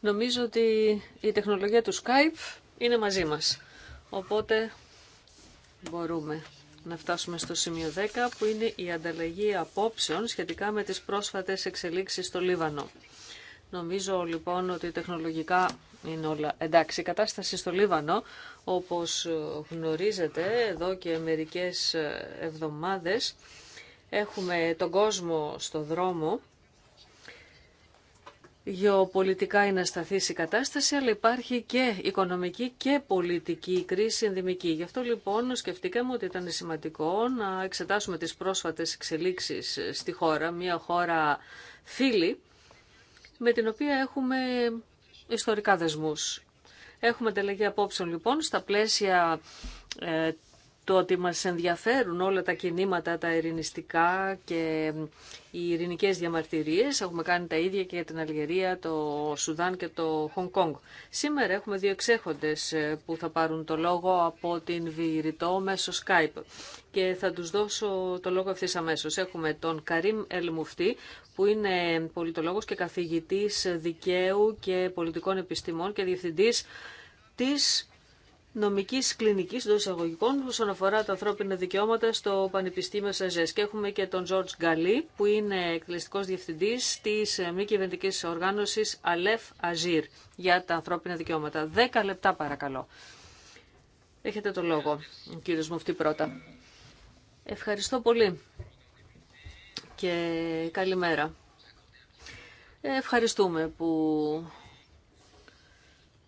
Νομίζω ότι η τεχνολογία του Skype είναι μαζί μας. Οπότε μπορούμε να φτάσουμε στο σημείο 10 που είναι η ανταλλαγή απόψεων σχετικά με τις πρόσφατες εξελίξεις στο Λίβανο. Νομίζω λοιπόν ότι τεχνολογικά είναι όλα εντάξει. Η κατάσταση στο Λίβανο, όπως γνωρίζετε, εδώ και μερικές εβδομάδες έχουμε τον κόσμο στο δρόμο γεωπολιτικά είναι ασταθής η κατάσταση, αλλά υπάρχει και οικονομική και πολιτική κρίση ενδημική. Γι' αυτό λοιπόν σκεφτήκαμε ότι ήταν σημαντικό να εξετάσουμε τις πρόσφατες εξελίξεις στη χώρα, μια χώρα φίλη, με την οποία έχουμε ιστορικά δεσμούς. Έχουμε ανταλλαγή απόψεων λοιπόν στα πλαίσια ε, το ότι μας ενδιαφέρουν όλα τα κινήματα, τα ειρηνιστικά και οι ειρηνικέ διαμαρτυρίες. Έχουμε κάνει τα ίδια και για την Αλγερία, το Σουδάν και το Χονγκ Κόνγκ. Σήμερα έχουμε δύο εξέχοντες ε, που θα πάρουν το λόγο από την Βηρητό μέσω Skype και θα τους δώσω το λόγο ευθύ αμέσω. Έχουμε τον Καρίμ Ελμουφτή που είναι πολιτολόγος και καθηγητής δικαίου και πολιτικών επιστημών και διευθυντής της νομική κλινική των εισαγωγικών όσον αφορά τα ανθρώπινα δικαιώματα στο Πανεπιστήμιο Σαζέ. Και έχουμε και τον Τζορτζ Γκαλί, που είναι εκτελεστικό διευθυντή τη μη κυβερνητική οργάνωση Αλεφ Αζίρ για τα ανθρώπινα δικαιώματα. Δέκα λεπτά παρακαλώ. Έχετε το λόγο, κύριο Μουφτή πρώτα. Ευχαριστώ πολύ και καλημέρα. Ε, ευχαριστούμε που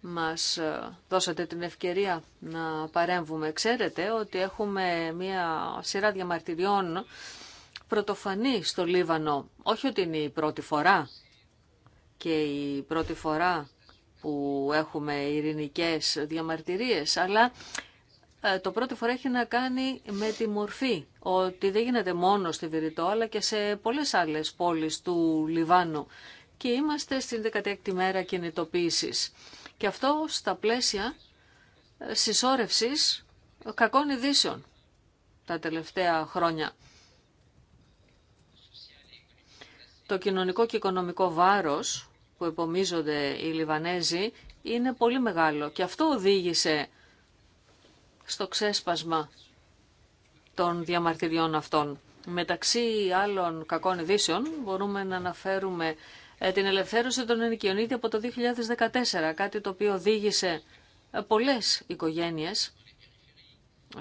μας ε, δώσατε την ευκαιρία να παρέμβουμε. Ξέρετε ότι έχουμε μία σειρά διαμαρτυριών πρωτοφανή στο Λίβανο. Όχι ότι είναι η πρώτη φορά και η πρώτη φορά που έχουμε ειρηνικές διαμαρτυρίες, αλλά ε, το πρώτη φορά έχει να κάνει με τη μορφή, ότι δεν γίνεται μόνο στη Βηρητό, αλλά και σε πολλές άλλες πόλεις του Λιβάνου. Και είμαστε στην 16η μέρα κινητοποίησης. Και αυτό στα πλαίσια ε, συσσόρευσης κακών ειδήσεων τα τελευταία χρόνια. Το κοινωνικό και οικονομικό βάρος που επομίζονται οι Λιβανέζοι είναι πολύ μεγάλο και αυτό οδήγησε στο ξέσπασμα των διαμαρτυριών αυτών. Μεταξύ άλλων κακών ειδήσεων μπορούμε να αναφέρουμε ε, την ελευθέρωση των ενοικιών από το 2014, κάτι το οποίο οδήγησε ε, πολλές οικογένειες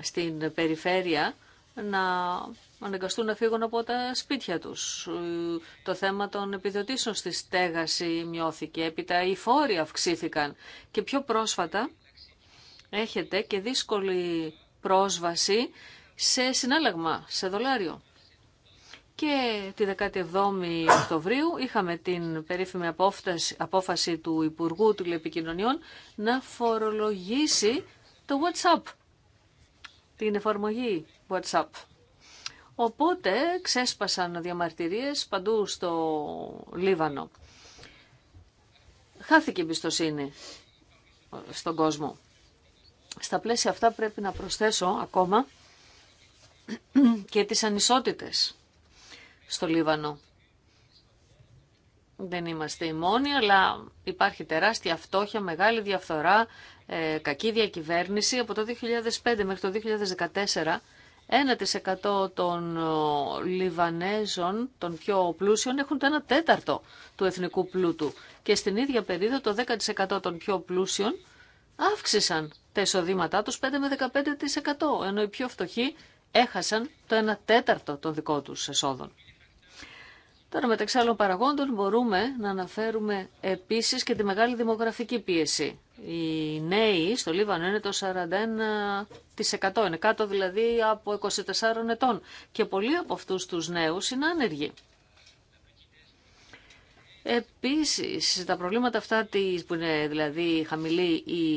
στην περιφέρεια να αναγκαστούν να φύγουν από τα σπίτια τους. Το θέμα των επιδοτήσεων στη στέγαση μειώθηκε, έπειτα οι φόροι αυξήθηκαν και πιο πρόσφατα έχετε και δύσκολη πρόσβαση σε συνάλλαγμα, σε δολάριο. Και τη 17η Οκτωβρίου είχαμε την περίφημη απόφαση του Υπουργού του Τηλεπικοινωνιών να φορολογήσει το WhatsApp, την εφαρμογή WhatsApp. Οπότε ξέσπασαν διαμαρτυρίες παντού στο Λίβανο. Χάθηκε η εμπιστοσύνη στον κόσμο. Στα πλαίσια αυτά πρέπει να προσθέσω ακόμα και τις ανισότητες στο Λίβανο. Δεν είμαστε οι μόνοι, αλλά υπάρχει τεράστια φτώχεια, μεγάλη διαφθορά, ε, κακή διακυβέρνηση. Από το 2005 μέχρι το 2014, 1% των ε, Λιβανέζων, των πιο πλούσιων, έχουν το 1 τέταρτο του εθνικού πλούτου. Και στην ίδια περίοδο το 10% των πιο πλούσιων αύξησαν τα εισοδήματά τους 5 με 15%, ενώ οι πιο φτωχοί έχασαν το 1 τέταρτο των δικών τους εσόδων. Τώρα μεταξύ άλλων παραγόντων μπορούμε να αναφέρουμε επίσης και τη μεγάλη δημογραφική πίεση. Οι νέοι στο Λίβανο είναι το 41%, είναι κάτω δηλαδή από 24 ετών και πολλοί από αυτούς τους νέους είναι άνεργοι. Επίσης, τα προβλήματα αυτά της, που είναι δηλαδή χαμηλή η,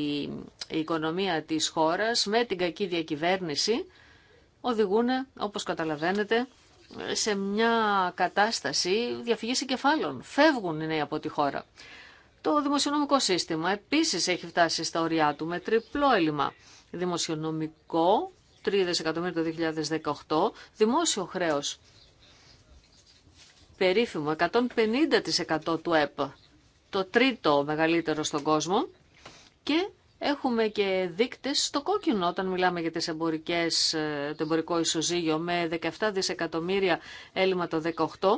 η οικονομία της χώρας με την κακή διακυβέρνηση οδηγούν, όπως καταλαβαίνετε, σε μια κατάσταση διαφυγής εγκεφάλων. Φεύγουν οι νέοι από τη χώρα. Το δημοσιονομικό σύστημα επίσης έχει φτάσει στα ωριά του με τριπλό έλλειμμα. Δημοσιονομικό, 3 δισεκατομμύρια το 2018, δημόσιο χρέος, περίφημο 150% του ΕΠ, το τρίτο μεγαλύτερο στον κόσμο και Έχουμε και δείκτες στο κόκκινο όταν μιλάμε για τις εμπορικές, το εμπορικό ισοζύγιο με 17 δισεκατομμύρια έλλειμμα το 18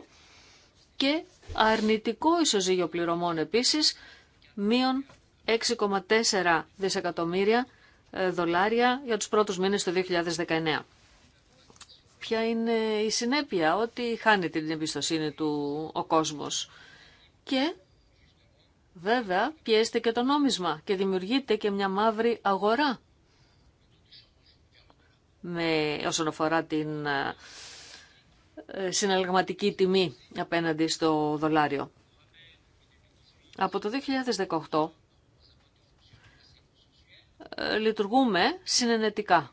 και αρνητικό ισοζύγιο πληρωμών επίσης μείον 6,4 δισεκατομμύρια ε, δολάρια για τους πρώτους μήνες του 2019. Ποια είναι η συνέπεια ότι χάνει την εμπιστοσύνη του ο κόσμος και Βέβαια, πιέζεται και το νόμισμα και δημιουργείται και μια μαύρη αγορά με, όσον αφορά την ε, ε, συναλλαγματική τιμή απέναντι στο δολάριο. Από το 2018 ε, λειτουργούμε συνενετικά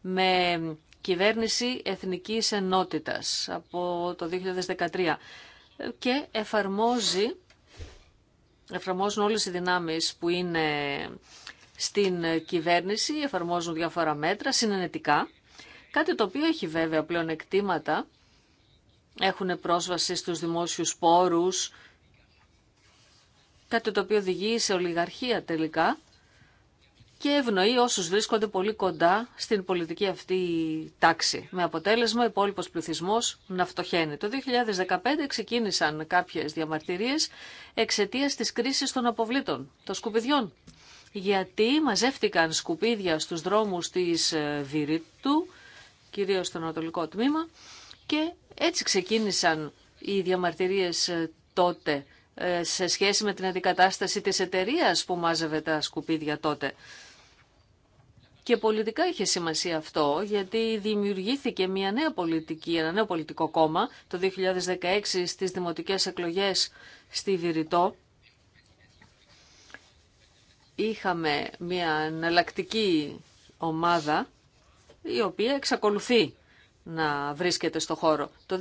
με κυβέρνηση εθνικής ενότητας από το 2013 και εφαρμόζει, εφαρμόζουν όλες οι δυνάμεις που είναι στην κυβέρνηση, εφαρμόζουν διάφορα μέτρα συνενετικά, κάτι το οποίο έχει βέβαια πλέον εκτήματα, έχουν πρόσβαση στους δημόσιους πόρους, κάτι το οποίο οδηγεί σε ολιγαρχία τελικά και ευνοεί όσους βρίσκονται πολύ κοντά στην πολιτική αυτή τάξη. Με αποτέλεσμα ο υπόλοιπο πληθυσμό να φτωχαίνει. Το 2015 ξεκίνησαν κάποιες διαμαρτυρίες εξαιτία της κρίσης των αποβλήτων, των σκουπιδιών. Γιατί μαζεύτηκαν σκουπίδια στους δρόμους της ε, Βυρίτου, κυρίως στο ανατολικό τμήμα, και έτσι ξεκίνησαν οι διαμαρτυρίες ε, τότε ε, σε σχέση με την αντικατάσταση της εταιρεία που μάζευε τα σκουπίδια τότε. Και πολιτικά είχε σημασία αυτό, γιατί δημιουργήθηκε μια νέα πολιτική, ένα νέο πολιτικό κόμμα το 2016 στις δημοτικές εκλογές στη Βηρητό. Είχαμε μια εναλλακτική ομάδα η οποία εξακολουθεί να βρίσκεται στο χώρο. Το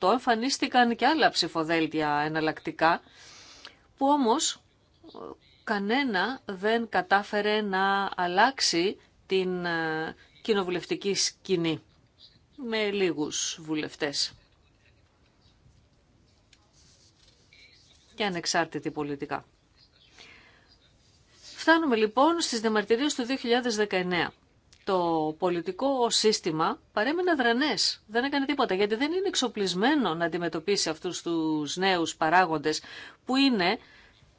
2018 εμφανίστηκαν και άλλα ψηφοδέλτια εναλλακτικά που όμως ε, κανένα δεν κατάφερε να αλλάξει την ε, κοινοβουλευτική σκηνή με λίγους βουλευτές και ανεξάρτητη πολιτικά. Φτάνουμε λοιπόν στις διαμαρτυρίες του 2019 το πολιτικό σύστημα παρέμεινε δρανέ. Δεν έκανε τίποτα, γιατί δεν είναι εξοπλισμένο να αντιμετωπίσει αυτούς τους νέους παράγοντες που είναι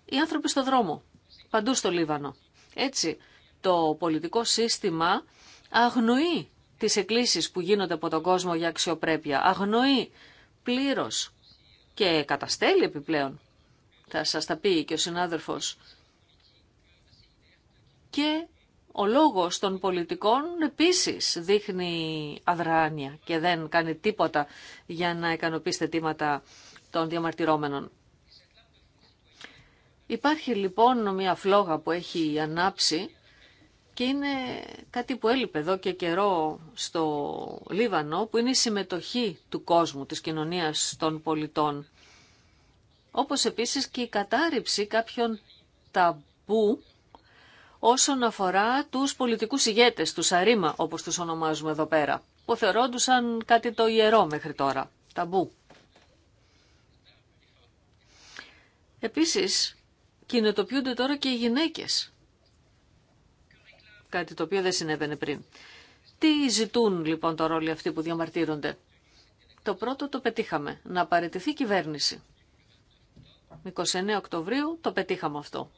οι άνθρωποι στο δρόμο, παντού στο Λίβανο. Έτσι, το πολιτικό σύστημα αγνοεί τις εκκλήσει που γίνονται από τον κόσμο για αξιοπρέπεια. Αγνοεί πλήρω και καταστέλει επιπλέον. Θα σα τα πει και ο συνάδελφο. Και ο λόγος των πολιτικών επίσης δείχνει αδράνεια και δεν κάνει τίποτα για να ικανοποιήσει θετήματα των διαμαρτυρώμενων. Υπάρχει λοιπόν μια φλόγα που έχει ανάψει και είναι κάτι που έλειπε εδώ και καιρό στο Λίβανο, που είναι η συμμετοχή του κόσμου, της κοινωνίας των πολιτών. Όπως επίσης και η κατάρριψη κάποιων ταμπού όσον αφορά τους πολιτικούς ηγέτες, του αρίμα όπως τους ονομάζουμε εδώ πέρα, που θεωρώντουσαν κάτι το ιερό μέχρι τώρα, ταμπού. Επίσης, κινητοποιούνται τώρα και οι γυναίκες. Κάτι το οποίο δεν συνέβαινε πριν. Τι ζητούν λοιπόν τώρα όλοι αυτοί που διαμαρτύρονται. Το πρώτο το πετύχαμε, να παραιτηθεί κυβέρνηση. 29 Οκτωβρίου το πετύχαμε αυτό.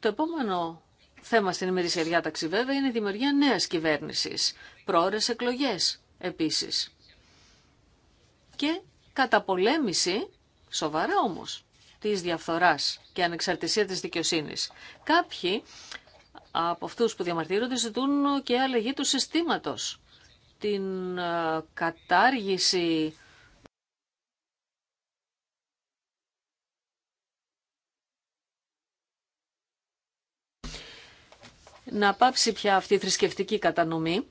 Το επόμενο θέμα στην ημερήσια διάταξη βέβαια είναι η δημιουργία νέας κυβέρνησης, πρόορες εκλογές επίσης και καταπολέμηση, σοβαρά όμως, της διαφθοράς και ανεξαρτησία της δικαιοσύνης. Κάποιοι από αυτούς που διαμαρτύρονται ζητούν και αλλαγή του συστήματος, την ε, κατάργηση να πάψει πια αυτή η θρησκευτική κατανομή,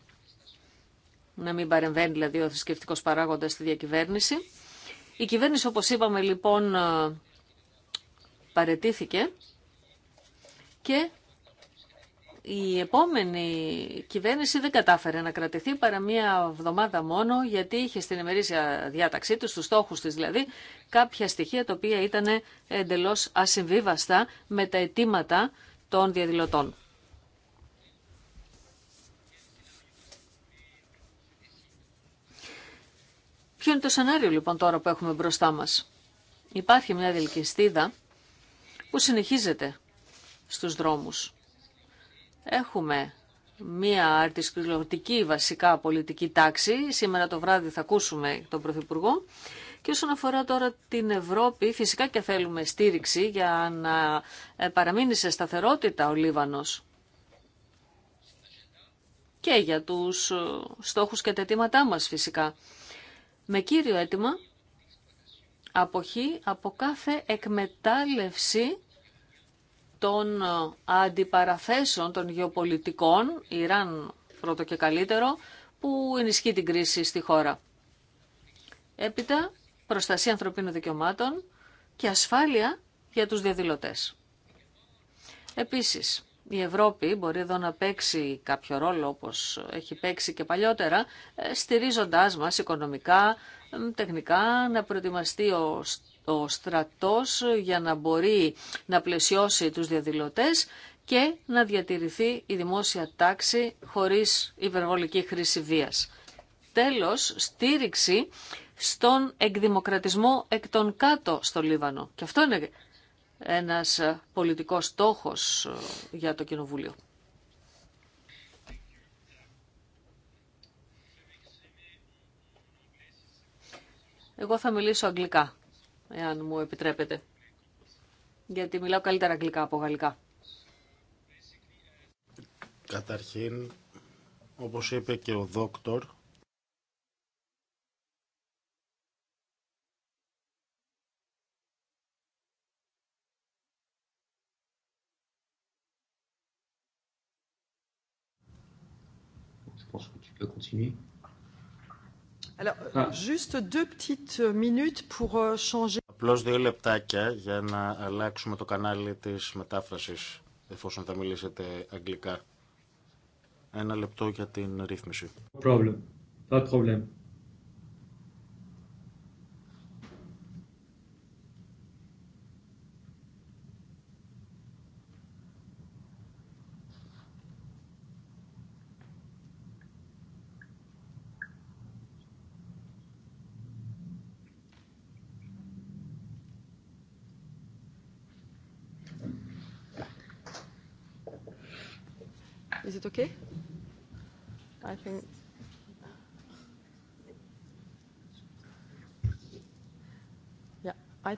να μην παρεμβαίνει δηλαδή ο θρησκευτικό παράγοντα στη διακυβέρνηση. Η κυβέρνηση, όπως είπαμε λοιπόν, ε, παρετήθηκε και η επόμενη κυβέρνηση δεν κατάφερε να κρατηθεί παρά μία εβδομάδα μόνο γιατί είχε στην ημερήσια διάταξή του, στους στόχους της δηλαδή, κάποια στοιχεία τα οποία ήταν εντελώς ασυμβίβαστα με τα αιτήματα των διαδηλωτών. Ποιο είναι το σενάριο λοιπόν τώρα που έχουμε μπροστά μας. Υπάρχει μια διελκυστίδα που συνεχίζεται στους δρόμους. Έχουμε μια αρτισκληρωτική βασικά πολιτική τάξη. Σήμερα το βράδυ θα ακούσουμε τον Πρωθυπουργό. Και όσον αφορά τώρα την Ευρώπη, φυσικά και θέλουμε στήριξη για να ε, παραμείνει σε σταθερότητα ο Λίβανος. Και για τους ε, στόχους και τα αιτήματά μας φυσικά με κύριο αίτημα αποχή από κάθε εκμετάλλευση των ε, αντιπαραθέσεων των γεωπολιτικών, Ιράν πρώτο και καλύτερο, που ενισχύει την κρίση στη χώρα. Έπειτα, προστασία ανθρωπίνων δικαιωμάτων και ασφάλεια για τους διαδηλωτές. Επίσης, η Ευρώπη μπορεί εδώ να παίξει κάποιο ρόλο όπως έχει παίξει και παλιότερα, ε, στηρίζοντάς μας οικονομικά, τεχνικά, να προετοιμαστεί ο, στρατός για να μπορεί να πλαισιώσει τους διαδηλωτές και να διατηρηθεί η δημόσια τάξη χωρίς υπερβολική χρήση βίας. Τέλος, στήριξη στον εκδημοκρατισμό εκ των κάτω στο Λίβανο. Και αυτό είναι ένας ε, πολιτικός στόχος ε, για το Κοινοβούλιο. Εγώ θα μιλήσω αγγλικά, εάν μου επιτρέπετε, γιατί μιλάω καλύτερα αγγλικά από γαλλικά. Καταρχήν, όπως είπε και ο δόκτωρ, peux continuer. Alors, ah. juste deux petites minutes pour euh, changer. Απλώς δύο λεπτάκια για να αλλάξουμε το κανάλι της μετάφρασης, εφόσον θα μιλήσετε αγγλικά. Ένα λεπτό για την ρύθμιση. Problem. Pas problème.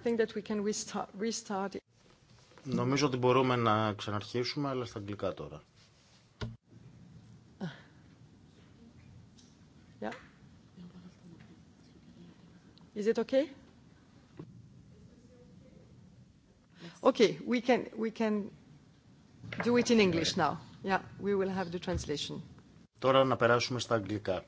think that we can restart. Νομίζω ότι μπορούμε να ξαναρχίσουμε, αλλά στα αγγλικά τώρα. Yeah. Is it okay? Okay, we can we can do it in English now. Yeah, we will have the translation. Τώρα να περάσουμε στα αγγλικά.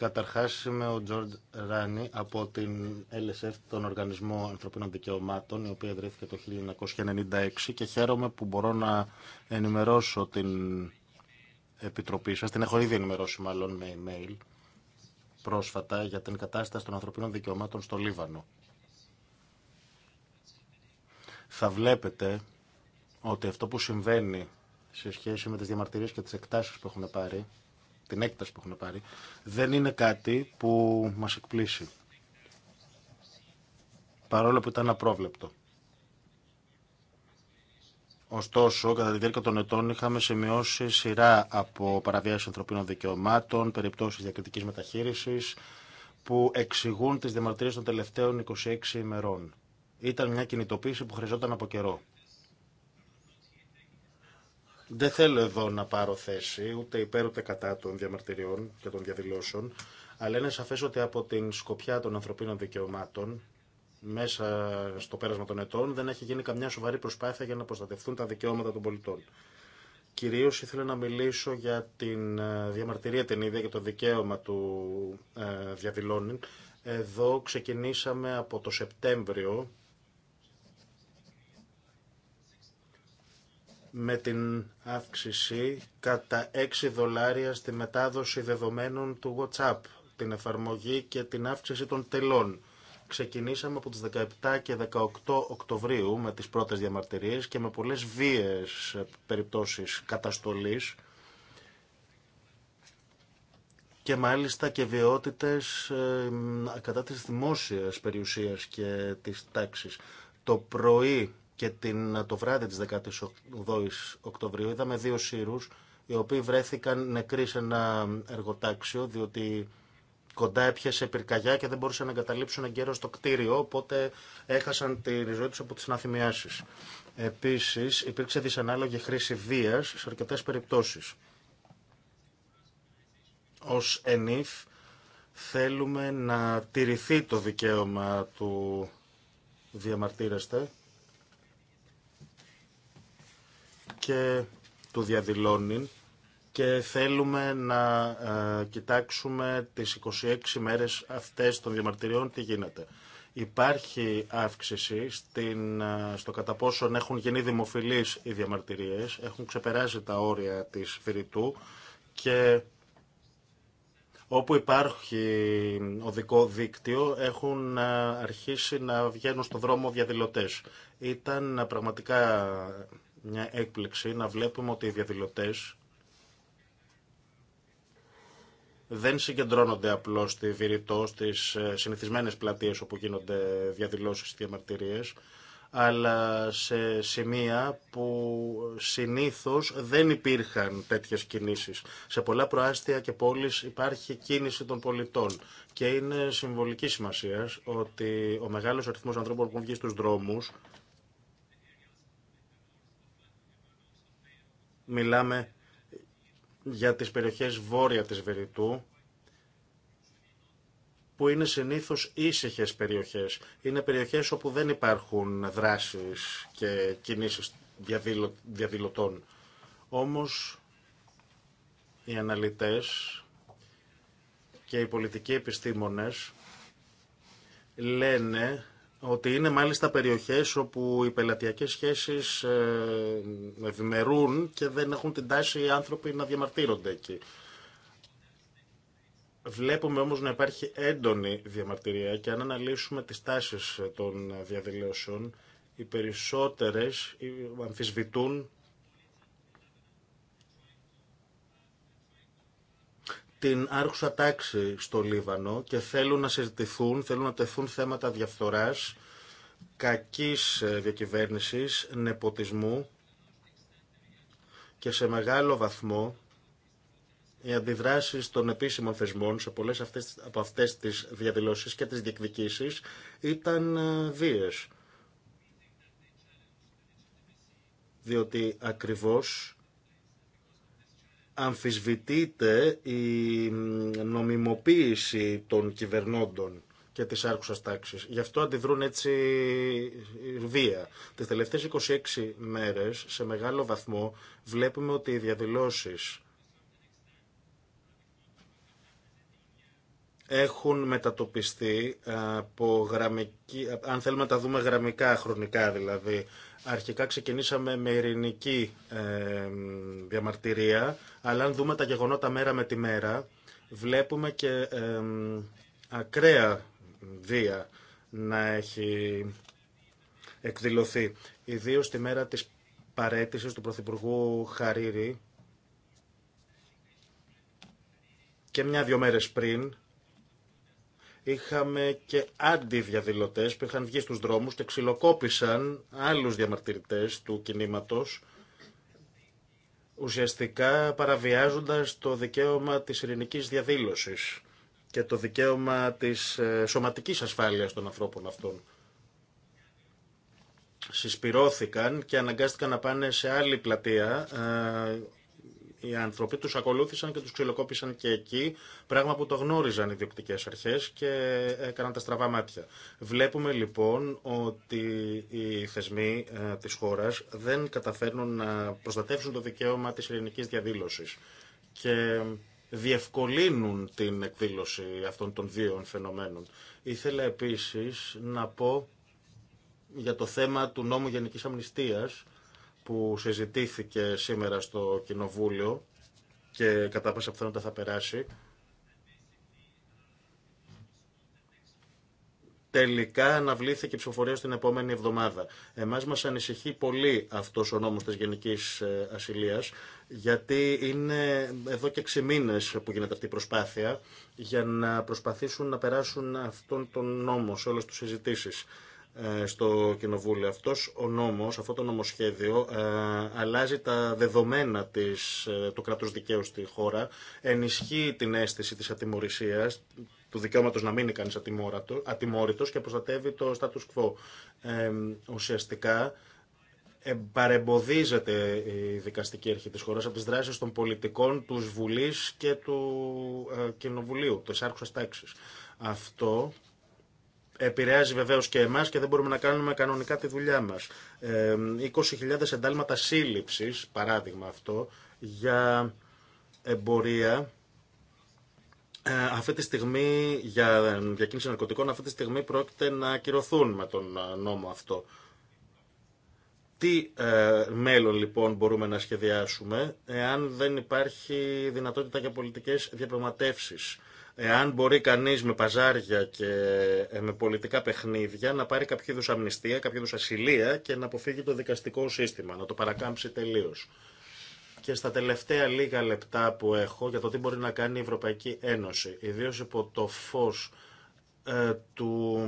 Καταρχάς είμαι ο Τζορτ Ράνι από την LSF, τον Οργανισμό Ανθρωπίνων Δικαιωμάτων, η οποία ιδρύθηκε το 1996 και χαίρομαι που μπορώ να ενημερώσω την Επιτροπή σας, την έχω ήδη ενημερώσει μάλλον με email πρόσφατα για την κατάσταση των ανθρωπίνων δικαιωμάτων στο Λίβανο. Θα βλέπετε ότι αυτό που συμβαίνει σε σχέση με τις διαμαρτυρίες και τις εκτάσεις που έχουν πάρει την έκταση που έχουν πάρει, δεν είναι κάτι που μας εκπλήσει. Παρόλο που ήταν απρόβλεπτο. Ωστόσο, κατά τη διάρκεια των ετών είχαμε σημειώσει σειρά από παραβιάσεις ανθρωπίνων δικαιωμάτων, περιπτώσεις διακριτικής μεταχείρισης, που εξηγούν τις διαμαρτυρίες των τελευταίων 26 ημερών. Ήταν μια κινητοποίηση που χρειαζόταν από καιρό. Δεν θέλω εδώ να πάρω θέση ούτε υπέρ ούτε κατά των διαμαρτυριών και των διαδηλώσεων, αλλά είναι σαφές ότι από την σκοπιά των ανθρωπίνων δικαιωμάτων μέσα στο πέρασμα των ετών δεν έχει γίνει καμιά σοβαρή προσπάθεια για να προστατευτούν τα δικαιώματα των πολιτών. Κυρίως ήθελα να μιλήσω για την ε, διαμαρτυρία την ίδια για το δικαίωμα του ε, Εδώ ξεκινήσαμε από το Σεπτέμβριο με την αύξηση κατά 6 δολάρια στη μετάδοση δεδομένων του WhatsApp, την εφαρμογή και την αύξηση των τελών. Ξεκινήσαμε από τις 17 και 18 Οκτωβρίου με τις πρώτες διαμαρτυρίες και με πολλές βίες περιπτώσεις καταστολής και μάλιστα και βιαιότητες ε, κατά της δημόσιας περιουσίας και της τάξης. Το πρωί και την, το βράδυ της 18ης Οκτωβρίου είδαμε δύο σύρους οι οποίοι βρέθηκαν νεκροί σε ένα εργοτάξιο διότι κοντά έπιασε πυρκαγιά και δεν μπορούσαν να εγκαταλείψουν εγκαίρως το κτίριο οπότε έχασαν τη ζωή τους από τις αναθυμιάσεις. Επίσης υπήρξε δυσανάλογη χρήση βίας σε αρκετές περιπτώσεις. Ως ΕΝΙΦ θέλουμε να τηρηθεί το δικαίωμα του διαμαρτύρεστε και του διαδηλώνει και θέλουμε να ε, κοιτάξουμε τις 26 μέρες αυτές των διαμαρτυριών τι γίνεται. Υπάρχει αύξηση στην, ε, στο κατά πόσον έχουν γίνει δημοφιλείς οι διαμαρτυρίες, έχουν ξεπεράσει τα όρια της φυρητού και όπου υπάρχει οδικό δίκτυο έχουν ε, αρχίσει να βγαίνουν στο δρόμο διαδηλωτές. Ήταν πραγματικά μια έκπληξη να βλέπουμε ότι οι διαδηλωτέ δεν συγκεντρώνονται απλώ στη Βηρητό, στι ε, συνηθισμένε πλατείες όπου γίνονται διαδηλώσεις και διαμαρτυρίες, αλλά σε σημεία που συνήθως δεν υπήρχαν τέτοιε κινήσεις. Σε πολλά προάστια και πόλεις υπάρχει κίνηση των πολιτών και είναι συμβολική σημασία ότι ο μεγάλο αριθμό ανθρώπων που βγει στους δρόμους Μιλάμε για τις περιοχές βόρεια της Βεριτού, που είναι συνήθως ήσυχε περιοχές. Είναι περιοχές όπου δεν υπάρχουν δράσεις και κινήσεις διαδηλωτών. Όμως οι αναλυτές και οι πολιτικοί επιστήμονες λένε ότι είναι μάλιστα περιοχές όπου οι πελατειακές σχέσεις ε, ευημερούν και δεν έχουν την τάση οι άνθρωποι να διαμαρτύρονται εκεί. Βλέπουμε όμως να υπάρχει έντονη διαμαρτυρία και αν αναλύσουμε τις τάσεις των διαδηλώσεων, οι περισσότερες αμφισβητούν την άρχουσα τάξη στο Λίβανο και θέλουν να συζητηθούν, θέλουν να τεθούν θέματα διαφθοράς, κακής ε, διακυβέρνησης, νεποτισμού και σε μεγάλο βαθμό οι αντιδράσεις των επίσημων θεσμών σε πολλές αυτές, από αυτές τις διαδηλώσεις και τις διεκδικήσεις ήταν ε, βίες. Διότι ακριβώς αμφισβητείται η νομιμοποίηση των κυβερνώντων και της άρχουσας τάξης. Γι' αυτό αντιδρούν έτσι βία. Τις τελευταίες 26 μέρες, σε μεγάλο βαθμό, βλέπουμε ότι οι διαδηλώσεις έχουν μετατοπιστεί ε, από γραμμική, αν θέλουμε να τα δούμε γραμμικά, χρονικά δηλαδή, Αρχικά ξεκινήσαμε με ειρηνική ε, διαμαρτυρία, αλλά αν δούμε τα γεγονότα μέρα με τη μέρα, βλέπουμε και ε, ακραία βία να έχει εκδηλωθεί. Ιδίως τη μέρα της παρέτησης του Πρωθυπουργού Χαρίρη και μια-δυο μέρες πριν Είχαμε και αντιδιαδηλωτέ που είχαν βγει στους δρόμους και ξυλοκόπησαν άλλους διαμαρτυρήτέ του κινήματος ουσιαστικά παραβιάζοντας το δικαίωμα της ειρηνικής διαδήλωσης και το δικαίωμα της ε, σωματικής ασφάλειας των ανθρώπων αυτών. Συσπηρώθηκαν και αναγκάστηκαν να πάνε σε άλλη πλατεία ε, οι άνθρωποι τους ακολούθησαν και τους ξυλοκόπησαν και εκεί, πράγμα που το γνώριζαν οι διοκτικέ αρχές και έκαναν τα στραβά μάτια. Βλέπουμε λοιπόν ότι οι θεσμοί ε, της χώρας δεν καταφέρνουν να προστατεύσουν το δικαίωμα της ειρηνικής διαδήλωσης και διευκολύνουν την εκδήλωση αυτών των δύο φαινομένων. Ήθελα επίσης να πω για το θέμα του νόμου Γενικής Αμνηστίας που συζητήθηκε σήμερα στο Κοινοβούλιο και κατά πάσα πιθανότητα θα περάσει, τελικά αναβλήθηκε η ψηφοφορία στην επόμενη εβδομάδα. Εμάς μας ανησυχεί πολύ αυτός ο νόμος της Γενικής ε, Ασυλίας, γιατί είναι εδώ και έξι μήνες που γίνεται αυτή η προσπάθεια για να προσπαθήσουν να περάσουν αυτόν τον νόμο σε όλες τις συζητήσεις. Ε, στο Κοινοβούλιο. Αυτός ο νόμος, αυτό το νομοσχέδιο ε, αλλάζει τα δεδομένα της, ε, του κράτους δικαίου στη χώρα, ενισχύει την αίσθηση της ατιμορρησίας, του δικαιώματο να είναι κανεί ατιμόρυτο και προστατεύει το status quo. ουσιαστικά παρεμποδίζεται η δικαστική αρχή της χώρας από τις δράσεις των πολιτικών, τους Βουλής και του ε, Κοινοβουλίου, της άρχουσας τάξης. Αυτό επηρεάζει βεβαίως και εμάς και δεν μπορούμε να κάνουμε κανονικά τη δουλειά μας. 20.000 ε, εντάλματα σύλληψης, παράδειγμα αυτό, για εμπορία ε, αυτή τη στιγμή για διακίνηση ναρκωτικών αυτή τη στιγμή πρόκειται να ακυρωθούν με τον ε, νόμο αυτό. Τι ε, μέλλον λοιπόν μπορούμε να σχεδιάσουμε εάν δεν υπάρχει δυνατότητα για πολιτικές διαπραγματεύσεις Εάν μπορεί κανεί με παζάρια και ε, με πολιτικά παιχνίδια να πάρει κάποιο είδου αμνηστία, κάποιο είδου ασυλία και να αποφύγει το δικαστικό σύστημα, να το παρακάμψει τελείω. Και στα τελευταία λίγα λεπτά που έχω για το τι μπορεί να κάνει η Ευρωπαϊκή Ένωση, ιδίω υπό το φω ε, του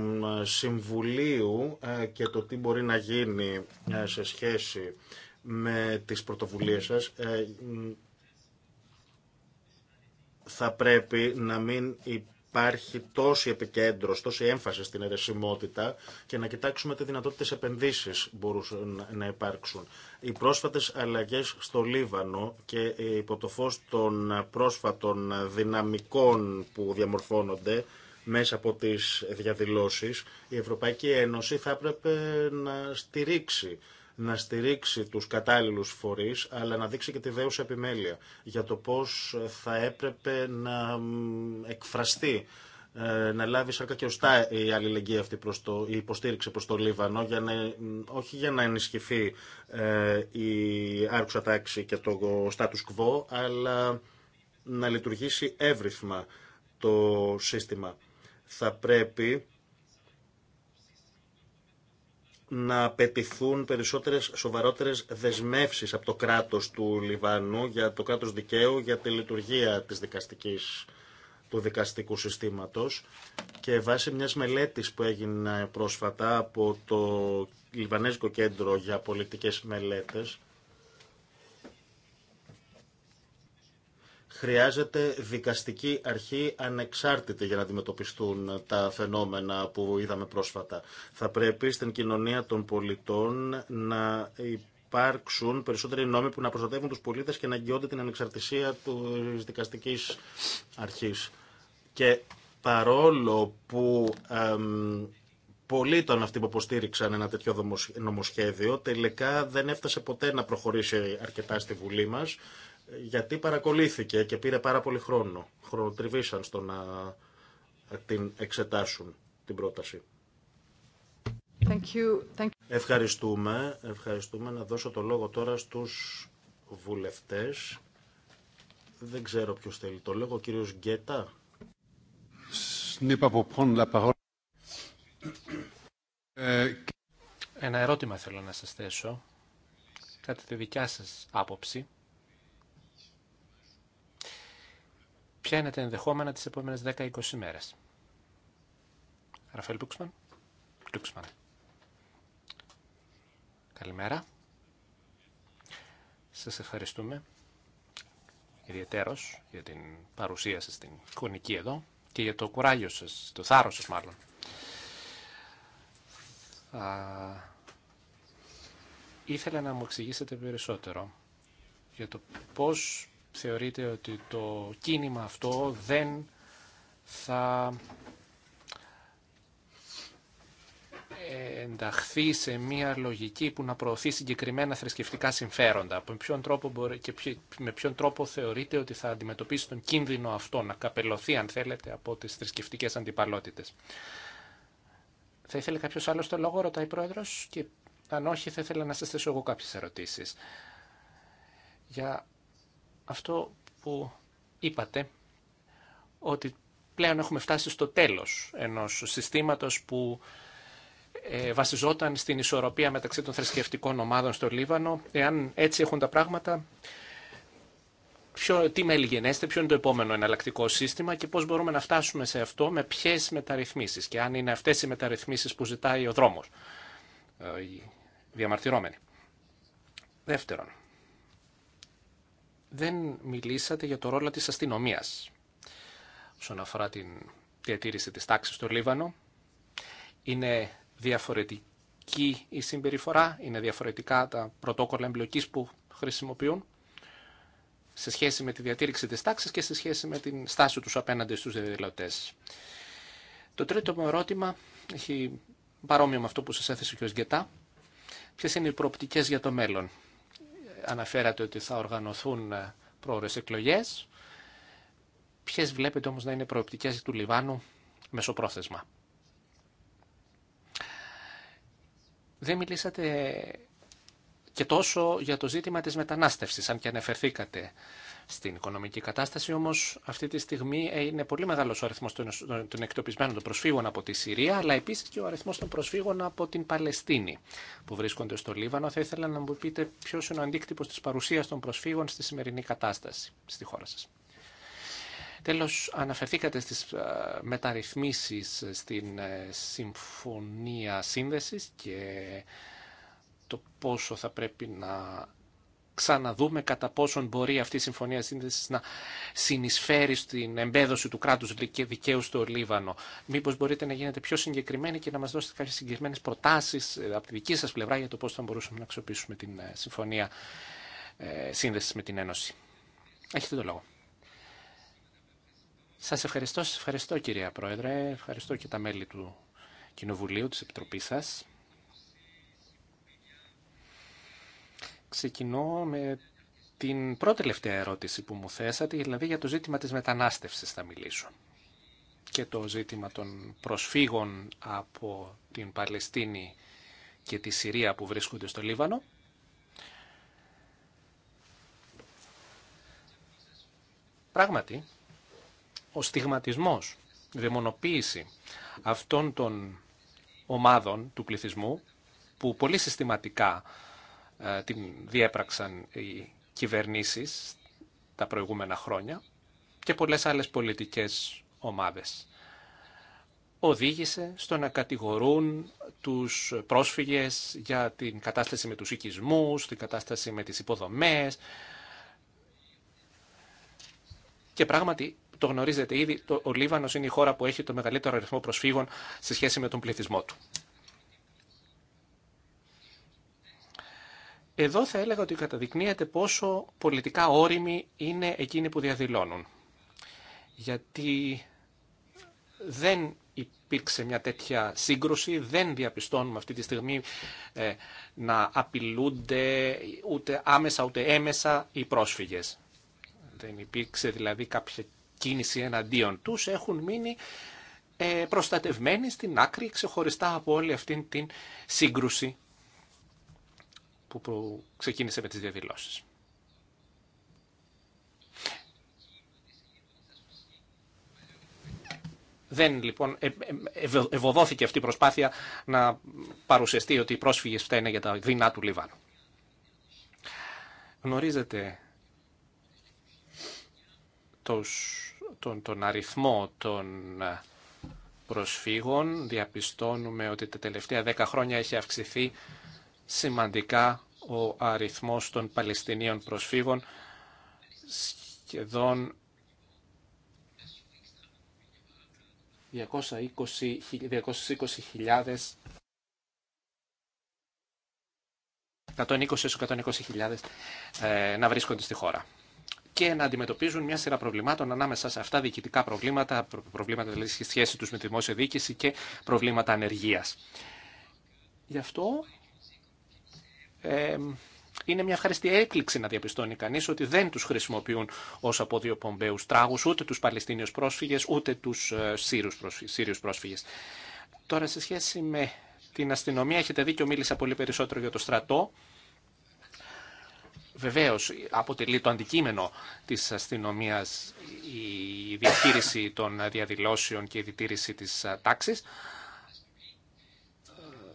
Συμβουλίου ε, και το τι μπορεί να γίνει σε σχέση με τις πρωτοβουλίες σας θα πρέπει να μην υπάρχει τόση επικέντρωση, τόση έμφαση στην αιρεσιμότητα και να κοιτάξουμε τι δυνατότητες επενδύσεις μπορούσαν να υπάρξουν. Οι πρόσφατες αλλαγές στο Λίβανο και υπό το φως των πρόσφατων δυναμικών που διαμορφώνονται μέσα από τις διαδηλώσεις, η Ευρωπαϊκή Ένωση θα έπρεπε να στηρίξει να στηρίξει τους κατάλληλους φορείς, αλλά να δείξει και τη δέουσα επιμέλεια για το πώς θα έπρεπε να εκφραστεί ε, να λάβει σάρκα και οστά η αλληλεγγύη αυτή προς το, η υποστήριξη προς το Λίβανο για να, όχι για να ενισχυθεί ε, η άρξα τάξη και το status quo αλλά να λειτουργήσει εύρυθμα το σύστημα. Θα πρέπει να απαιτηθούν περισσότερες σοβαρότερες δεσμεύσει από το κράτος του Λιβάνου για το κράτο δικαίου, για τη λειτουργία της δικαστικής, του δικαστικού συστήματος και βάσει μιας μελέτης που έγινε πρόσφατα από το Λιβανέζικο Κέντρο για Πολιτικές Μελέτες Χρειάζεται δικαστική αρχή ανεξάρτητη για να αντιμετωπιστούν τα φαινόμενα που είδαμε πρόσφατα. Θα πρέπει στην κοινωνία των πολιτών να υπάρξουν περισσότεροι νόμοι που να προστατεύουν τους πολίτες και να εγγυώνται την ανεξαρτησία της δικαστικής αρχής. Και παρόλο που εμ, πολλοί ήταν αυτοί που υποστήριξαν ένα τέτοιο νομοσχέδιο, τελικά δεν έφτασε ποτέ να προχωρήσει αρκετά στη Βουλή μας γιατί παρακολύθηκε και πήρε πάρα πολύ χρόνο. Χρονοτριβήσαν στο να την εξετάσουν την πρόταση. Thank Ευχαριστούμε. Ευχαριστούμε. Να δώσω το λόγο τώρα στους βουλευτές. Δεν ξέρω ποιος θέλει το λόγο. Ο κύριος Γκέτα. Ένα ερώτημα θέλω να σας θέσω. Κάτι τη δικιά σας άποψη, ποια είναι τα ενδεχόμενα τις επόμενες 10-20 μέρες. Ραφαήλ Λούξμαν. Λούξμαν. Καλημέρα. Σας ευχαριστούμε ιδιαίτερος για την παρουσία σας στην εικονική εδώ και για το κουράγιο σας, το θάρρος σας μάλλον. Α, ήθελα να μου εξηγήσετε περισσότερο για το πώς θεωρείτε ότι το κίνημα αυτό δεν θα ε, ενταχθεί σε μια λογική που να προωθεί συγκεκριμένα θρησκευτικά συμφέροντα. Με ποιον τρόπο, μπορεί, με ποιον τρόπο θεωρείτε ότι θα αντιμετωπίσει τον κίνδυνο αυτό να καπελωθεί, αν θέλετε, από τις θρησκευτικέ αντιπαλότητες. Θα ήθελε κάποιο άλλο το λόγο, ρωτάει η Πρόεδρος, και αν όχι θα ήθελα να σας θέσω εγώ κάποιες ερωτήσεις. Για αυτό που είπατε, ότι πλέον έχουμε φτάσει στο τέλος ενός συστήματος που ε, βασιζόταν στην ισορροπία μεταξύ των θρησκευτικών ομάδων στο Λίβανο. Εάν έτσι έχουν τα πράγματα, ποιο, τι μέλη ποιο είναι το επόμενο εναλλακτικό σύστημα και πώς μπορούμε να φτάσουμε σε αυτό με ποιες μεταρρυθμίσεις και αν είναι αυτές οι μεταρρυθμίσεις που ζητάει ο δρόμος, ε, οι διαμαρτυρόμενοι. Δεύτερον, δεν μιλήσατε για το ρόλο της αστυνομίας όσον αφορά την διατήρηση της τάξης στο Λίβανο. Είναι διαφορετική η συμπεριφορά, είναι διαφορετικά τα πρωτόκολλα εμπλοκής που χρησιμοποιούν σε σχέση με τη διατήρηξη της τάξης και σε σχέση με την στάση τους απέναντι στους διαδηλωτές. Το τρίτο μου ερώτημα έχει παρόμοιο με αυτό που σας έθεσε ο κ. Γκετά. Ποιες είναι οι προοπτικές για το μέλλον αναφέρατε ότι θα οργανωθούν ε, πρόορες εκλογές. Ποιες βλέπετε όμως να είναι προοπτικές του Λιβάνου μεσοπρόθεσμα. Δεν μιλήσατε και τόσο για το ζήτημα της μετανάστευσης, αν και αναφερθήκατε στην οικονομική κατάσταση όμω, αυτή τη στιγμή ε, είναι πολύ μεγάλο ο αριθμό των εκτοπισμένων των προσφύγων από τη Συρία, αλλά επίση και ο αριθμό των προσφύγων από την Παλαιστίνη που βρίσκονται στο Λίβανο. Θα ήθελα να μου πείτε ποιο είναι ο αντίκτυπο τη παρουσία των προσφύγων στη σημερινή κατάσταση στη χώρα σα. Τέλο, αναφερθήκατε στι ε, μεταρρυθμίσεις στην ε, Συμφωνία σύνδεση και το πόσο θα πρέπει να ξαναδούμε κατά πόσον μπορεί αυτή η Συμφωνία Σύνδεσης να συνεισφέρει στην εμπέδωση του κράτους δικαίου στο Λίβανο. Μήπως μπορείτε να γίνετε πιο συγκεκριμένοι και να μας δώσετε κάποιες συγκεκριμένες προτάσεις ε, από τη δική σας πλευρά για το πώς θα μπορούσαμε να αξιοποιήσουμε την ε, Συμφωνία ε, Σύνδεσης με την Ένωση. Έχετε το λόγο. Σας ευχαριστώ, σας ευχαριστώ κυρία Πρόεδρε, ευχαριστώ και τα μέλη του Κοινοβουλίου, της Επιτροπής σας. ξεκινώ με την πρώτη τελευταία ερώτηση που μου θέσατε, δηλαδή για το ζήτημα της μετανάστευσης θα μιλήσω και το ζήτημα των προσφύγων από την Παλαιστίνη και τη Συρία που βρίσκονται στο Λίβανο. Πράγματι, ο στιγματισμός, η δαιμονοποίηση αυτών των ομάδων του πληθυσμού που πολύ συστηματικά ε, την διέπραξαν οι κυβερνήσεις τα προηγούμενα χρόνια και πολλές άλλες πολιτικές ομάδες. Οδήγησε στο να κατηγορούν τους πρόσφυγες για την κατάσταση με τους οικισμούς, την κατάσταση με τις υποδομές και πράγματι το γνωρίζετε ήδη, ο Λίβανος είναι η χώρα που έχει το μεγαλύτερο αριθμό προσφύγων σε σχέση με τον πληθυσμό του. Εδώ θα έλεγα ότι καταδεικνύεται πόσο πολιτικά όρημοι είναι εκείνοι που διαδηλώνουν. Γιατί δεν υπήρξε μια τέτοια σύγκρουση, δεν διαπιστώνουμε αυτή τη στιγμή ε, να απειλούνται ούτε άμεσα ούτε έμεσα οι πρόσφυγες. Δεν υπήρξε δηλαδή κάποια κίνηση εναντίον τους, έχουν μείνει ε, προστατευμένοι στην άκρη ξεχωριστά από όλη αυτή την σύγκρουση που ξεκίνησε με τις διαδηλώσεις. Δεν λοιπόν ε, ε, ευωδόθηκε αυτή η προσπάθεια να παρουσιαστεί ότι οι πρόσφυγες φταίνε για τα δεινά του Λιβάνου. Γνωρίζετε τον, τον αριθμό των ε, προσφύγων. Διαπιστώνουμε ότι τα τελευταία δέκα χρόνια έχει αυξηθεί σημαντικά ο αριθμός των Παλαιστινίων προσφύγων σχεδόν 220.000 120 ε, να βρίσκονται στη χώρα και να αντιμετωπίζουν μια σειρά προβλημάτων ανάμεσα σε αυτά διοικητικά προβλήματα, προβλήματα δηλαδή στη σχέση τους με τη δημόσια διοίκηση και προβλήματα ανεργίας. Γι' αυτό είναι μια ευχαριστή έκπληξη να διαπιστώνει κανεί ότι δεν του χρησιμοποιούν ω από δύο Πομπέου τράγου ούτε του Παλαιστίνιου πρόσφυγε ούτε του ε, Σύριου πρόσφυγε. Τώρα σε σχέση με την αστυνομία έχετε δίκιο, μίλησα πολύ περισσότερο για το στρατό. Βεβαίω, αποτελεί το αντικείμενο τη αστυνομία η διαχείριση των διαδηλώσεων και η διτήρηση τη ε, τάξη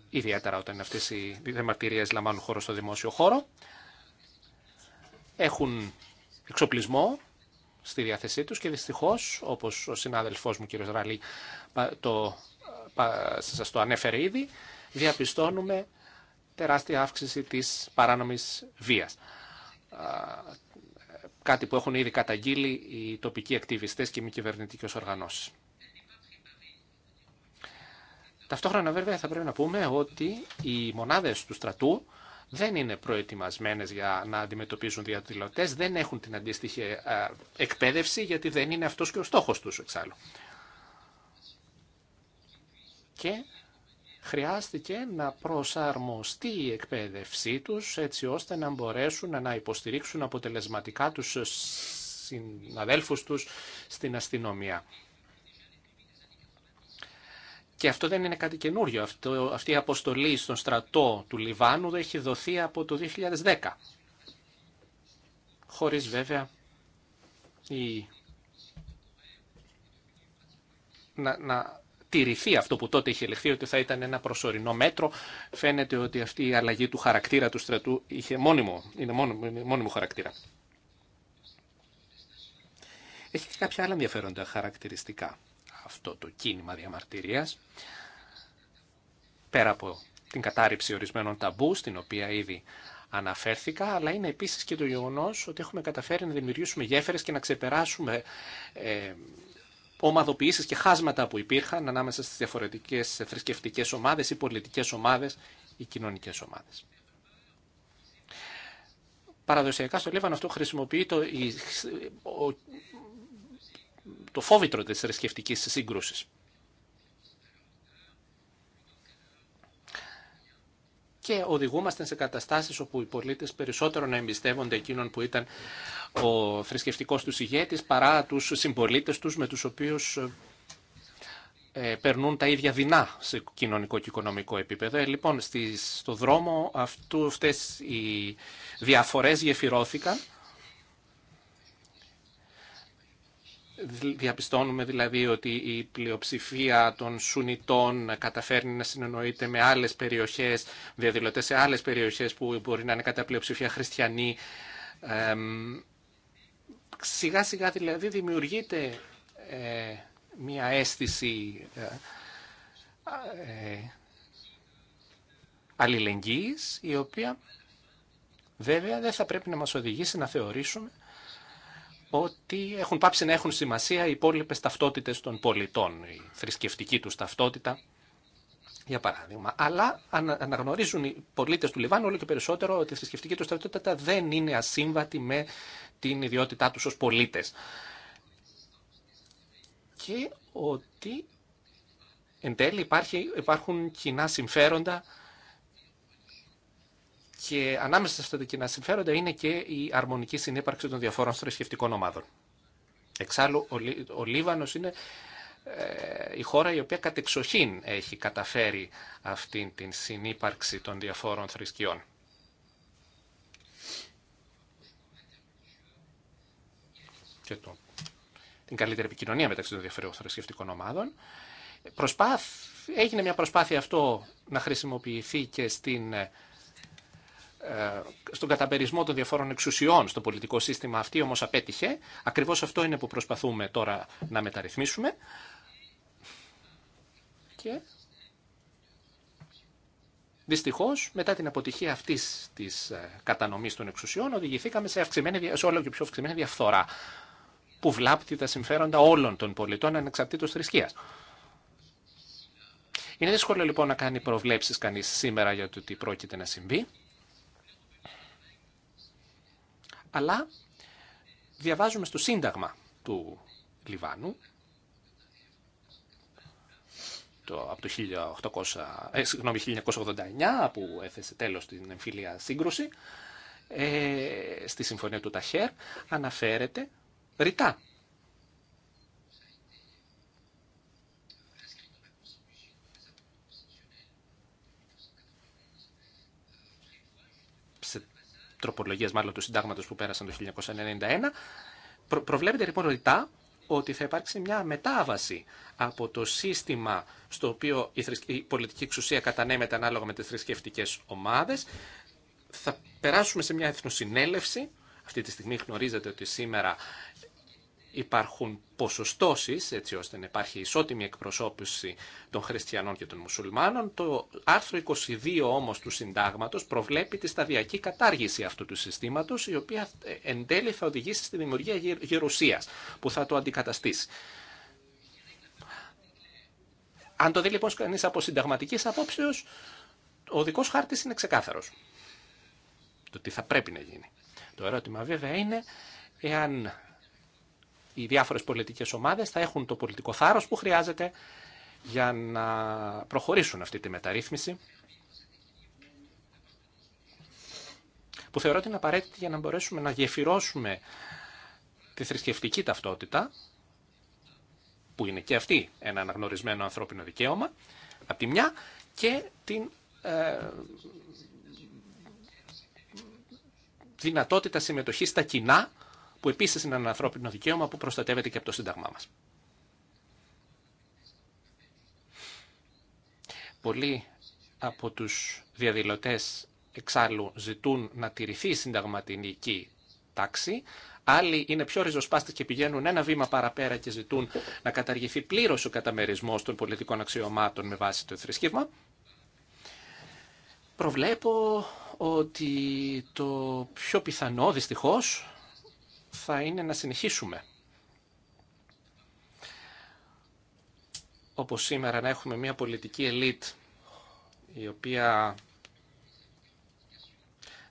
ιδιαίτερα όταν αυτές οι διαμαρτυρίες λαμβάνουν χώρο στο δημόσιο χώρο. Έχουν εξοπλισμό στη διάθεσή τους και δυστυχώς, όπως ο συνάδελφός μου κ. Ραλή το, σας το ανέφερε ήδη, διαπιστώνουμε τεράστια αύξηση της παράνομης βίας. Κάτι που έχουν ήδη καταγγείλει οι τοπικοί ακτιβιστές και οι μη κυβερνητικές οργανώσεις. Ταυτόχρονα βέβαια θα πρέπει να πούμε ότι οι μονάδες του στρατού δεν είναι προετοιμασμένες για να αντιμετωπίζουν διαδηλωτές, δεν έχουν την αντίστοιχη ε, εκπαίδευση γιατί δεν είναι αυτός και ο στόχος τους εξάλλου. Και χρειάστηκε να προσαρμοστεί η εκπαίδευσή τους έτσι ώστε να μπορέσουν να υποστηρίξουν αποτελεσματικά τους συναδέλφους τους στην αστυνομία. Και αυτό δεν είναι κάτι καινούριο. Αυτό, αυτή η αποστολή στον στρατό του Λιβάνου έχει δοθεί από το 2010. Χωρίς βέβαια να, να τηρηθεί αυτό που τότε είχε λεχθεί ότι θα ήταν ένα προσωρινό μέτρο. Φαίνεται ότι αυτή η αλλαγή του χαρακτήρα του στρατού είχε μόνιμο, είναι μόνιμο, είναι μόνιμο χαρακτήρα. Έχει και κάποια άλλα ενδιαφέροντα χαρακτηριστικά αυτό το κίνημα διαμαρτυρίας. Πέρα από την κατάρριψη ορισμένων ταμπού, στην οποία ήδη αναφέρθηκα, αλλά είναι επίσης και το γεγονός ότι έχουμε καταφέρει να δημιουργήσουμε γέφυρες και να ξεπεράσουμε ε, ομαδοποιήσεις και χάσματα που υπήρχαν ανάμεσα στις διαφορετικές θρησκευτικέ ομάδες ή πολιτικές ομάδες ή κοινωνικές ομάδες. Παραδοσιακά στο Λίβανο αυτό χρησιμοποιείται το φόβητρο της θρησκευτική σύγκρουσης. Και οδηγούμαστε σε καταστάσεις όπου οι πολίτες περισσότερο να εμπιστεύονται εκείνον που ήταν ο θρησκευτικός του ηγέτης παρά τους συμπολίτε τους με τους οποίους ε, ε, περνούν τα ίδια δεινά σε κοινωνικό και οικονομικό επίπεδο. Ε, λοιπόν, στο δρόμο αυτού, αυτές οι διαφορές γεφυρώθηκαν Διαπιστώνουμε δηλαδή ότι η πλειοψηφία των Σουνιτών καταφέρνει να συνεννοείται με άλλες περιοχές, διαδηλωτές σε άλλες περιοχές που μπορεί να είναι κατά πλειοψηφία χριστιανοί. σιγά σιγά δηλαδή δημιουργείται ε, μια αίσθηση ε, ε, αλληλεγγύης η οποία βέβαια δεν θα πρέπει να μας οδηγήσει να θεωρήσουμε ότι έχουν πάψει να έχουν σημασία οι υπόλοιπε ταυτότητε των πολιτών, η θρησκευτική του ταυτότητα, για παράδειγμα. Αλλά αναγνωρίζουν οι πολίτε του Λιβάνου όλο και περισσότερο ότι η θρησκευτική του ταυτότητα δεν είναι ασύμβατη με την ιδιότητά του ω πολίτε. Και ότι εν τέλει υπάρχουν κοινά συμφέροντα και ανάμεσα σε αυτά τα κοινά συμφέροντα είναι και η αρμονική συνύπαρξη των διαφόρων θρησκευτικών ομάδων. Εξάλλου, ο Λίβανος είναι ε, η χώρα η οποία κατεξοχήν έχει καταφέρει αυτή την συνύπαρξη των διαφόρων θρησκειών. Και το, την καλύτερη επικοινωνία μεταξύ των διαφόρων θρησκευτικών ομάδων. Προσπάθ, έγινε μια προσπάθεια αυτό να χρησιμοποιηθεί και στην ε, ε, στον καταπερισμό των διαφόρων εξουσιών στο πολιτικό σύστημα αυτή όμως απέτυχε. Ακριβώς αυτό είναι που προσπαθούμε τώρα να μεταρρυθμίσουμε. Και δυστυχώς μετά την αποτυχία αυτής της ε, κατανομής των εξουσιών οδηγηθήκαμε σε, αυξημένη, σε όλο και πιο αυξημένη διαφθορά που βλάπτει τα συμφέροντα όλων των πολιτών ανεξαρτήτως θρησκείας. Είναι δύσκολο λοιπόν να κάνει προβλέψεις κανείς σήμερα για το τι πρόκειται να συμβεί. αλλά διαβάζουμε στο Σύνταγμα του Λιβάνου το, από το 1800, ε, 1989 που έθεσε τέλος την εμφύλια σύγκρουση ε, στη Συμφωνία του Ταχέρ αναφέρεται ρητά τροπολογίες μάλλον του συντάγματος που πέρασαν το 1991, προ, προβλέπεται λοιπόν ρητά ότι θα υπάρξει μια μετάβαση από το σύστημα στο οποίο η πολιτική εξουσία κατανέμεται ανάλογα με τις θρησκευτικέ ομάδες. Θα περάσουμε σε μια εθνοσυνέλευση. Αυτή τη στιγμή γνωρίζετε ότι σήμερα υπάρχουν ποσοστώσεις, έτσι ώστε να υπάρχει ισότιμη εκπροσώπηση των χριστιανών και των μουσουλμάνων. Το άρθρο 22 όμως του συντάγματος προβλέπει τη σταδιακή κατάργηση αυτού του συστήματος, η οποία εν τέλει θα οδηγήσει στη δημιουργία γερουσίας, που θα το αντικαταστήσει. Αν το δει λοιπόν κανείς από συνταγματικής απόψεως, ο δικός χάρτης είναι ξεκάθαρος. Το τι θα πρέπει να γίνει. Το ερώτημα βέβαια είναι εάν οι διάφορες πολιτικές ομάδες θα έχουν το πολιτικό θάρρος που χρειάζεται για να προχωρήσουν αυτή τη μεταρρύθμιση που θεωρώ ότι είναι απαραίτητη για να μπορέσουμε να γεφυρώσουμε τη θρησκευτική ταυτότητα που είναι και αυτή ένα αναγνωρισμένο ανθρώπινο δικαίωμα από τη μια και την ε, δυνατότητα συμμετοχής στα κοινά που επίσης είναι ένα ανθρώπινο δικαίωμα που προστατεύεται και από το Σύνταγμά μας. Πολλοί από τους διαδηλωτές εξάλλου ζητούν να τηρηθεί η συνταγματική τάξη, Άλλοι είναι πιο ριζοσπάστες και πηγαίνουν ένα βήμα παραπέρα και ζητούν να καταργηθεί πλήρω ο καταμερισμό των πολιτικών αξιωμάτων με βάση το θρησκεύμα. Προβλέπω ότι το πιο πιθανό δυστυχώς θα είναι να συνεχίσουμε. Όπως σήμερα να έχουμε μια πολιτική ελίτ η οποία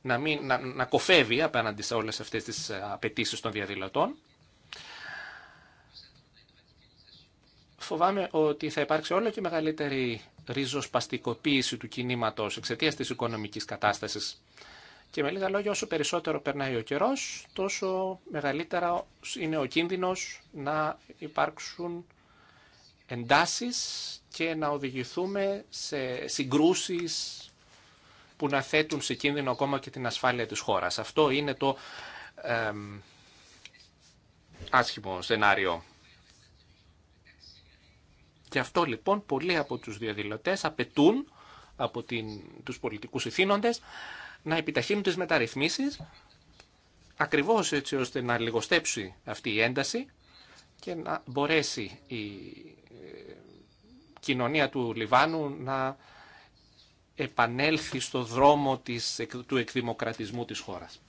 να, μην, να, να κοφεύει απέναντι σε όλες αυτές τις ε, απαιτήσει των διαδηλωτών. Φοβάμαι ότι θα υπάρξει όλο και μεγαλύτερη ριζοσπαστικοποίηση του κινήματος εξαιτίας της οικονομικής κατάστασης και με λίγα λόγια, όσο περισσότερο περνάει ο καιρό, τόσο μεγαλύτερα είναι ο κίνδυνο να υπάρξουν εντάσεις και να οδηγηθούμε σε συγκρούσεις που να θέτουν σε κίνδυνο ακόμα και την ασφάλεια της χώρας. Αυτό είναι το άσχημο σενάριο. Και αυτό λοιπόν πολλοί από τους διαδηλωτές απαιτούν από την, τους πολιτικούς ηθήνοντες να επιταχύνουν τις μεταρρυθμίσεις ακριβώς έτσι ώστε να λιγοστέψει αυτή η ένταση και να μπορέσει η ε, κοινωνία του Λιβάνου να επανέλθει στο δρόμο της, του εκδημοκρατισμού της χώρας.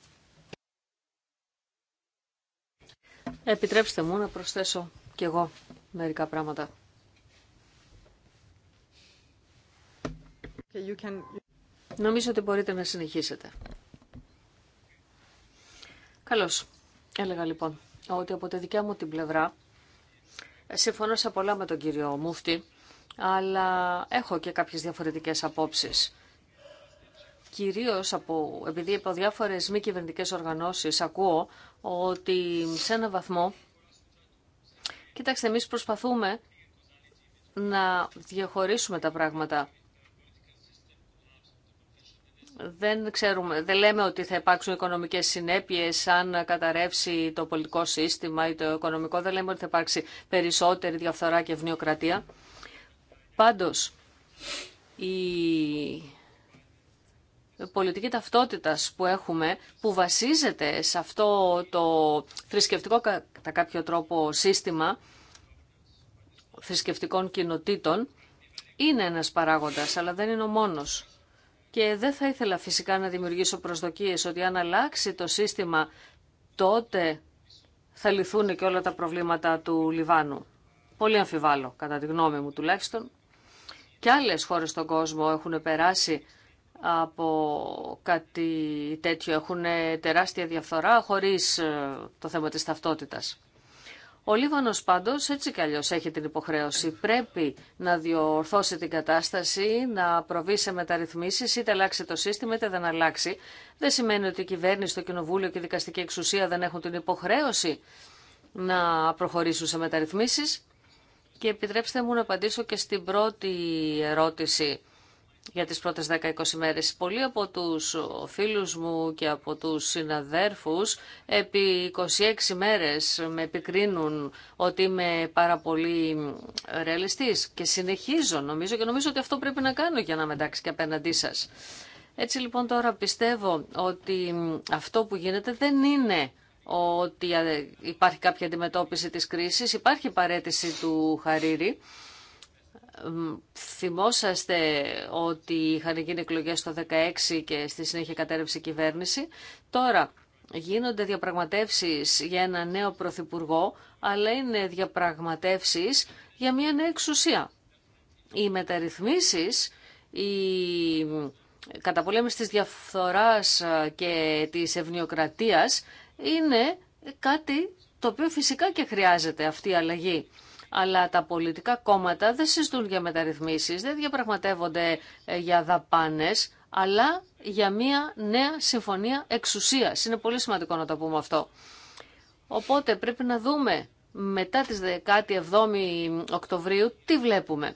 Επιτρέψτε μου να προσθέσω κι εγώ μερικά πράγματα. You Νομίζω ότι μπορείτε να συνεχίσετε. Καλώς. Έλεγα λοιπόν ότι από τη δικιά μου την πλευρά συμφωνώ σε πολλά με τον κύριο Μούφτη, αλλά έχω και κάποιες διαφορετικές απόψεις. Κυρίως από, επειδή από διάφορες μη κυβερνητικέ οργανώσεις ακούω ότι σε ένα βαθμό, κοιτάξτε εμείς προσπαθούμε να διαχωρίσουμε τα πράγματα δεν, ξέρουμε, δεν λέμε ότι θα υπάρξουν οικονομικές συνέπειες αν καταρρεύσει το πολιτικό σύστημα ή το οικονομικό. Δεν λέμε ότι θα υπάρξει περισσότερη διαφθορά και ευνοιοκρατία. Πάντως, η πολιτική ταυτότητας που έχουμε, που βασίζεται σε αυτό το θρησκευτικό κατά κάποιο τρόπο σύστημα θρησκευτικών κοινοτήτων, είναι ένας παράγοντας, αλλά δεν είναι ο μόνος. Και δεν θα ήθελα φυσικά να δημιουργήσω προσδοκίες ότι αν αλλάξει το σύστημα τότε θα λυθούν και όλα τα προβλήματα του Λιβάνου. Πολύ αμφιβάλλω, κατά τη γνώμη μου τουλάχιστον. Και άλλες χώρες στον κόσμο έχουν περάσει από κάτι τέτοιο. Έχουν τεράστια διαφθορά χωρίς ε, το θέμα της ταυτότητας. Ο Λίβανος πάντως έτσι κι αλλιώς έχει την υποχρέωση. Πρέπει να διορθώσει την κατάσταση, να προβεί σε μεταρρυθμίσεις, είτε αλλάξει το σύστημα είτε δεν αλλάξει. Δεν σημαίνει ότι η κυβέρνηση, το κοινοβούλιο και η δικαστική εξουσία δεν έχουν την υποχρέωση να προχωρήσουν σε μεταρρυθμίσεις. Και επιτρέψτε μου να απαντήσω και στην πρώτη ερώτηση για τις πρώτες 10-20 μέρες. Πολλοί από τους φίλους μου και από τους συναδέρφους επί 26 μέρες με επικρίνουν ότι είμαι πάρα πολύ ρεαλιστής και συνεχίζω νομίζω και νομίζω ότι αυτό πρέπει να κάνω για να με εντάξει και απέναντί σας. Έτσι λοιπόν τώρα πιστεύω ότι αυτό που γίνεται δεν είναι ότι υπάρχει κάποια αντιμετώπιση της κρίσης, υπάρχει παρέτηση του Χαρίρη θυμόσαστε ότι είχαν γίνει εκλογέ το 2016 και στη συνέχεια κατέρευσε η κυβέρνηση. Τώρα γίνονται διαπραγματεύσεις για ένα νέο πρωθυπουργό, αλλά είναι διαπραγματεύσεις για μια νέα εξουσία. Οι μεταρρυθμίσεις, η καταπολέμηση της διαφθοράς και της ευνιοκρατίας είναι κάτι το οποίο φυσικά και χρειάζεται αυτή η αλλαγή αλλά τα πολιτικά κόμματα δεν συζητούν για μεταρρυθμίσεις, δεν διαπραγματεύονται ε, για δαπάνες, αλλά για μια νέα συμφωνία εξουσίας. Είναι πολύ σημαντικό να το πούμε αυτό. Οπότε πρέπει να δούμε μετά τις 17 Οκτωβρίου τι βλέπουμε.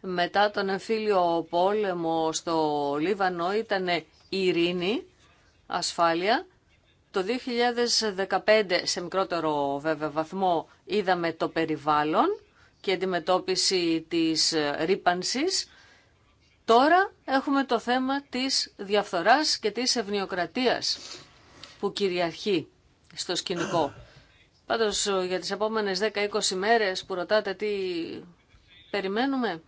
Μετά τον εμφύλιο πόλεμο στο Λίβανο ήταν ειρήνη, ασφάλεια το 2015 σε μικρότερο βέβαια βαθμό είδαμε το περιβάλλον και αντιμετώπιση της ρήπανση. Τώρα έχουμε το θέμα της διαφθοράς και της ευνοιοκρατίας που κυριαρχεί στο σκηνικό. Πάντως για τις επόμενες 10-20 μέρες που ρωτάτε τι περιμένουμε.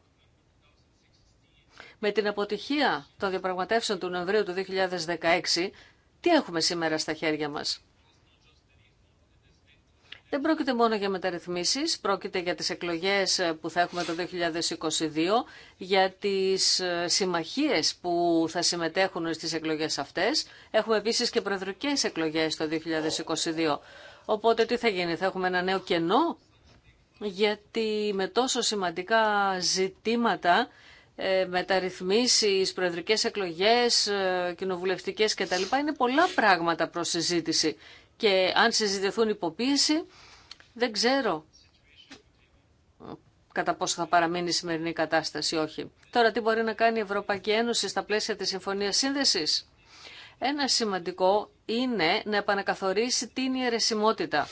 Με την αποτυχία των διαπραγματεύσεων του Νοεμβρίου του 2016 τι έχουμε σήμερα στα χέρια μας. Δεν πρόκειται μόνο για μεταρρυθμίσεις, πρόκειται για τις εκλογές που θα έχουμε το 2022, για τις ε, συμμαχίες που θα συμμετέχουν στις εκλογές αυτές. Έχουμε επίσης και προεδρικές εκλογές το 2022. Οπότε τι θα γίνει, θα έχουμε ένα νέο κενό, γιατί με τόσο σημαντικά ζητήματα ε, μεταρρυθμίσεις, προεδρικές εκλογές, ε, κοινοβουλευτικές κτλ. Είναι πολλά πράγματα προς συζήτηση. Και αν συζητηθούν υποποίηση, δεν ξέρω κατά πόσο θα παραμείνει η σημερινή κατάσταση ή όχι. Τώρα τι μπορεί να κάνει Ευρωπαϊκή Ένωση στα πλαίσια της Συμφωνίας Σύνδεσης. Ένα σημαντικό είναι να επανακαθορίσει την ιερεσιμότητα.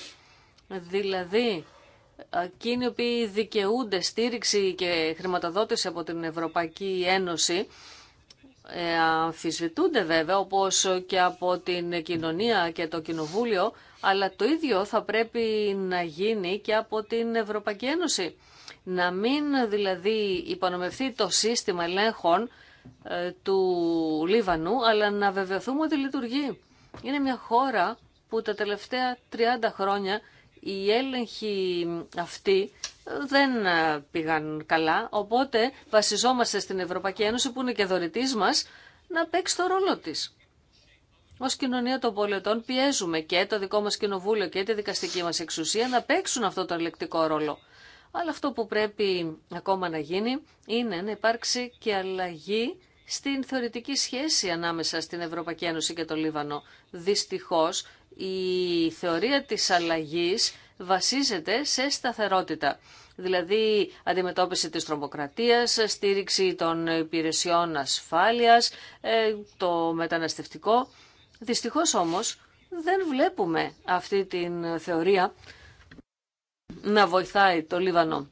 Δηλαδή, εκείνοι οι οποίοι δικαιούνται στήριξη και χρηματοδότηση από την Ευρωπαϊκή Ένωση ε, αμφισβητούνται βέβαια όπως και από την κοινωνία και το κοινοβούλιο αλλά το ίδιο θα πρέπει να γίνει και από την Ευρωπαϊκή Ένωση. Να μην δηλαδή υπονομευθεί το σύστημα ελέγχων ε, του Λίβανου αλλά να βεβαιωθούμε ότι λειτουργεί. Είναι μια χώρα που τα τελευταία 30 χρόνια οι έλεγχοι αυτοί δεν πήγαν καλά, οπότε βασιζόμαστε στην Ευρωπαϊκή Ένωση που είναι και δωρητής μας να παίξει το ρόλο της. Ω κοινωνία των πολιτών πιέζουμε και το δικό μας κοινοβούλιο και τη δικαστική μας εξουσία να παίξουν αυτό το ελεκτικό ρόλο. Αλλά αυτό που πρέπει ακόμα να γίνει είναι να υπάρξει και αλλαγή στην θεωρητική σχέση ανάμεσα στην Ευρωπαϊκή Ένωση και το Λίβανο. Δυστυχώς η θεωρία της αλλαγής βασίζεται σε σταθερότητα. Δηλαδή αντιμετώπιση της τρομοκρατίας, στήριξη των υπηρεσιών ασφάλειας, ε, το μεταναστευτικό. Δυστυχώς όμως δεν βλέπουμε αυτή την θεωρία να βοηθάει το Λίβανο.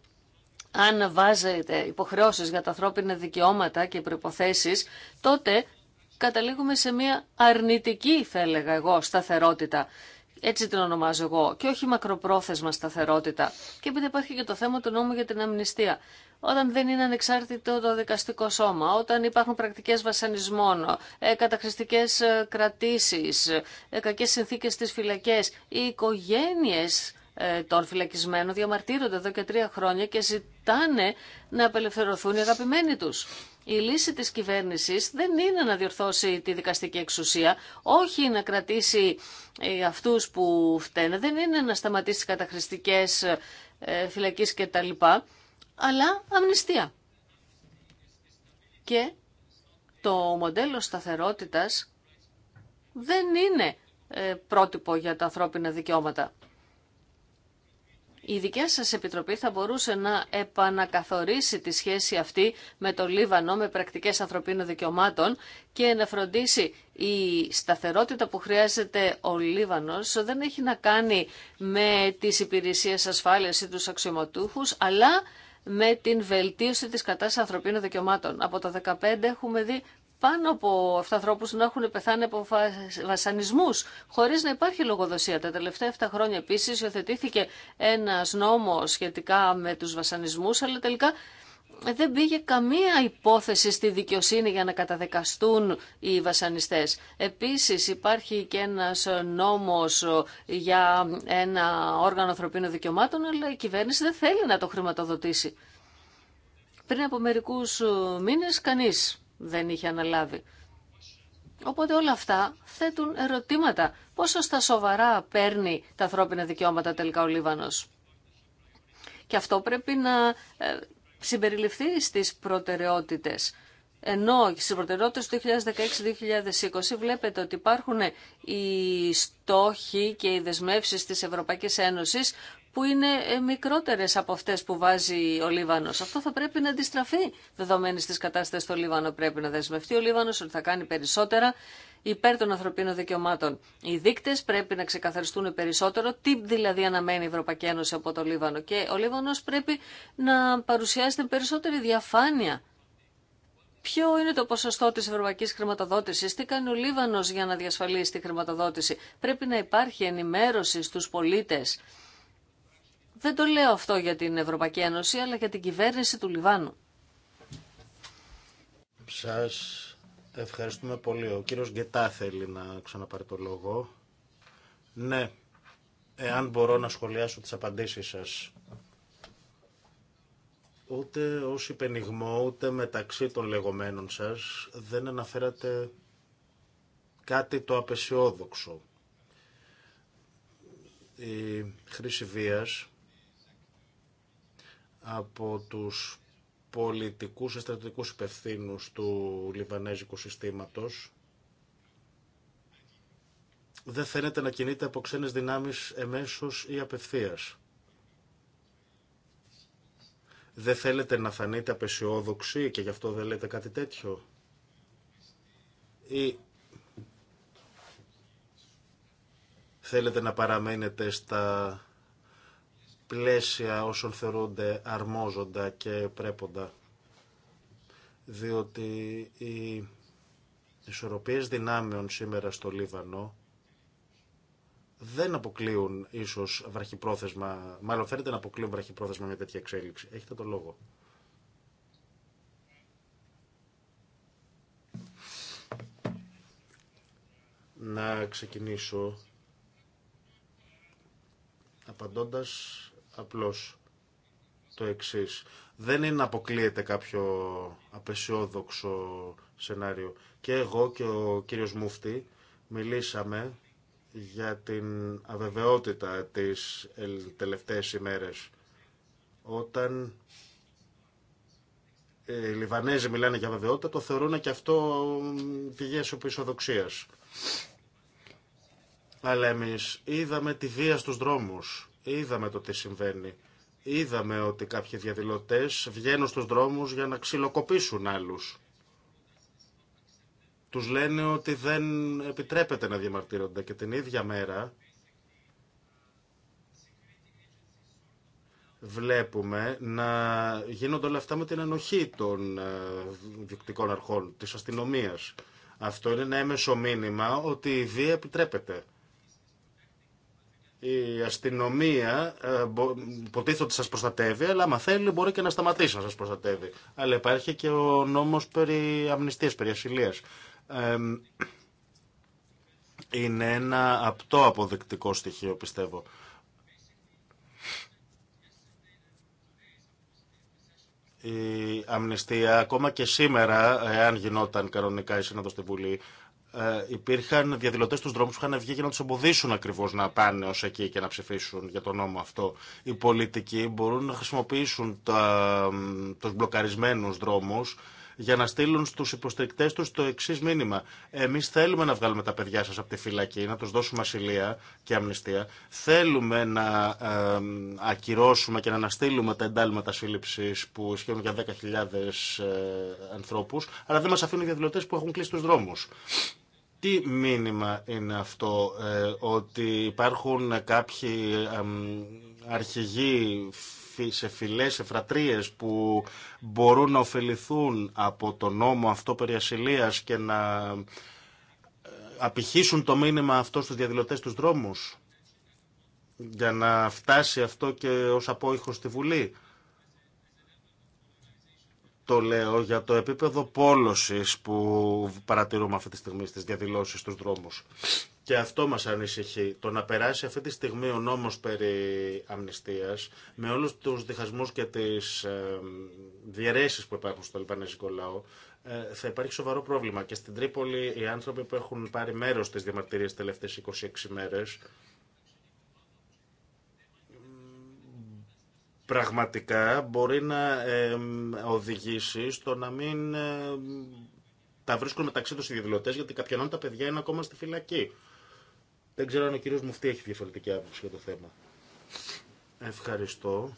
Αν βάζετε υποχρεώσεις για τα ανθρώπινα δικαιώματα και προϋποθέσεις, τότε καταλήγουμε σε μια αρνητική, θα έλεγα εγώ, σταθερότητα. Έτσι την ονομάζω εγώ. Και όχι μακροπρόθεσμα σταθερότητα. Και επειδή υπάρχει και το θέμα του νόμου για την αμνηστία. Όταν δεν είναι ανεξάρτητο το δικαστικό σώμα, όταν υπάρχουν πρακτικέ βασανισμών, ε, καταχρηστικέ ε, κρατήσει, ε, κακέ συνθήκε στι φυλακέ, οι οικογένειε των φυλακισμένων διαμαρτύρονται εδώ και τρία χρόνια και ζητάνε να απελευθερωθούν οι αγαπημένοι του. Η λύση της κυβέρνησης δεν είναι να διορθώσει τη δικαστική εξουσία, όχι να κρατήσει ε, αυτούς που φταίνε, δεν είναι να σταματήσει καταχρηστικές ε, και κτλ, αλλά αμνηστία. Και το μοντέλο σταθερότητας δεν είναι ε, πρότυπο για τα ανθρώπινα δικαιώματα η δικιά σας επιτροπή θα μπορούσε να επανακαθορίσει τη σχέση αυτή με το Λίβανο, με πρακτικές ανθρωπίνων δικαιωμάτων και να φροντίσει η σταθερότητα που χρειάζεται ο Λίβανος δεν έχει να κάνει με τις υπηρεσίες ασφάλειας ή τους αξιωματούχους, αλλά με την βελτίωση της κατάστασης ανθρωπίνων δικαιωμάτων. Από το 2015 έχουμε δει πάνω από αυτά ανθρώπου να έχουν πεθάνει από βασανισμού, χωρί να υπάρχει λογοδοσία. Τα τελευταία 7 χρόνια επίση υιοθετήθηκε ένα νόμο σχετικά με του βασανισμού, αλλά τελικά δεν πήγε καμία υπόθεση στη δικαιοσύνη για να καταδεκαστούν οι βασανιστές. Επίσης υπάρχει και ένας νόμος για ένα όργανο ανθρωπίνων δικαιωμάτων, αλλά η κυβέρνηση δεν θέλει να το χρηματοδοτήσει. Πριν από μερικούς μήνες κανείς δεν είχε αναλάβει. Οπότε όλα αυτά θέτουν ερωτήματα. Πόσο στα σοβαρά παίρνει τα ανθρώπινα δικαιώματα τελικά ο Λίβανος. Και αυτό πρέπει να ε, συμπεριληφθεί στις προτεραιότητες. Ενώ στις προτεραιότητες του 2016-2020 βλέπετε ότι υπάρχουν οι στόχοι και οι δεσμεύσεις της Ευρωπαϊκής Ένωσης που είναι ε, μικρότερε από αυτέ που βάζει ο Λίβανος. Αυτό θα πρέπει να αντιστραφεί δεδομένη τη κατάσταση στο Λίβανο. Πρέπει να δεσμευτεί ο λίβανο ότι θα κάνει περισσότερα υπέρ των ανθρωπίνων δικαιωμάτων. Οι δείκτε πρέπει να ξεκαθαριστούν περισσότερο τι δηλαδή αναμένει η Ευρωπαϊκή Ένωση από το Λίβανο και ο Λίβανος πρέπει να παρουσιάζεται περισσότερη διαφάνεια Ποιο είναι το ποσοστό της ευρωπαϊκής χρηματοδότησης, τι κάνει ο Λίβανος για να διασφαλίσει τη χρηματοδότηση. Πρέπει να υπάρχει ενημέρωση στους πολίτες δεν το λέω αυτό για την Ευρωπαϊκή Ένωση, αλλά για την κυβέρνηση του Λιβάνου. Σας ευχαριστούμε πολύ. Ο κύριος Γκετά θέλει να ξαναπάρει το λόγο. Ναι, εάν μπορώ να σχολιάσω τις απαντήσεις σας. Ούτε ως υπενιγμό, ούτε μεταξύ των λεγόμενων σας δεν αναφέρατε κάτι το απεσιόδοξο. Η χρήση βίας από τους πολιτικούς και στρατιωτικούς του Λιβανέζικου συστήματος δεν φαίνεται να κινείται από ξένες δυνάμεις εμέσως ή απευθείας. Δεν θέλετε να φανείτε απεσιόδοξοι και γι' αυτό δεν λέτε κάτι τέτοιο. Ή θέλετε να παραμένετε στα πλαίσια όσων θεωρούνται αρμόζοντα και πρέποντα. Διότι οι ισορροπίες δυνάμεων σήμερα στο Λίβανο δεν αποκλείουν ίσως βραχυπρόθεσμα, μάλλον φαίνεται να αποκλείουν βραχυπρόθεσμα μια τέτοια εξέλιξη. Έχετε το λόγο. Να ξεκινήσω απαντώντας απλώς το εξή. Δεν είναι να αποκλείεται κάποιο απεσιόδοξο σενάριο. Και εγώ και ο κύριος Μούφτη μιλήσαμε για την αβεβαιότητα της τελευταίες ημέρες όταν οι Λιβανέζοι μιλάνε για αβεβαιότητα το θεωρούν και αυτό πηγές οπισοδοξία. Αλλά εμείς είδαμε τη βία στους δρόμους Είδαμε το τι συμβαίνει. Είδαμε ότι κάποιοι διαδηλωτές βγαίνουν στους δρόμους για να ξυλοκοπήσουν άλλους. Τους λένε ότι δεν επιτρέπεται να διαμαρτύρονται και την ίδια μέρα βλέπουμε να γίνονται όλα αυτά με την ανοχή των ε, δικτικών αρχών, της αστυνομίας. Αυτό είναι ένα έμεσο μήνυμα ότι η βία επιτρέπεται η αστυνομία ε, υποτίθεται ότι σας προστατεύει, αλλά άμα θέλει μπορεί και να σταματήσει να σας προστατεύει. Αλλά υπάρχει και ο νόμος περί αμνηστίας, περί ασυλίας. είναι ένα απτό αποδεικτικό στοιχείο, πιστεύω. Η αμνηστία, ακόμα και σήμερα, εάν γινόταν κανονικά η Σύνοδος στη Βουλή, ε, υπήρχαν διαδηλωτέ στου δρόμου που είχαν βγει για να του εμποδίσουν ακριβώ να πάνε ω εκεί και να ψηφίσουν για τον νόμο αυτό. Οι πολιτικοί μπορούν να χρησιμοποιήσουν του μπλοκαρισμένου δρόμου για να στείλουν στου υποστηρικτέ του το εξή μήνυμα. Εμεί θέλουμε να βγάλουμε τα παιδιά σα από τη φυλακή, να του δώσουμε ασυλία και αμνηστία. Θέλουμε να ε, ακυρώσουμε και να αναστείλουμε τα εντάλματα σύλληψη που ισχύουν για 10.000 ε, ανθρώπου, αλλά δεν μα αφήνουν οι διαδηλωτέ που έχουν κλείσει του δρόμου. Τι μήνυμα είναι αυτό, ε, ότι υπάρχουν κάποιοι αρχηγοί σε φυλές, σε φρατρίες που μπορούν να ωφεληθούν από το νόμο αυτό περί ασυλίας και να ε, απηχήσουν το μήνυμα αυτό στους διαδηλωτές τους δρόμους για να φτάσει αυτό και ως απόϊχο στη Βουλή. Το λέω για το επίπεδο πόλωσης που παρατηρούμε αυτή τη στιγμή στις διαδηλώσεις στους δρόμους. Και αυτό μας ανησυχεί. Το να περάσει αυτή τη στιγμή ο νόμος περί αμνηστίας με όλους τους διχασμούς και τις ε, που υπάρχουν στο λιπανέζικο λαό ε, θα υπάρχει σοβαρό πρόβλημα. Και στην Τρίπολη οι άνθρωποι που έχουν πάρει μέρος στις διαμαρτυρίες τελευταίες 26 μέρες πραγματικά μπορεί να οδηγήσει στο να μην τα βρίσκουν μεταξύ τους οι γιατί κάποιον τα παιδιά είναι ακόμα στη φυλακή. Δεν ξέρω αν ο κύριος Μουφτή έχει διαφορετική άποψη για το θέμα. Ευχαριστώ.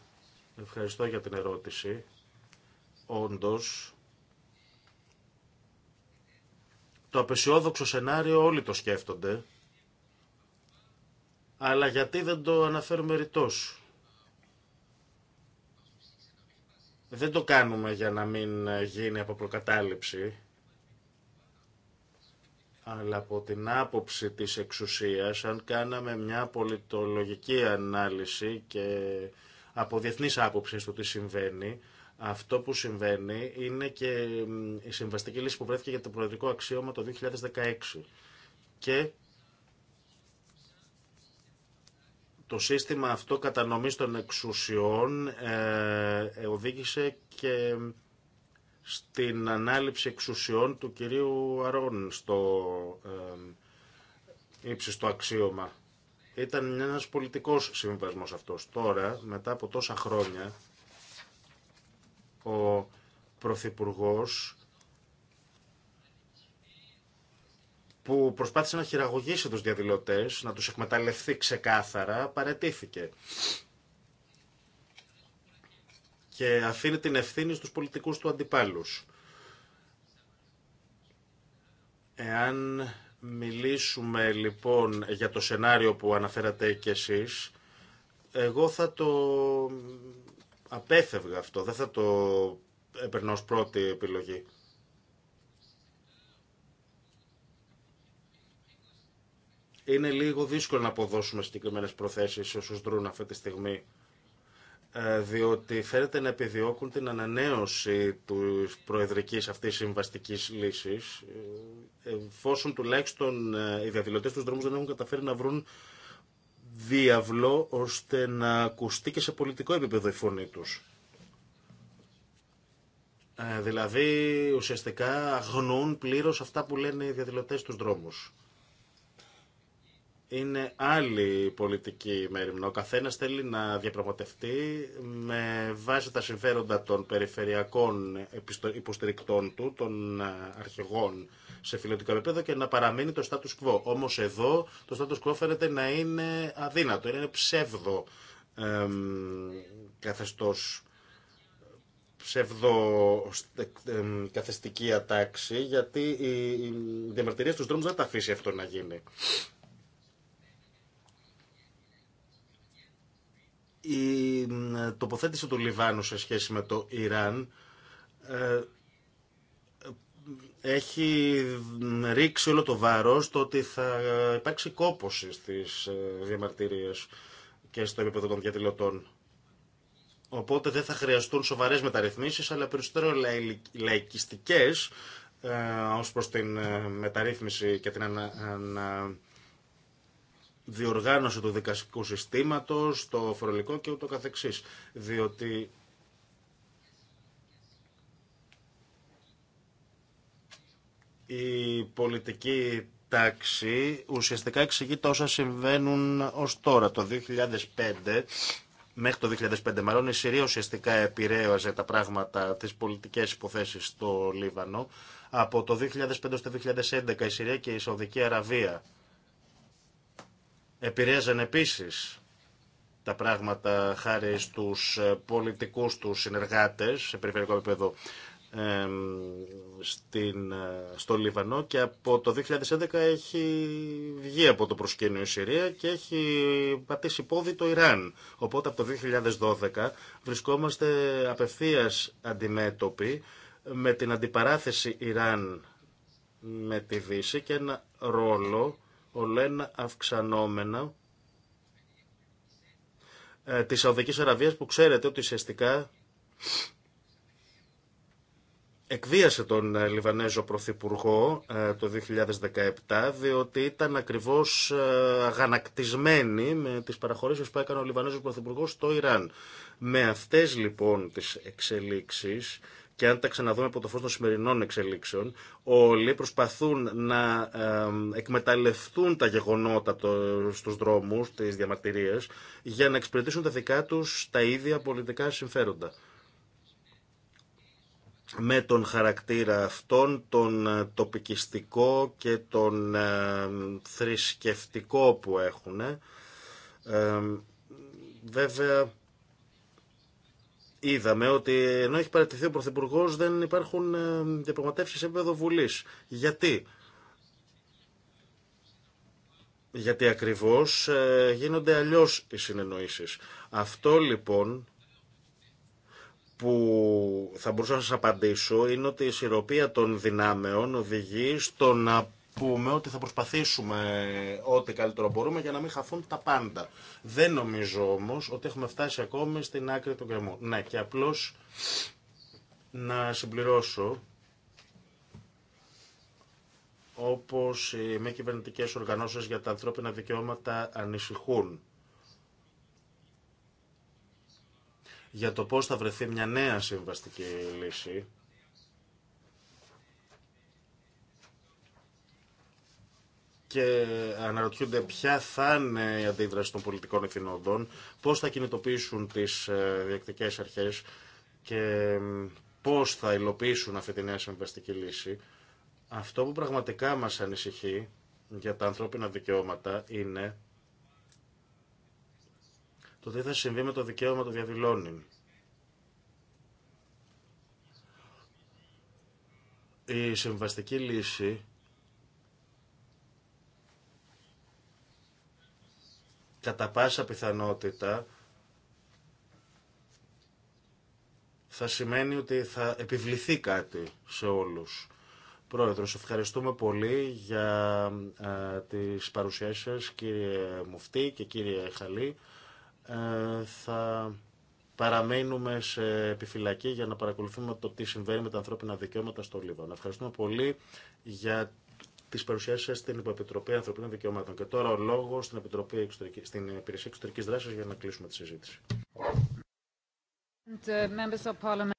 Ευχαριστώ για την ερώτηση. Όντως, το απεσιόδοξο σενάριο όλοι το σκέφτονται, αλλά γιατί δεν το αναφέρουμε ρητός. Δεν το κάνουμε για να μην ε, γίνει από προκατάληψη, αλλά από την άποψη της εξουσίας, αν κάναμε μια πολιτολογική ανάλυση και από διεθνής άποψη του τι συμβαίνει, αυτό που συμβαίνει είναι και η συμβαστική λύση που βρέθηκε για το προεδρικό αξίωμα το 2016. Και Το σύστημα αυτό κατανομής των εξουσιών ε, οδήγησε και στην ανάληψη εξουσιών του κυρίου Αρών στο ε, ύψιστο αξίωμα. Ήταν ένας πολιτικός συμβασμός αυτός. Τώρα, μετά από τόσα χρόνια, ο Πρωθυπουργός που προσπάθησε να χειραγωγήσει τους διαδηλωτές, να τους εκμεταλλευτεί ξεκάθαρα, παρατήθηκε. Και αφήνει την ευθύνη στους πολιτικούς του αντιπάλους. Εάν μιλήσουμε λοιπόν για το σενάριο που αναφέρατε και εσείς, εγώ θα το απέφευγα αυτό, δεν θα το έπαιρνα ως πρώτη επιλογή. Είναι λίγο δύσκολο να αποδώσουμε συγκεκριμένε προθέσει σε όσου δρούν αυτή τη στιγμή ε, διότι φαίνεται να επιδιώκουν την ανανέωση του προεδρικής αυτής συμβαστική λύση, ε, εφόσον τουλάχιστον ε, οι διαδηλωτέ τους δρόμου δεν έχουν καταφέρει να βρουν διαβλό ώστε να ακουστεί και σε πολιτικό επίπεδο η φωνή τους. δηλαδή ουσιαστικά αγνοούν πλήρως αυτά που λένε οι διαδηλωτές στους δρόμους είναι άλλη πολιτική μέρημνα. Ο καθένα θέλει να διαπραγματευτεί με βάση τα συμφέροντα των περιφερειακών υποστηρικτών του, των ε, αρχηγών σε φιλωτικό επίπεδο και να παραμείνει το status quo. Όμω εδώ το status quo φαίνεται να είναι αδύνατο, είναι ψεύδο ψεύδο καθεστώς ψευδοκαθεστική ατάξη, γιατί η διαμαρτυρία στους δρόμους δεν τα αφήσει αυτό να γίνει. η τοποθέτηση του Λιβάνου σε σχέση με το Ιράν ε, έχει ρίξει όλο το βάρος το ότι θα υπάρξει κόπωση στις ε, διαμαρτυρίες και στο επίπεδο των διαδηλωτών. Οπότε δεν θα χρειαστούν σοβαρές μεταρρυθμίσεις, αλλά περισσότερο λαϊκιστικές ε, ως προς την μεταρρύθμιση και την ανα διοργάνωση του δικαστικού συστήματος, το φορολικό και ούτω καθεξής. Διότι η πολιτική τάξη ουσιαστικά εξηγεί τα όσα συμβαίνουν ως τώρα. Το 2005 μέχρι το 2005 μάλλον η Συρία ουσιαστικά επηρέαζε τα πράγματα, τις πολιτικές υποθέσεις στο Λίβανο. Από το 2005 στο 2011 η Συρία και η Σαουδική Αραβία επηρέαζαν επίσης τα πράγματα χάρη στους ε, πολιτικούς τους συνεργάτες σε περιφερειακό επίπεδο στην, ε, στο Λίβανο και από το 2011 έχει βγει από το προσκήνιο η Συρία και έχει πατήσει πόδι το Ιράν. Οπότε από το 2012 βρισκόμαστε απευθείας αντιμέτωποι με την αντιπαράθεση Ιράν με τη Δύση και ένα ρόλο ολένα αυξανόμενα ε, της Σαουδικής Αραβίας που ξέρετε ότι ουσιαστικά εκβίασε τον ε, Λιβανέζο Πρωθυπουργό ε, το 2017 διότι ήταν ακριβώς ε, αγανακτισμένη με τις παραχωρήσεις που έκανε ο Λιβανέζος Πρωθυπουργός στο Ιράν. Με αυτές λοιπόν τις εξελίξεις και αν τα ξαναδούμε από το φως των σημερινών εξελίξεων, όλοι προσπαθούν να εκμεταλλευτούν τα γεγονότα στους δρόμους, τις διαμαρτυρίες, για να εξυπηρετήσουν τα δικά τους τα ίδια πολιτικά συμφέροντα με τον χαρακτήρα αυτόν, τον ε, τοπικιστικό και τον ε, θρησκευτικό που έχουν. βέβαια, είδαμε ότι ενώ έχει παρατηθεί ο Πρωθυπουργό δεν υπάρχουν ε, διαπραγματεύσει σε επίπεδο Βουλή. Γιατί? Γιατί ακριβώς ε, γίνονται αλλιώς οι συνεννοήσεις. Αυτό λοιπόν που θα μπορούσα να σας απαντήσω είναι ότι η σειροπία των δυνάμεων οδηγεί στο να πούμε ότι θα προσπαθήσουμε ό,τι καλύτερο μπορούμε για να μην χαθούν τα πάντα. Δεν νομίζω όμως ότι έχουμε φτάσει ακόμη στην άκρη του γκρεμού. Ναι, και απλώς να συμπληρώσω όπως οι μη κυβερνητικέ οργανώσεις για τα ανθρώπινα δικαιώματα ανησυχούν για το πώς θα βρεθεί μια νέα συμβαστική λύση και αναρωτιούνται ποια θα είναι η αντίδραση των πολιτικών εθνοντών, πώς θα κινητοποιήσουν τις ε, διεκτικές αρχές και πώς θα υλοποιήσουν αυτή τη νέα συμβαστική λύση. Αυτό που πραγματικά μας ανησυχεί για τα ανθρώπινα δικαιώματα είναι το τι θα συμβεί με το δικαίωμα του διαδηλώνει. Η συμβαστική λύση κατά πάσα πιθανότητα θα σημαίνει ότι θα επιβληθεί κάτι σε όλους. Πρόεδρος, ευχαριστούμε πολύ για τι ε, τις παρουσιάσεις σας, κύριε Μουφτή και κύριε Χαλή. Ε, θα παραμένουμε σε επιφυλακή για να παρακολουθούμε το τι συμβαίνει με τα ανθρώπινα δικαιώματα στο Λίβανο. Ευχαριστούμε πολύ για τη παρουσία σα στην Επιτροπή Ανθρωπίνων Δικαιωμάτων. Και τώρα ο λόγο στην, Επιτροπή Εξωτερική, στην Υπηρεσία Εξωτερική Δράση για να κλείσουμε τη συζήτηση. Uh,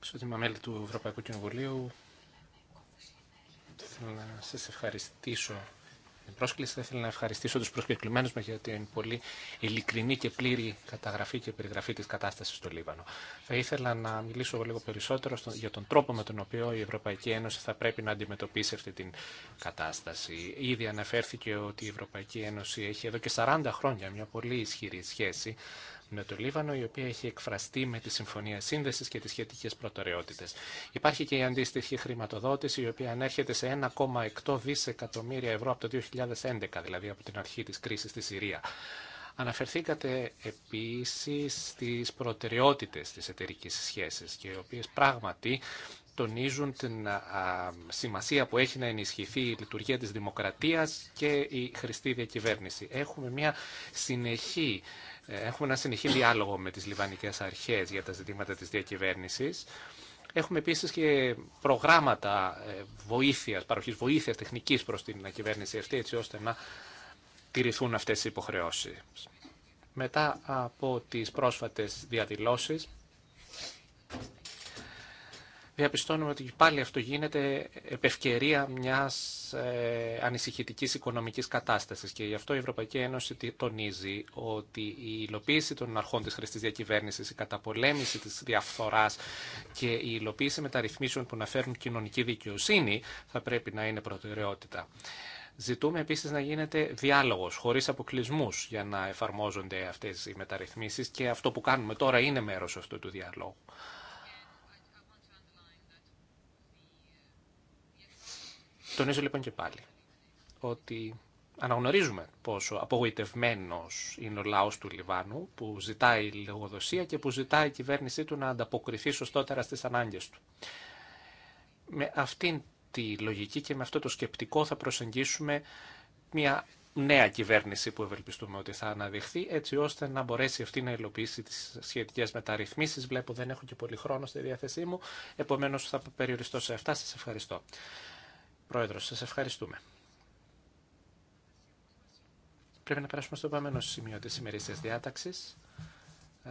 Ξωτήμα μέλη του Ευρωπαϊκού Κοινοβουλίου, θέλω να σας ευχαριστήσω ε, πρόσκληση. Θα ήθελα να ευχαριστήσω τους προσκεκλημένου μα για την πολύ ειλικρινή και πλήρη καταγραφή και περιγραφή της κατάστασης στο Λίβανο. Θα ήθελα να μιλήσω λίγο περισσότερο για τον τρόπο με τον οποίο η Ευρωπαϊκή Ένωση θα πρέπει να αντιμετωπίσει αυτή την κατάσταση. Ήδη αναφέρθηκε ότι η Ευρωπαϊκή Ένωση έχει εδώ και 40 χρόνια μια πολύ ισχυρή σχέση με το Λίβανο, η οποία έχει εκφραστεί με τη Συμφωνία Σύνδεση και τι σχετικέ προτεραιότητε. Υπάρχει και η αντίστοιχη χρηματοδότηση, η οποία ανέρχεται σε 1,8 δισεκατομμύρια ευρώ από το 2011, δηλαδή από την αρχή τη κρίση στη Συρία. Αναφερθήκατε επίσης στις προτεραιότητες της εταιρικής σχέσης και οι οποίες πράγματι τονίζουν την σημασία που έχει να ενισχυθεί η λειτουργία της δημοκρατίας και η χρηστή διακυβέρνηση. Έχουμε, μια συνεχή, ε, έχουμε ένα συνεχή διάλογο με τις λιβανικές αρχές για τα ζητήματα της διακυβέρνησης. Έχουμε επίσης και προγράμματα ε, βοήθειας, παροχής βοήθειας τεχνικής προς την κυβέρνηση αυτή, έτσι ώστε να τηρηθούν αυτές οι υποχρεώσεις. Μετά από τις πρόσφατες διαδηλώσεις, διαπιστώνουμε ότι πάλι αυτό γίνεται επ' ευκαιρία μιας ε, ανησυχητικής οικονομικής κατάστασης και γι' αυτό η Ευρωπαϊκή Ένωση τονίζει ότι η υλοποίηση των αρχών της χρηστής διακυβέρνησης, η καταπολέμηση της διαφθοράς και η υλοποίηση μεταρρυθμίσεων που να φέρουν κοινωνική δικαιοσύνη θα πρέπει να είναι προτεραιότητα. Ζητούμε επίσης να γίνεται διάλογος χωρίς αποκλεισμούς για να εφαρμόζονται αυτές οι μεταρρυθμίσεις και αυτό που κάνουμε τώρα είναι μέρος αυτού του διαλόγου. Τονίζω λοιπόν και πάλι ότι αναγνωρίζουμε πόσο απογοητευμένο είναι ο λαό του Λιβάνου που ζητάει λογοδοσία και που ζητάει η κυβέρνησή του να ανταποκριθεί σωστότερα στι ανάγκε του. Με αυτήν τη λογική και με αυτό το σκεπτικό θα προσεγγίσουμε μια νέα κυβέρνηση που ευελπιστούμε ότι θα αναδειχθεί έτσι ώστε να μπορέσει αυτή να υλοποιήσει τι σχετικέ μεταρρυθμίσει. Βλέπω δεν έχω και πολύ χρόνο στη διάθεσή μου, επομένω θα περιοριστώ σε αυτά. Σα ευχαριστώ. Πρόεδρος, σας ευχαριστούμε. Πρέπει να περάσουμε στο επόμενο σημείο της ημερήσιας διάταξης. Ε,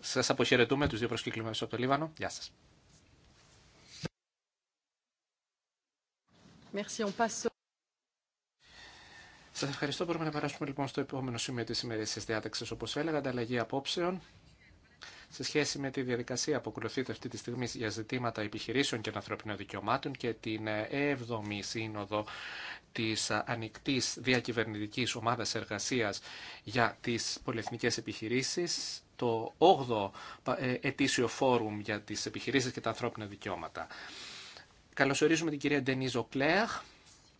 σας αποχαιρετούμε τους δύο προσκύκλημένους από το Λίβανο. Γεια σας. Σας ευχαριστώ. Μπορούμε να περάσουμε λοιπόν στο επόμενο σημείο της ημερήσιας διάταξης, όπως έλεγα, ανταλλαγή απόψεων σε σχέση με τη διαδικασία που ακολουθείται αυτή τη στιγμή για ζητήματα επιχειρήσεων και ανθρωπινών δικαιωμάτων και την 7η ε, Σύνοδο της Ανοιχτής Διακυβερνητικής Ομάδας Εργασίας για τις Πολυεθνικές Επιχειρήσεις, το 8ο ε, ετήσιο φόρουμ για τις επιχειρήσεις και τα ανθρώπινα δικαιώματα. Καλωσορίζουμε την κυρία Ντενίζο Κλέαχ,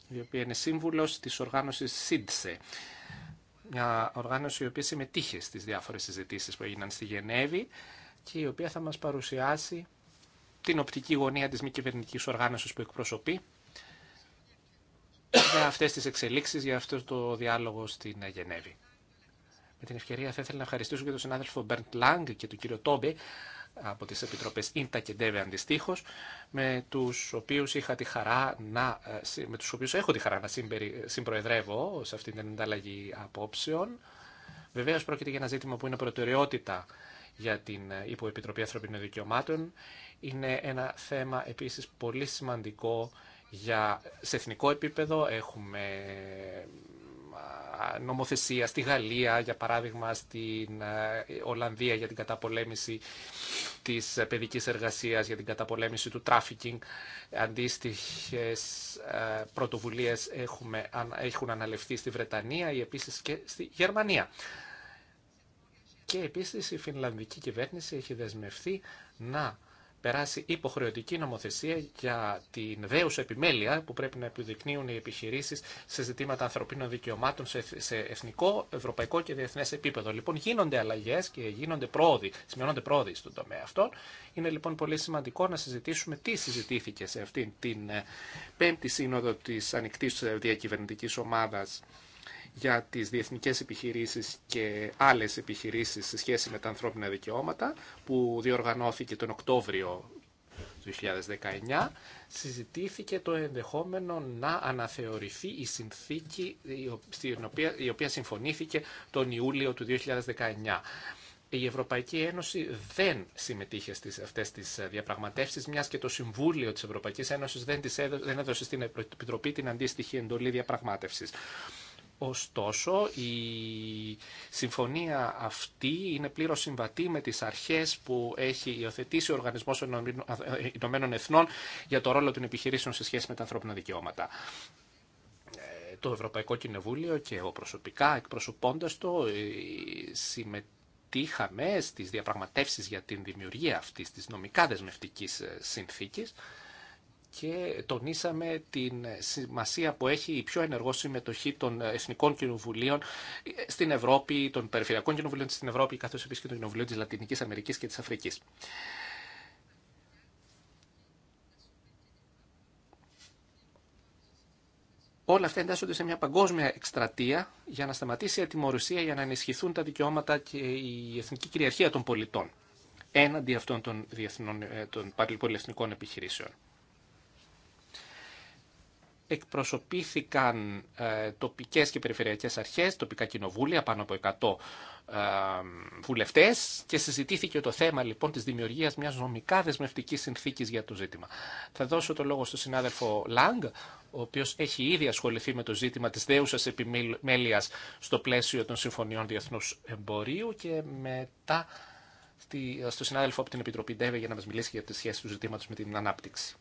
η οποία είναι σύμβουλος της οργάνωσης ΣΥΝΤΣΕ, μια οργάνωση η οποία συμμετείχε στις διάφορες συζητήσεις που έγιναν στη Γενέβη και η οποία θα μας παρουσιάσει την οπτική γωνία της μη κυβερνητική οργάνωσης που εκπροσωπεί για αυτές τις εξελίξεις, για αυτό το διάλογο στην Γενέβη. Με την ευκαιρία θα ήθελα να ευχαριστήσω και τον συνάδελφο Μπέρντ Λάγκ και τον κύριο Τόμπε από τις Επιτροπές Ίντα και Ντέβε αντιστοίχω, με τους οποίους είχα τη χαρά να, ε, με τους οποίους έχω τη χαρά να συμπροεδρεύω σε αυτήν την ανταλλαγή απόψεων. Βεβαίως πρόκειται για ένα ζήτημα που είναι προτεραιότητα για την ε, Υποεπιτροπή Ανθρωπίνων Δικαιωμάτων. Είναι ένα θέμα επίσης πολύ σημαντικό για, σε εθνικό επίπεδο. Έχουμε νομοθεσία στη Γαλλία, για παράδειγμα στην Ολλανδία για την καταπολέμηση της παιδικής εργασίας, για την καταπολέμηση του τράφικινγκ. Αντίστοιχες πρωτοβουλίες έχουν αναλευθεί στη Βρετανία ή επίσης και στη Γερμανία. Και επίσης η φινλανδική κυβέρνηση έχει δεσμευθεί να περάσει υποχρεωτική νομοθεσία για την δέουσα επιμέλεια που πρέπει να επιδεικνύουν οι επιχειρήσει σε ζητήματα ανθρωπίνων δικαιωμάτων σε εθνικό, ευρωπαϊκό και διεθνές επίπεδο. Λοιπόν, γίνονται αλλαγέ και γίνονται πρόοδοι, σημειώνονται πρόοδοι στον τομέα αυτό. Είναι λοιπόν πολύ σημαντικό να συζητήσουμε τι συζητήθηκε σε αυτήν την ε, πέμπτη σύνοδο της ανοιχτή διακυβερνητική Ομάδα για τις διεθνικές επιχειρήσεις και άλλες επιχειρήσεις σε σχέση με τα ανθρώπινα δικαιώματα που διοργανώθηκε τον Οκτώβριο του 2019 συζητήθηκε το ενδεχόμενο να αναθεωρηθεί η συνθήκη η οποία συμφωνήθηκε τον Ιούλιο του 2019. Η Ευρωπαϊκή Ένωση δεν συμμετείχε στις αυτές τις διαπραγματεύσεις, μιας και το Συμβούλιο της Ευρωπαϊκής Ένωσης δεν, έδωσε, δεν στην Επιτροπή την αντίστοιχη εντολή διαπραγματεύση. Ωστόσο, η συμφωνία αυτή είναι πλήρως συμβατή με τις αρχές που έχει υιοθετήσει ο Οργανισμός ε, Ηνωμένων Εθνών για το ρόλο των επιχειρήσεων σε σχέση με τα ανθρώπινα δικαιώματα. Ε, το Ευρωπαϊκό Κοινοβούλιο και εγώ προσωπικά εκπροσωπώντας το ε, συμμετείχαμε στις διαπραγματεύσεις για την δημιουργία αυτής της νομικά δεσμευτικής συνθήκης και τονίσαμε την σημασία που έχει η πιο ενεργό συμμετοχή των Εθνικών Κοινοβουλίων στην Ευρώπη, των Περιφερειακών Κοινοβουλίων στην Ευρώπη, καθώς επίσης και των Κοινοβουλίων της Λατινικής Αμερικής και της Αφρικής. Όλα αυτά εντάσσονται σε μια παγκόσμια εκστρατεία για να σταματήσει η ατιμορρυσία, για να ενισχυθούν τα δικαιώματα και η εθνική κυριαρχία των πολιτών έναντι αυτών των, διεθνών, ε, των πολυεθνικών επιχειρήσεων εκπροσωπήθηκαν ε, τοπικές και περιφερειακές αρχές, τοπικά κοινοβούλια, πάνω από 100 ε, βουλευτές και συζητήθηκε το θέμα λοιπόν της δημιουργίας μιας νομικά δεσμευτικής συνθήκης για το ζήτημα. Θα δώσω το λόγο στον συνάδελφο Λάγκ, ο οποίος έχει ήδη ασχοληθεί με το ζήτημα της δέουσας επιμέλειας στο πλαίσιο των Συμφωνιών Διεθνούς Εμπορίου και μετά στο συνάδελφο από την Επιτροπή Ντέβε για να μας μιλήσει για τις σχέσεις του ζητήματος με την ανάπτυξη.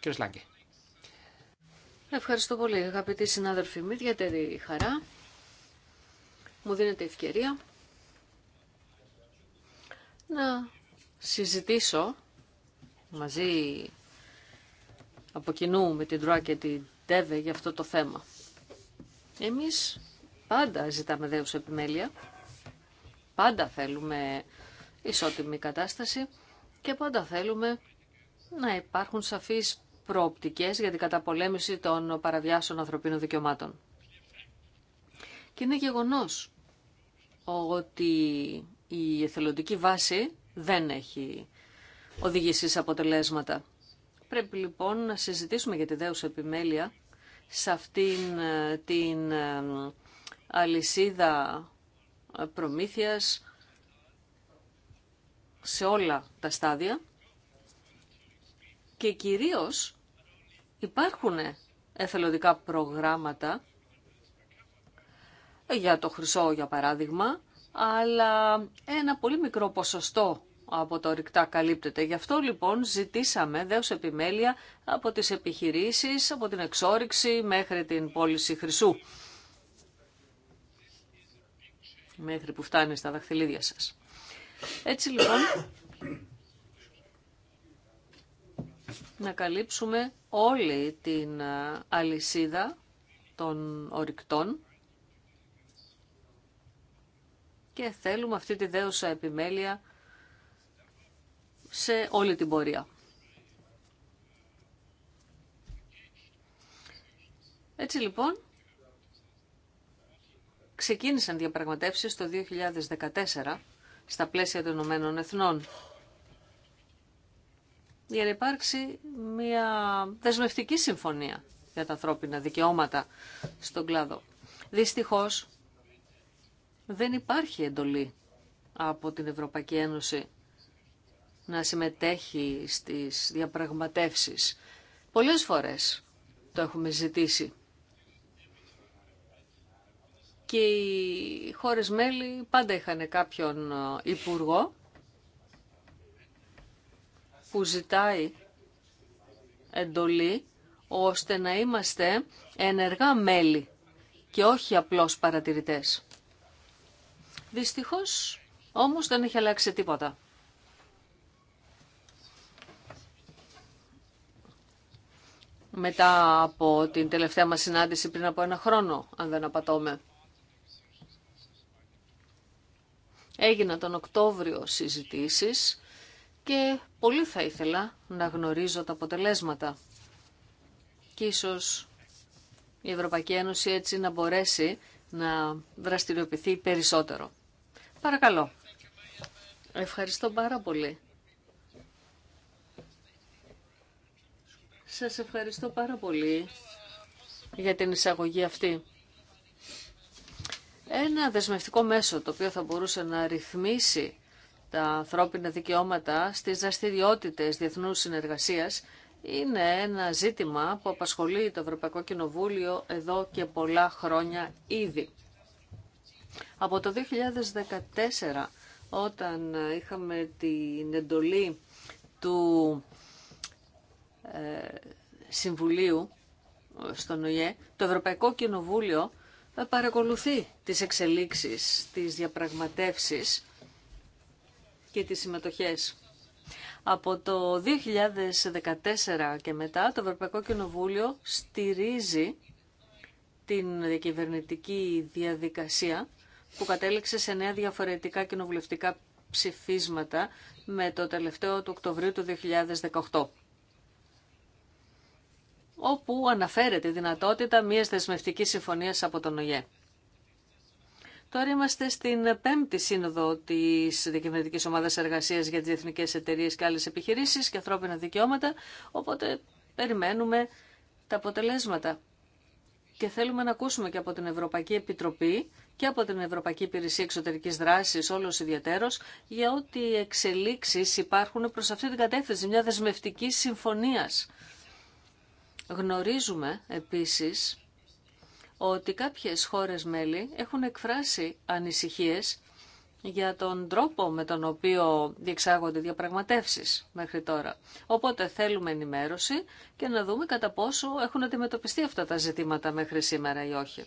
Κύριε Λάγκε. Ευχαριστώ πολύ αγαπητοί συνάδελφοι. Με ιδιαίτερη χαρά μου δίνεται ευκαιρία να συζητήσω μαζί από κοινού με την Τρουά και την Τέβε για αυτό το θέμα. Εμείς πάντα ζητάμε δέους επιμέλεια, πάντα θέλουμε ισότιμη κατάσταση και πάντα θέλουμε να υπάρχουν σαφείς προοπτικές για την καταπολέμηση των παραβιάσεων ανθρωπίνων δικαιωμάτων. Και είναι γεγονός ότι η εθελοντική βάση δεν έχει οδηγήσει σε αποτελέσματα. Πρέπει λοιπόν να συζητήσουμε για τη δέουσα επιμέλεια σε αυτήν ε, την ε, αλυσίδα ε, προμήθειας σε όλα τα στάδια και κυρίως Υπάρχουν εθελοντικά προγράμματα για το χρυσό για παράδειγμα, αλλά ένα πολύ μικρό ποσοστό από το ρηκτά καλύπτεται. Γι' αυτό λοιπόν ζητήσαμε δέος επιμέλεια από τις επιχειρήσεις, από την εξόριξη μέχρι την πώληση χρυσού. Μέχρι που φτάνει στα δαχτυλίδια σας. Έτσι λοιπόν να καλύψουμε όλη την αλυσίδα των ορυκτών και θέλουμε αυτή τη δέουσα επιμέλεια σε όλη την πορεία. Έτσι λοιπόν, ξεκίνησαν διαπραγματεύσεις το 2014 στα πλαίσια των Ηνωμένων Εθνών για να υπάρξει μια δεσμευτική συμφωνία για τα ανθρώπινα δικαιώματα στον κλάδο. Δυστυχώς δεν υπάρχει εντολή από την Ευρωπαϊκή Ένωση να συμμετέχει στις διαπραγματεύσεις. Πολλές φορές το έχουμε ζητήσει. Και οι χώρες μέλη πάντα είχαν κάποιον ε, υπουργό που ζητάει εντολή ώστε να είμαστε ενεργά μέλη και όχι απλώς παρατηρητές. Δυστυχώς όμως δεν έχει αλλάξει τίποτα. Μετά από την τελευταία μας συνάντηση πριν από ένα χρόνο, αν δεν απατώμε. Έγιναν τον Οκτώβριο συζητήσεις και πολύ θα ήθελα να γνωρίζω τα αποτελέσματα. Και ίσως η Ευρωπαϊκή Ένωση έτσι να μπορέσει να δραστηριοποιηθεί περισσότερο. Παρακαλώ. Ευχαριστώ πάρα πολύ. Σας ευχαριστώ πάρα πολύ για την εισαγωγή αυτή. Ένα δεσμευτικό μέσο το οποίο θα μπορούσε να ρυθμίσει τα ανθρώπινα δικαιώματα στις δραστηριότητε διεθνούς συνεργασίας είναι ένα ζήτημα που απασχολεί το Ευρωπαϊκό Κοινοβούλιο εδώ και πολλά χρόνια ήδη. Από το 2014 όταν είχαμε την εντολή του ε, Συμβουλίου στον ΟΗΕ, το Ευρωπαϊκό Κοινοβούλιο ε, παρακολουθεί τις εξελίξεις, τις διαπραγματεύσεις και τις συμμετοχές. Από το 2014 και μετά το Ευρωπαϊκό Κοινοβούλιο στηρίζει την διακυβερνητική διαδικασία που κατέληξε σε νέα διαφορετικά κοινοβουλευτικά ψηφίσματα με το τελευταίο του Οκτωβρίου του 2018 όπου αναφέρεται η δυνατότητα μιας δεσμευτικής συμφωνίας από τον ΟΙΕ. Τώρα είμαστε στην πέμπτη σύνοδο τη Διακυβερνητική Ομάδα Εργασία για τι εθνικέ Εταιρείε και άλλε επιχειρήσει και ανθρώπινα δικαιώματα. Οπότε περιμένουμε τα αποτελέσματα. Και θέλουμε να ακούσουμε και από την Ευρωπαϊκή Επιτροπή και από την Ευρωπαϊκή Υπηρεσία Εξωτερική Δράση, όλο ιδιαίτερο, για ό,τι εξελίξει υπάρχουν προ αυτή την κατεύθυνση μια δεσμευτική συμφωνία. Γνωρίζουμε επίσης ότι κάποιες χώρες μέλη έχουν εκφράσει ανησυχίες για τον τρόπο με τον οποίο διεξάγονται διαπραγματεύσεις μέχρι τώρα. Οπότε θέλουμε ενημέρωση και να δούμε κατά πόσο έχουν αντιμετωπιστεί αυτά τα ζητήματα μέχρι σήμερα ή όχι.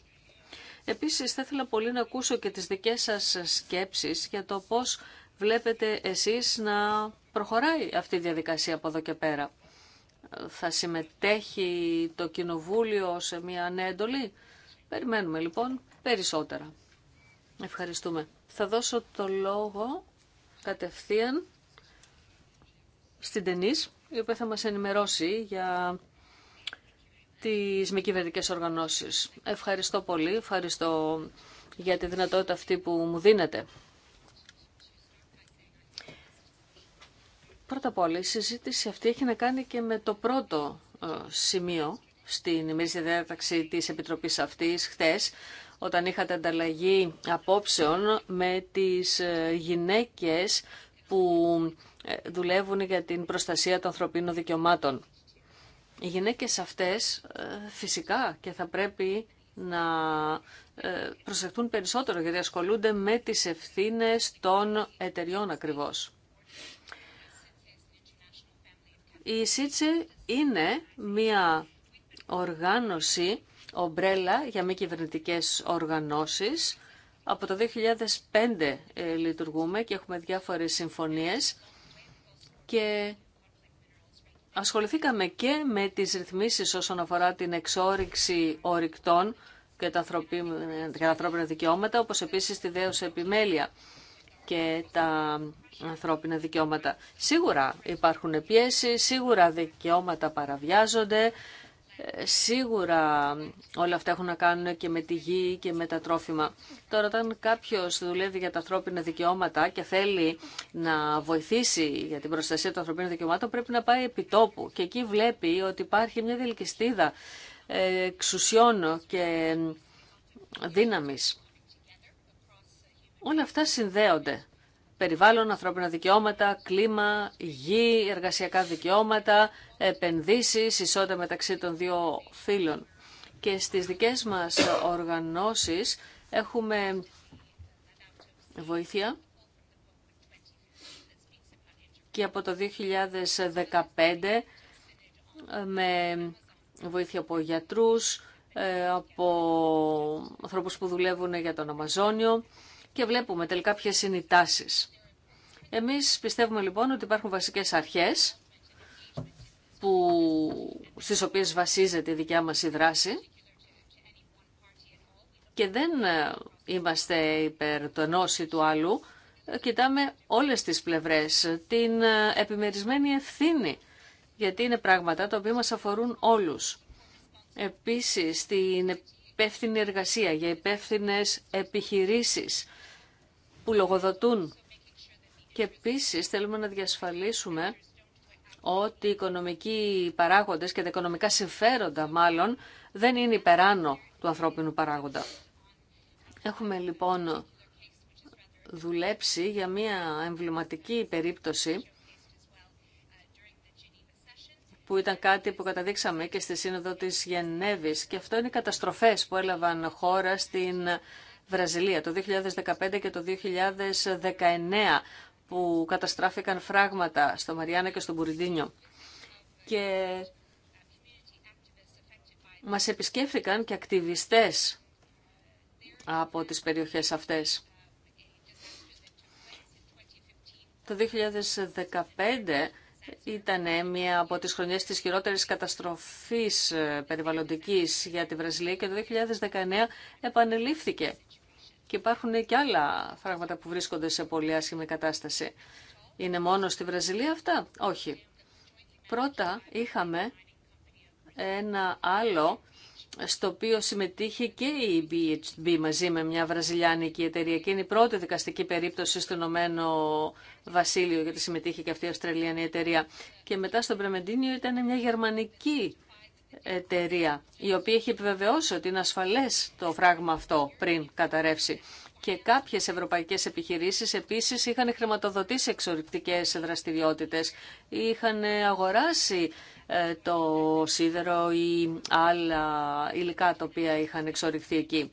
Επίσης θα ήθελα πολύ να ακούσω και τις δικές σας σκέψεις για το πώς βλέπετε εσείς να προχωράει αυτή η διαδικασία από εδώ και πέρα. Θα συμμετέχει το Κοινοβούλιο σε μια νέα εντολή Περιμένουμε λοιπόν περισσότερα. Ευχαριστούμε. Θα δώσω το λόγο κατευθείαν στην Τενής, η οποία θα μας ενημερώσει για τις μη κυβερνικές οργανώσεις. Ευχαριστώ πολύ, ευχαριστώ για τη δυνατότητα αυτή που μου δίνετε. Πρώτα απ' όλα, η συζήτηση αυτή έχει να κάνει και με το πρώτο ε, σημείο στην ημερήσια διάταξη της Επιτροπής αυτής χτες, όταν είχατε ανταλλαγή απόψεων με τις ε, γυναίκες που ε, δουλεύουν για την προστασία των ανθρωπίνων δικαιωμάτων. Οι γυναίκες αυτές ε, φυσικά και θα πρέπει να προσεχθούν περισσότερο γιατί ασχολούνται με τις ευθύνες των εταιριών ακριβώς. Η ΣΥΤΣΕ είναι μια οργάνωση ομπρέλα για μη κυβερνητικέ οργανώσεις. Από το 2005 ε, λειτουργούμε και έχουμε διάφορες συμφωνίες και ασχοληθήκαμε και με τις ρυθμίσεις όσον αφορά την εξόριξη ορυκτών και τα ανθρώπινα δικαιώματα, όπως επίσης τη δέωση επιμέλεια και τα ανθρώπινα δικαιώματα. Σίγουρα υπάρχουν πιέσεις, σίγουρα δικαιώματα παραβιάζονται, ε, σίγουρα όλα αυτά έχουν να κάνουν και με τη γη και με τα τρόφιμα. Τώρα όταν κάποιος δουλεύει για τα ανθρώπινα δικαιώματα και θέλει να βοηθήσει για την προστασία των ανθρωπίνων δικαιωμάτων πρέπει να πάει επί τόπου και εκεί βλέπει ότι υπάρχει μια διελκυστίδα ε, εξουσιών και ε, δύναμης. Όλα αυτά συνδέονται περιβάλλον, ανθρώπινα δικαιώματα, κλίμα, γη, εργασιακά δικαιώματα, επενδύσεις, ισότητα μεταξύ των δύο φύλων. Και στις δικές μας οργανώσεις έχουμε βοήθεια και από το 2015 ε, με βοήθεια από γιατρούς, ε, από ανθρώπους που δουλεύουν για τον Αμαζόνιο και βλέπουμε τελικά ποιες είναι οι τάσει. Εμείς πιστεύουμε λοιπόν ότι υπάρχουν βασικές αρχές που, στις οποίες βασίζεται η δικιά μας η δράση και δεν ε, είμαστε υπέρ του ή του άλλου. Ε, κοιτάμε όλες τις πλευρές, την ε, επιμερισμένη ευθύνη, γιατί είναι πράγματα τα οποία μας αφορούν όλους. Επίσης, την υπεύθυνη εργασία για υπεύθυνε επιχειρήσεις που λογοδοτούν. Και επίσης θέλουμε να διασφαλίσουμε ότι οι οικονομικοί παράγοντες και τα οικονομικά συμφέροντα μάλλον δεν είναι υπεράνω του ανθρώπινου παράγοντα. Έχουμε λοιπόν δουλέψει για μια εμβληματική περίπτωση που ήταν κάτι που καταδείξαμε και στη Σύνοδο της Γενέβης και αυτό είναι οι καταστροφές που έλαβαν χώρα στην Βραζιλία το 2015 και το 2019 που καταστράφηκαν φράγματα στο Μαριάννα και στο Μπουριντίνιο. Και μας επισκέφθηκαν και ακτιβιστές από τις περιοχές αυτές. Το 2015 ήταν μια από τις χρονιές της χειρότερης καταστροφής περιβαλλοντικής για τη Βραζιλία και το 2019 επανελήφθηκε και υπάρχουν και άλλα φράγματα που βρίσκονται σε πολύ άσχημη κατάσταση. Είναι μόνο στη Βραζιλία αυτά? Όχι. Πρώτα είχαμε ένα άλλο στο οποίο συμμετείχε και η BHB μαζί με μια βραζιλιάνικη εταιρεία και είναι η πρώτη δικαστική περίπτωση στο Ηνωμένο Βασίλειο γιατί συμμετείχε και αυτή η Αυστραλιανή εταιρεία. Και μετά στο Πρεμεντίνιο ήταν μια γερμανική εταιρεία, η οποία έχει επιβεβαιώσει ότι είναι ασφαλές το φράγμα αυτό πριν καταρρεύσει. Και κάποιες ευρωπαϊκές επιχειρήσεις επίσης είχαν χρηματοδοτήσει εξορυκτικές δραστηριότητες, είχαν αγοράσει ε, το σίδερο ή άλλα υλικά τα οποία είχαν εξορυχθεί εκεί.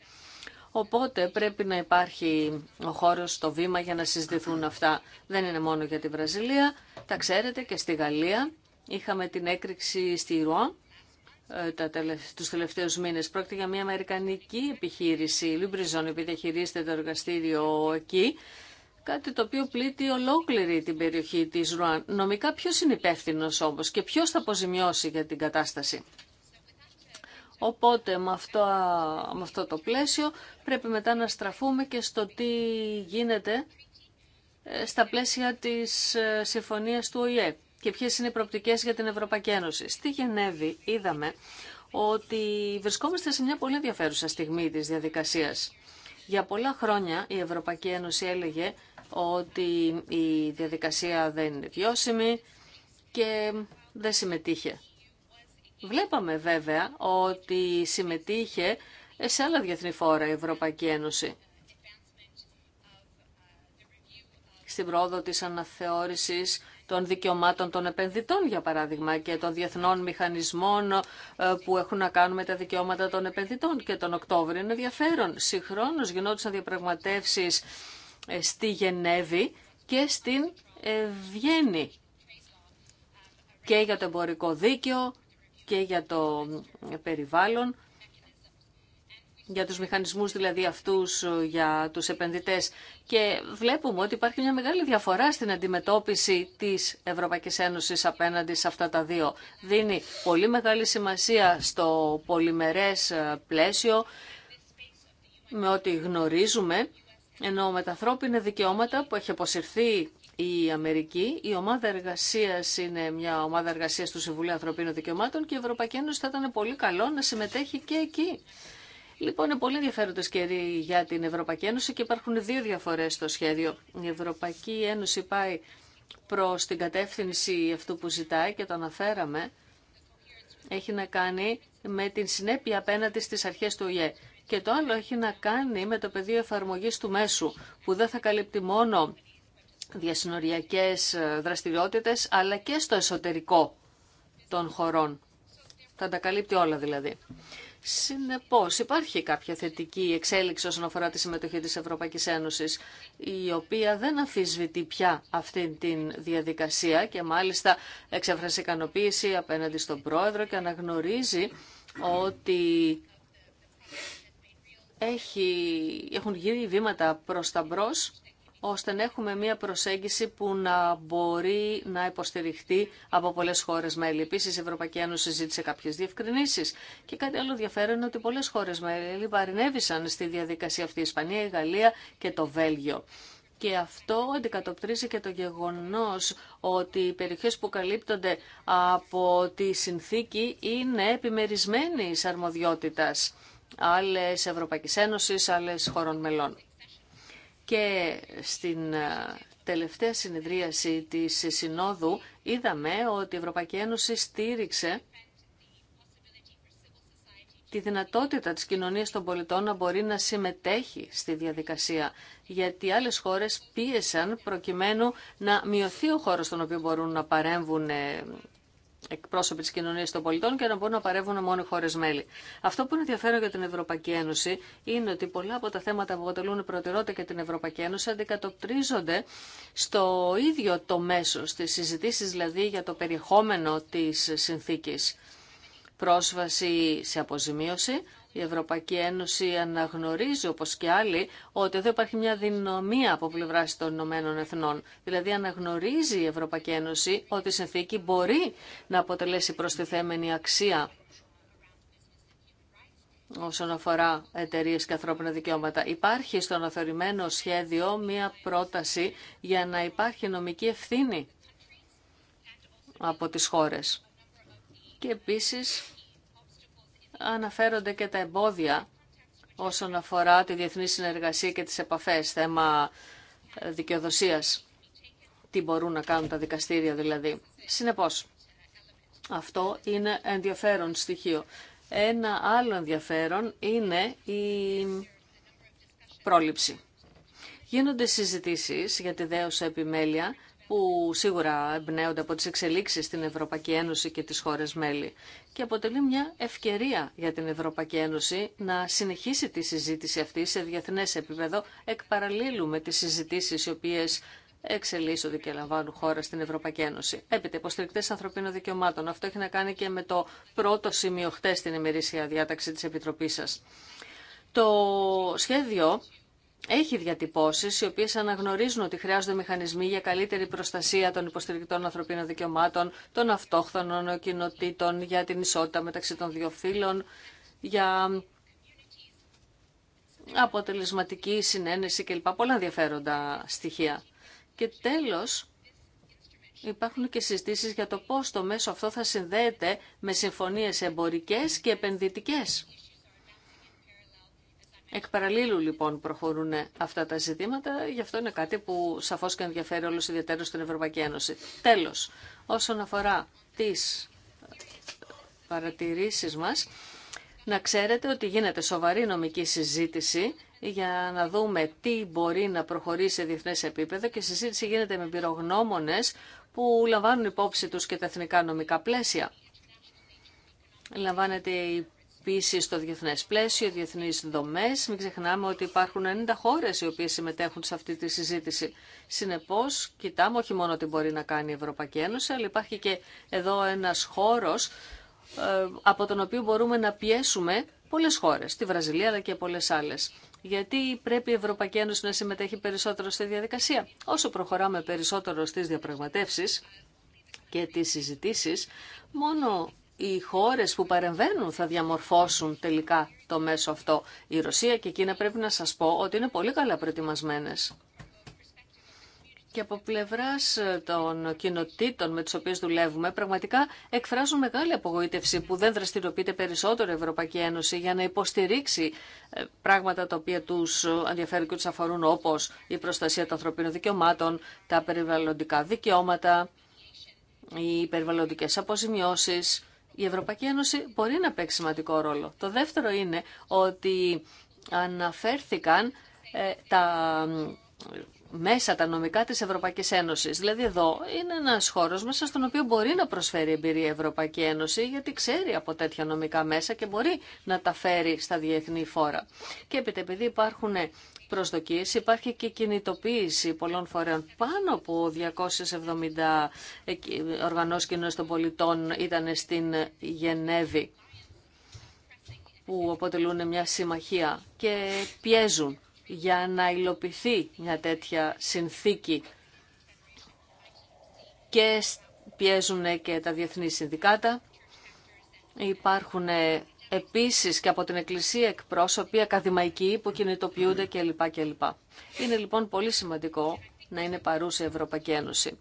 Οπότε πρέπει να υπάρχει ο χώρος στο βήμα για να συζητηθούν αυτά. Δεν είναι μόνο για τη Βραζιλία, τα ξέρετε και στη Γαλλία. Είχαμε την έκρηξη στη Ρουάν ε, τα τους τελευταίους μήνες. Πρόκειται για μια αμερικανική επιχείρηση, η Λουμπριζόν, το εργαστήριο εκεί, κάτι το οποίο πλήττει ολόκληρη την περιοχή της Ρουάν. Νομικά ποιος είναι υπεύθυνο όμως και ποιος θα αποζημιώσει για την κατάσταση. Οπότε με αυτό, αυτό το πλαίσιο πρέπει μετά να στραφούμε και στο τι γίνεται ε, στα πλαίσια της ε, συμφωνίας του ΟΗΕ και ποιες είναι οι προοπτικές για την Ευρωπαϊκή Ένωση. Στη Γενέβη είδαμε ότι βρισκόμαστε σε μια πολύ ενδιαφέρουσα στιγμή της διαδικασίας. Για πολλά χρόνια η Ευρωπαϊκή Ένωση έλεγε ότι η διαδικασία δεν είναι βιώσιμη και δεν συμμετείχε. Βλέπαμε βέβαια ότι συμμετείχε σε άλλα διεθνή φόρα η Ευρωπαϊκή Ένωση. Στην πρόοδο της αναθεώρησης των δικαιωμάτων των επενδυτών, για παράδειγμα, και των διεθνών μηχανισμών ε, που έχουν να κάνουν με τα δικαιώματα των επενδυτών. Και τον Οκτώβριο είναι ενδιαφέρον. Συγχρόνω γινόντουσαν διαπραγματεύσει ε, στη Γενέβη και στην ε, Βιέννη και για το εμπορικό δίκαιο και για το περιβάλλον για τους μηχανισμούς δηλαδή αυτούς ε, για τους επενδυτές και βλέπουμε ότι υπάρχει μια μεγάλη διαφορά στην αντιμετώπιση της Ευρωπαϊκής Ένωσης απέναντι σε αυτά τα δύο. Δίνει πολύ μεγάλη σημασία στο πολυμερές ε, πλαίσιο με ό,τι γνωρίζουμε ενώ με τα ανθρώπινα δικαιώματα που έχει αποσυρθεί η Αμερική, η ομάδα εργασία είναι μια ομάδα εργασία του Συμβουλίου Ανθρωπίνων Δικαιωμάτων και η Ευρωπαϊκή Ένωση θα ήταν πολύ καλό να συμμετέχει και εκεί. Λοιπόν, είναι πολύ ενδιαφέροντε καιροί για την Ευρωπαϊκή Ένωση και υπάρχουν δύο διαφορέ στο σχέδιο. Η Ευρωπαϊκή Ένωση πάει προ την κατεύθυνση αυτού που ζητάει και το αναφέραμε. Έχει να κάνει με την συνέπεια απέναντι στι αρχέ του ΟΗΕ. Και το άλλο έχει να κάνει με το πεδίο εφαρμογή του μέσου, που δεν θα καλύπτει μόνο διασυνοριακέ ε, δραστηριότητε, αλλά και στο εσωτερικό των χωρών. Θα τα καλύπτει όλα δηλαδή. Συνεπώς υπάρχει κάποια θετική εξέλιξη όσον αφορά τη συμμετοχή της Ευρωπαϊκή Ένωση, η οποία δεν αφισβητεί πια αυτή τη διαδικασία και μάλιστα εξέφρασε ικανοποίηση απέναντι στον Πρόεδρο και αναγνωρίζει ότι έχει, έχουν γίνει βήματα προς τα μπρος ώστε να έχουμε μία προσέγγιση που να μπορεί να υποστηριχτεί από πολλέ χώρε μέλη. Επίση, η Ευρωπαϊκή Ένωση ζήτησε κάποιε διευκρινήσει. Και κάτι άλλο ενδιαφέρον είναι ότι πολλέ χώρε μέλη παρενέβησαν στη διαδικασία αυτή. Η Ισπανία, η Γαλλία και το Βέλγιο. Και αυτό αντικατοπτρίζει και το γεγονός ότι οι περιοχές που καλύπτονται από τη συνθήκη είναι επιμερισμένης αρμοδιότητας άλλες Ευρωπαϊκής Ένωσης, άλλες χωρών μελών. Και στην ε, τελευταία συνεδρίαση της Συνόδου είδαμε ότι η Ευρωπαϊκή Ένωση στήριξε τη δυνατότητα της κοινωνίας των πολιτών να μπορεί να συμμετέχει στη διαδικασία, γιατί άλλες χώρες πίεσαν προκειμένου να μειωθεί ο χώρος στον οποίο μπορούν να παρέμβουν ε, εκπρόσωποι τη κοινωνία των πολιτών και να μπορούν να παρεύουν μόνο οι χώρε μέλη. Αυτό που είναι ενδιαφέρον για την Ευρωπαϊκή Ένωση είναι ότι πολλά από τα θέματα που αποτελούν προτεραιότητα για την Ευρωπαϊκή Ένωση αντικατοπτρίζονται στο ίδιο το μέσο, στι συζητήσει δηλαδή για το περιεχόμενο τη συνθήκη. Πρόσβαση σε αποζημίωση, η Ευρωπαϊκή Ένωση αναγνωρίζει, όπως και άλλοι, ότι εδώ υπάρχει μια δυναμία από πλευρά των Ηνωμένων Εθνών. Δηλαδή αναγνωρίζει η Ευρωπαϊκή Ένωση ότι η συνθήκη μπορεί να αποτελέσει προστιθέμενη αξία όσον αφορά εταιρείε και ανθρώπινα δικαιώματα. Υπάρχει στο αναθεωρημένο σχέδιο μια πρόταση για να υπάρχει νομική ευθύνη από τις χώρες. Και επίσης αναφέρονται και τα εμπόδια όσον αφορά τη διεθνή συνεργασία και τις επαφές, θέμα ε, δικαιοδοσίας, τι μπορούν να κάνουν τα δικαστήρια δηλαδή. Συνεπώς, αυτό είναι ενδιαφέρον στοιχείο. Ένα άλλο ενδιαφέρον είναι η πρόληψη. Γίνονται συζητήσεις για τη δέωσα επιμέλεια που σίγουρα εμπνέονται από τις εξελίξεις στην Ευρωπαϊκή Ένωση και τις χώρες μέλη και αποτελεί μια ευκαιρία για την Ευρωπαϊκή Ένωση να συνεχίσει τη συζήτηση αυτή σε διεθνές επίπεδο εκ παραλλήλου με τις συζητήσεις οι οποίες εξελίσσονται και λαμβάνουν χώρα στην Ευρωπαϊκή Ένωση. Έπειτα, υποστηρικτέ ανθρωπίνων δικαιωμάτων. Αυτό έχει να κάνει και με το πρώτο σημείο χτε στην ημερήσια διάταξη τη Επιτροπή σα. Το σχέδιο έχει διατυπώσεις οι οποίες αναγνωρίζουν ότι χρειάζονται μηχανισμοί για καλύτερη προστασία των υποστηρικτών ανθρωπίνων δικαιωμάτων, των αυτόχθονων κοινοτήτων, για την ισότητα μεταξύ των δύο φύλων, για αποτελεσματική συνένεση κλπ. Πολλά ενδιαφέροντα στοιχεία. Και τέλος, υπάρχουν και συζητήσεις για το πώς το μέσο αυτό θα συνδέεται με συμφωνίε εμπορικέ και επενδυτικέ. Εκ παραλίλου λοιπόν προχωρούν αυτά τα ζητήματα, γι' αυτό είναι κάτι που σαφώς και ενδιαφέρει όλους ιδιαίτερα στην Ευρωπαϊκή Ένωση. Τέλος, όσον αφορά τις παρατηρήσεις μας, να ξέρετε ότι γίνεται σοβαρή νομική συζήτηση για να δούμε τι μπορεί να προχωρήσει σε διεθνές επίπεδο και η συζήτηση γίνεται με πυρογνώμονες που λαμβάνουν υπόψη τους και τα εθνικά νομικά πλαίσια. Λαμβάνεται πίσει στο διεθνές πλαίσιο, διεθνεί δομέ. Μην ξεχνάμε ότι υπάρχουν 90 χώρε οι οποίε συμμετέχουν σε αυτή τη συζήτηση. Συνεπώ, κοιτάμε όχι μόνο τι μπορεί να κάνει η Ευρωπαϊκή Ένωση, αλλά υπάρχει και εδώ ένας χώρος ε, από τον οποίο μπορούμε να πιέσουμε πολλέ χώρε, τη Βραζιλία αλλά και πολλέ άλλε. Γιατί πρέπει η Ευρωπαϊκή Ένωση να συμμετέχει περισσότερο στη διαδικασία. Όσο προχωράμε περισσότερο στι διαπραγματεύσει και τις συζητήσεις, μόνο οι χώρες που παρεμβαίνουν θα διαμορφώσουν τελικά το μέσο αυτό. Η Ρωσία και η Κίνα πρέπει να σας πω ότι είναι πολύ καλά προετοιμασμένες. Και από πλευρά ε, των κοινοτήτων με τι οποίε δουλεύουμε, πραγματικά εκφράζουν μεγάλη απογοήτευση που δεν δραστηριοποιείται περισσότερο η Ευρωπαϊκή Ένωση για να υποστηρίξει ε, πράγματα τα οποία του ενδιαφέρουν και του αφορούν όπω η προστασία των ανθρωπίνων δικαιωμάτων, τα περιβαλλοντικά δικαιώματα, οι περιβαλλοντικέ αποζημιώσει η Ευρωπαϊκή Ένωση μπορεί να παίξει σημαντικό ρόλο. Το δεύτερο είναι ότι αναφέρθηκαν ε, τα μέσα, τα νομικά της Ευρωπαϊκής Ένωσης. Δηλαδή εδώ είναι ένας χώρος μέσα στον οποίο μπορεί να προσφέρει εμπειρία η Ευρωπαϊκή Ένωση γιατί ξέρει από τέτοια νομικά μέσα και μπορεί να τα φέρει στα διεθνή φόρα. Και επειδή υπάρχουν προσδοκίες. Υπάρχει και κινητοποίηση πολλών φορέων. Πάνω από 270 ε, οργανώσεις κοινωνίας των πολιτών ήταν στην Γενέβη που αποτελούν μια συμμαχία και πιέζουν για να υλοποιηθεί μια τέτοια συνθήκη και πιέζουν και τα διεθνή συνδικάτα. Υπάρχουν επίσης και από την Εκκλησία εκπρόσωποι ακαδημαϊκοί που κινητοποιούνται κλπ. κλπ. Είναι λοιπόν πολύ σημαντικό να είναι παρούσα η Ευρωπαϊκή Ένωση.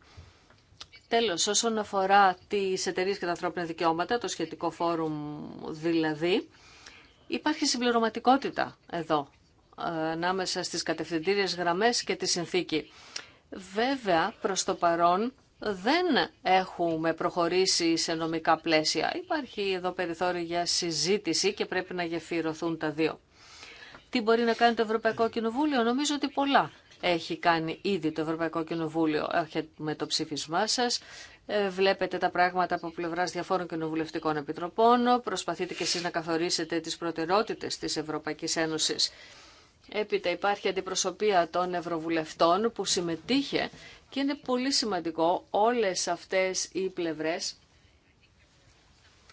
Τέλος, όσον αφορά τις εταιρείε και τα ανθρώπινα δικαιώματα, το σχετικό φόρουμ δηλαδή, υπάρχει συμπληρωματικότητα εδώ, ανάμεσα στις κατευθυντήριες γραμμές και τη συνθήκη. Βέβαια, προς το παρόν, δεν έχουμε προχωρήσει σε νομικά πλαίσια. Υπάρχει εδώ περιθώριο για συζήτηση και πρέπει να γεφυρωθούν τα δύο. Τι μπορεί να κάνει το Ευρωπαϊκό Κοινοβούλιο, νομίζω ότι πολλά έχει κάνει ήδη το Ευρωπαϊκό Κοινοβούλιο με το ψήφισμά σα. Ε, βλέπετε τα πράγματα από πλευρά διαφόρων κοινοβουλευτικών επιτροπών. Προσπαθείτε και εσεί να καθορίσετε τι προτεραιότητες τη Ευρωπαϊκή Ένωση. Έπειτα υπάρχει αντιπροσωπεία των Ευρωβουλευτών που συμμετείχε και είναι πολύ σημαντικό όλες αυτές οι πλευρές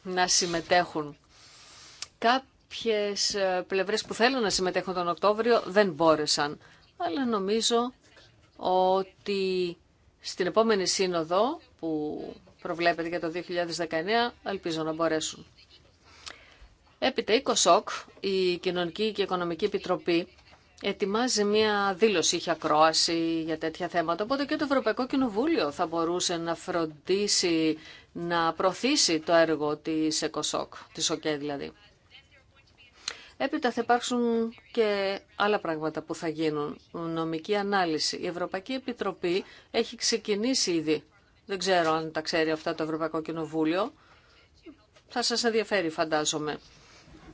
να συμμετέχουν. Κάποιες ε, πλευρές που θέλουν να συμμετέχουν τον Οκτώβριο δεν μπόρεσαν, αλλά νομίζω ότι στην επόμενη σύνοδο που προβλέπεται για το 2019 ελπίζω να μπορέσουν. Έπειτα η ΚΟΣΟΚ, η Κοινωνική και Οικονομική Επιτροπή, ετοιμάζει μία δήλωση, είχε ακρόαση για τέτοια θέματα. Οπότε και το Ευρωπαϊκό Κοινοβούλιο θα μπορούσε να φροντίσει να προωθήσει το έργο της ΕΚΟΣΟΚ, της ΟΚΕ δηλαδή. Έπειτα θα υπάρξουν και άλλα πράγματα που θα γίνουν. Νομική ανάλυση. Η Ευρωπαϊκή Επιτροπή έχει ξεκινήσει ήδη. Δεν ξέρω αν τα ξέρει αυτά το Ευρωπαϊκό Κοινοβούλιο. Θα σας ενδιαφέρει φαντάζομαι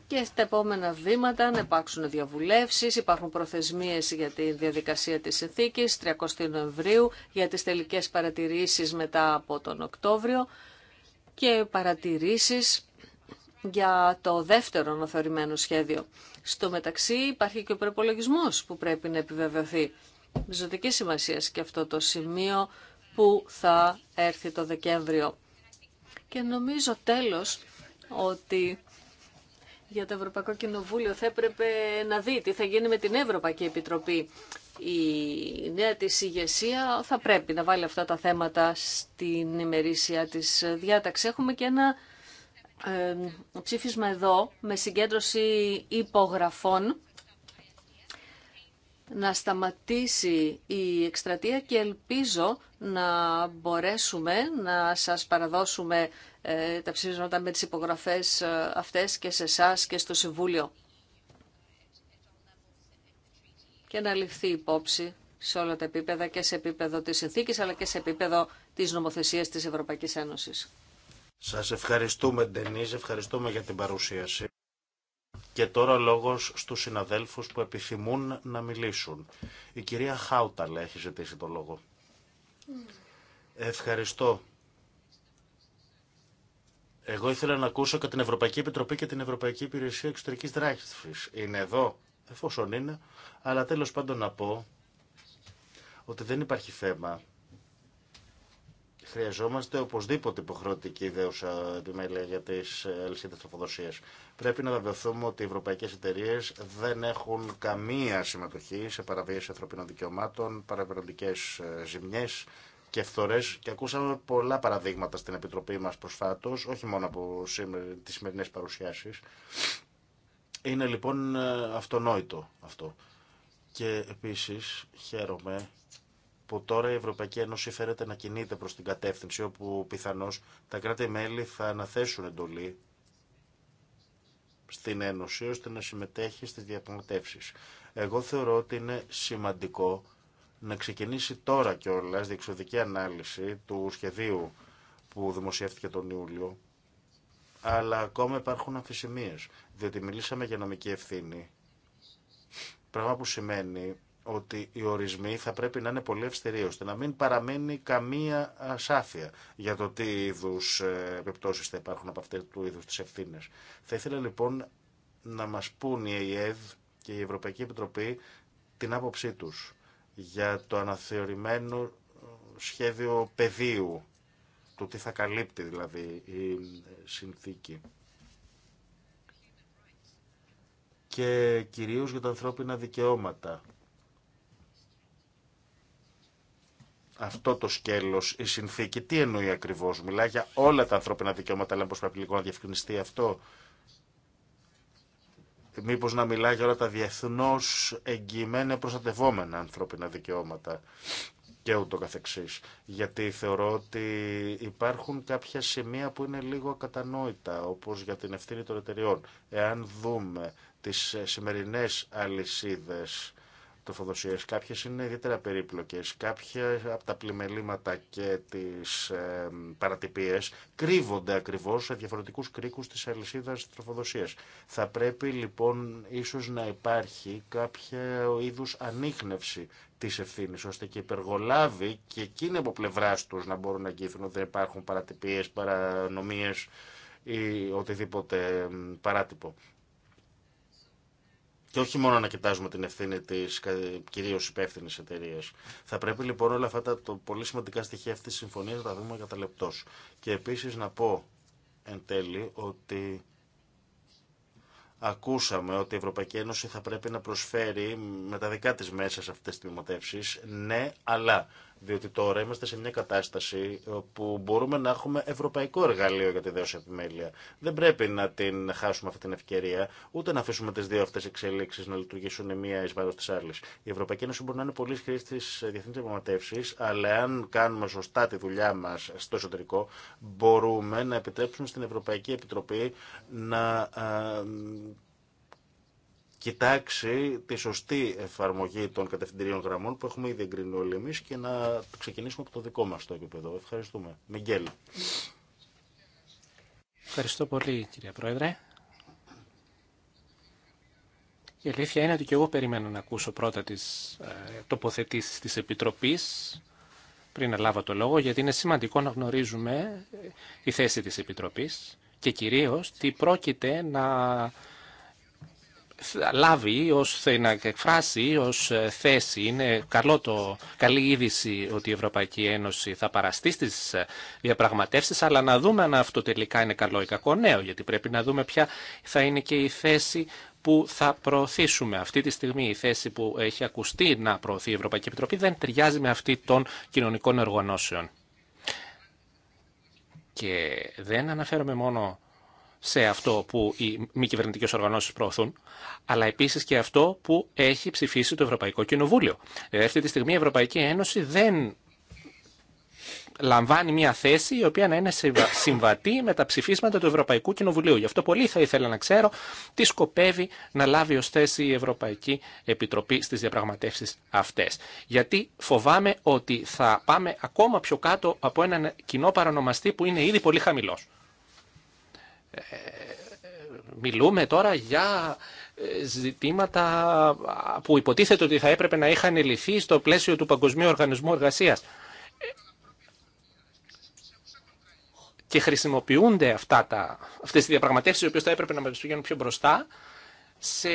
και στα επόμενα βήματα να υπάρξουν διαβουλεύσεις, υπάρχουν προθεσμίες για τη διαδικασία της συνθήκης, 30 Νοεμβρίου για τις τελικές παρατηρήσεις μετά από τον Οκτώβριο και παρατηρήσεις για το δεύτερο αναθεωρημένο σχέδιο. Στο μεταξύ υπάρχει και ο προπολογισμό που πρέπει να επιβεβαιωθεί. Ζωτική σημασία και αυτό το σημείο που θα έρθει το Δεκέμβριο. Και νομίζω τέλος ότι για το Ευρωπαϊκό Κοινοβούλιο θα έπρεπε να δει τι θα γίνει με την Ευρωπαϊκή Επιτροπή. Η νέα της ηγεσία θα πρέπει να βάλει αυτά τα θέματα στην ημερήσια της διάταξη. Έχουμε και ένα ε, ψήφισμα εδώ με συγκέντρωση υπογραφών να σταματήσει η εκστρατεία και ελπίζω να μπορέσουμε να σας παραδώσουμε ε, τα ψηφίσματα με τις υπογραφές ε, αυτές και σε εσά και στο Συμβούλιο. Και να ληφθεί υπόψη σε όλα τα επίπεδα και σε επίπεδο της συνθήκη, αλλά και σε επίπεδο της νομοθεσίας της Ευρωπαϊκής Ένωσης. Σας ευχαριστούμε Ντενίζ, ευχαριστούμε για την παρουσίαση. Και τώρα λόγος στους συναδέλφους που επιθυμούν να μιλήσουν. Η κυρία Χάουταλ έχει ζητήσει το λόγο. Mm. Ευχαριστώ εγώ ήθελα να ακούσω και την Ευρωπαϊκή Επιτροπή και την Ευρωπαϊκή Υπηρεσία Εξωτερική Δράχτη. Είναι εδώ, εφόσον είναι. Αλλά τέλο πάντων να πω ότι δεν υπάρχει θέμα. Χρειαζόμαστε οπωσδήποτε υποχρεωτική ιδέουσα επιμέλεια για τι ε, αλυσίδε τροφοδοσία. Πρέπει να βεβαιωθούμε ότι οι ευρωπαϊκέ εταιρείε δεν έχουν καμία συμμετοχή σε παραβίαση ανθρωπίνων δικαιωμάτων, παραπεροντικέ ε, ζημιέ και φθορέ και ακούσαμε πολλά παραδείγματα στην Επιτροπή μας προσφάτως, όχι μόνο από τις σημερινέ παρουσιάσεις. Είναι λοιπόν ε, αυτονόητο αυτό. Και επίσης χαίρομαι που τώρα η Ευρωπαϊκή Ένωση φέρεται να κινείται προς την κατεύθυνση όπου πιθανώς τα κράτη-μέλη θα αναθέσουν εντολή στην Ένωση ώστε να συμμετέχει στις διαπραγματεύσεις. Εγώ θεωρώ ότι είναι σημαντικό να ξεκινήσει τώρα κιόλας διεξοδική ανάλυση του σχεδίου που δημοσιεύτηκε τον Ιούλιο, αλλά ακόμα υπάρχουν αμφισημίε. διότι μιλήσαμε για νομική ευθύνη, πράγμα που σημαίνει ότι οι ορισμοί θα πρέπει να είναι πολύ αυστηροί, να μην παραμένει καμία ασάφεια για το τι είδου ε, επιπτώσει θα υπάρχουν από αυτέ του είδου τι ευθύνε. Θα ήθελα λοιπόν να μα πούν η ΕΕΔ και η Ευρωπαϊκή Επιτροπή την άποψή τους για το αναθεωρημένο σχέδιο πεδίου, το τι θα καλύπτει δηλαδή η συνθήκη. Και κυρίως για τα ανθρώπινα δικαιώματα. αυτό το σκέλος, η συνθήκη, τι εννοεί ακριβώς. Μιλά για όλα τα ανθρώπινα δικαιώματα, αλλά πώς πρέπει λίγο να διευκρινιστεί αυτό. Μήπως να μιλάει για όλα τα διεθνώς εγγυημένα προστατευόμενα ανθρώπινα δικαιώματα και ούτω καθεξής. Γιατί θεωρώ ότι υπάρχουν κάποια σημεία που είναι λίγο ακατανόητα, όπως για την ευθύνη των εταιριών. Εάν δούμε τις σημερινές αλυσίδες τροφοδοσίες. Κάποιες είναι ιδιαίτερα περίπλοκες. Κάποια από τα πλημελήματα και τις ε, παρατυπίες κρύβονται ακριβώς σε διαφορετικούς κρίκους της αλυσίδας τροφοδοσίας. Θα πρέπει λοιπόν ίσως να υπάρχει κάποια είδους ανείχνευση της ευθύνης, ώστε και οι υπεργολάβοι και εκείνοι από πλευρά τους να μπορούν να αγγίθουν ότι δεν υπάρχουν παρατυπίες, παρανομίες ή οτιδήποτε παράτυπο. Και όχι μόνο να κοιτάζουμε την ευθύνη τη κυρίω υπεύθυνη εταιρεία. Θα πρέπει λοιπόν όλα αυτά τα το πολύ σημαντικά στοιχεία αυτή τη συμφωνία να τα δούμε κατά λεπτό. Και επίση να πω εν τέλει ότι ακούσαμε ότι η Ευρωπαϊκή Ένωση θα πρέπει να προσφέρει με τα δικά τη μέσα σε αυτές τις δημοτεύσει. ναι, αλλά διότι τώρα είμαστε σε μια κατάσταση που μπορούμε να έχουμε ευρωπαϊκό εργαλείο για τη δέωση επιμέλεια. Δεν πρέπει να την χάσουμε αυτή την ευκαιρία, ούτε να αφήσουμε τι δύο αυτέ εξελίξει να λειτουργήσουν μία ει βάρο τη άλλη. Η Ευρωπαϊκή Ένωση μπορεί να είναι πολύ ισχυρή στι διεθνεί διαπραγματεύσει, αλλά αν κάνουμε σωστά τη δουλειά μα στο εσωτερικό, μπορούμε να επιτρέψουμε στην Ευρωπαϊκή Επιτροπή να ε, κοιτάξει τη σωστή εφαρμογή των κατευθυντηρίων γραμμών που έχουμε ήδη εγκρίνει όλοι εμεί και να ξεκινήσουμε από το δικό μα το επίπεδο. Ευχαριστούμε. Μιγγέλ. Ευχαριστώ πολύ, κύριε Πρόεδρε. Η αλήθεια είναι ότι και εγώ περίμενα να ακούσω πρώτα τις τοποθετήσει τοποθετήσεις της Επιτροπής πριν να λάβω το λόγο, γιατί είναι σημαντικό να γνωρίζουμε τη ε, θέση της Επιτροπής και κυρίως τι πρόκειται να λάβει, ως να εκφράσει ως ε, θέση. Είναι καλό το, καλή είδηση ότι η Ευρωπαϊκή Ένωση θα παραστεί στις ε, διαπραγματεύσεις, αλλά να δούμε αν αυτό τελικά είναι καλό ή κακό νέο, γιατί πρέπει να δούμε ποια θα είναι και η θέση που θα προωθήσουμε. Αυτή τη στιγμή η θέση που έχει ακουστεί να προωθεί η Ευρωπαϊκή Επιτροπή δεν ταιριάζει με αυτή των κοινωνικών εργονώσεων. Και δεν αναφέρομαι μόνο σε αυτό που οι μη κυβερνητικέ οργανώσει προωθούν, αλλά επίση και αυτό που έχει ψηφίσει το Ευρωπαϊκό Κοινοβούλιο. Ε, αυτή τη στιγμή η Ευρωπαϊκή Ένωση δεν λαμβάνει μια θέση η οποία να είναι συμβατή με τα ψηφίσματα του Ευρωπαϊκού Κοινοβουλίου. Γι' αυτό πολύ θα ήθελα να ξέρω τι σκοπεύει να λάβει ω θέση η Ευρωπαϊκή Επιτροπή στι διαπραγματεύσει αυτέ. Γιατί φοβάμαι ότι θα πάμε ακόμα πιο κάτω από έναν κοινό παρονομαστή που είναι ήδη πολύ χαμηλό. Μιλούμε τώρα για ε, ζητήματα που υποτίθεται ότι θα έπρεπε να είχαν λυθεί στο πλαίσιο του Παγκοσμίου Οργανισμού Εργασίας. Και χρησιμοποιούνται αυτά τα, αυτές τις διαπραγματεύσεις, οι οποίες θα έπρεπε να μας πηγαίνουν πιο μπροστά, σε,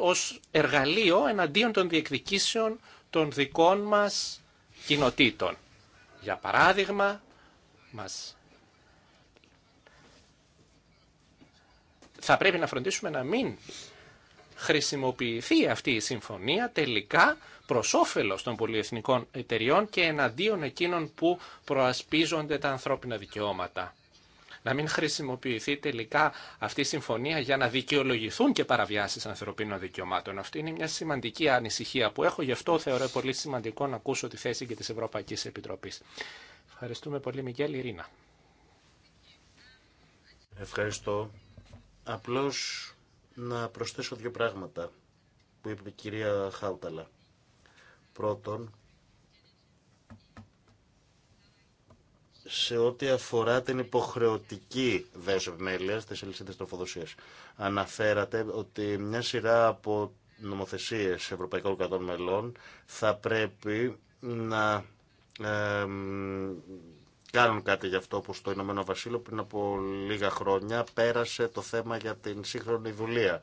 ως εργαλείο εναντίον των διεκδικήσεων των δικών μας κοινοτήτων. Για παράδειγμα, μας θα πρέπει να φροντίσουμε να μην χρησιμοποιηθεί αυτή η συμφωνία τελικά προς όφελος των πολυεθνικών εταιριών και εναντίον εκείνων που προασπίζονται τα ανθρώπινα δικαιώματα. Να μην χρησιμοποιηθεί τελικά αυτή η συμφωνία για να δικαιολογηθούν και παραβιάσεις ανθρωπίνων δικαιωμάτων. Αυτή είναι μια σημαντική ανησυχία που έχω, γι' αυτό θεωρώ πολύ σημαντικό να ακούσω τη θέση και της Ευρωπαϊκής Επιτροπής. Ευχαριστούμε πολύ, Μικέλ Ειρήνα. Ευχαριστώ. Απλώς να προσθέσω δύο πράγματα που είπε η κυρία Χάουταλα. Πρώτον, σε ό,τι αφορά την υποχρεωτική δέσμευση στις ελληνικές τροφοδοσία, Αναφέρατε ότι μια σειρά από νομοθεσίες ευρωπαϊκών κρατών μελών θα πρέπει να κάνουν κάτι γι' αυτό, όπω το Ηνωμένο Βασίλειο πριν από λίγα χρόνια πέρασε το θέμα για την σύγχρονη δουλεία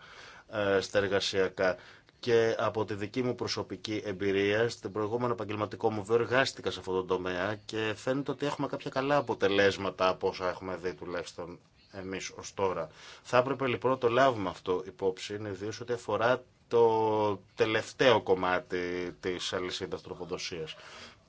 ε, στα εργασιακά. Και από τη δική μου προσωπική εμπειρία, στην προηγούμενο επαγγελματικό μου βίο εργάστηκα σε αυτό το τομέα και φαίνεται ότι έχουμε κάποια καλά αποτελέσματα από όσα έχουμε δει τουλάχιστον εμεί ω τώρα. Θα έπρεπε λοιπόν να το λάβουμε αυτό υπόψη, ιδίω ότι αφορά το τελευταίο κομμάτι της αλυσίδας τροφοδοσίας.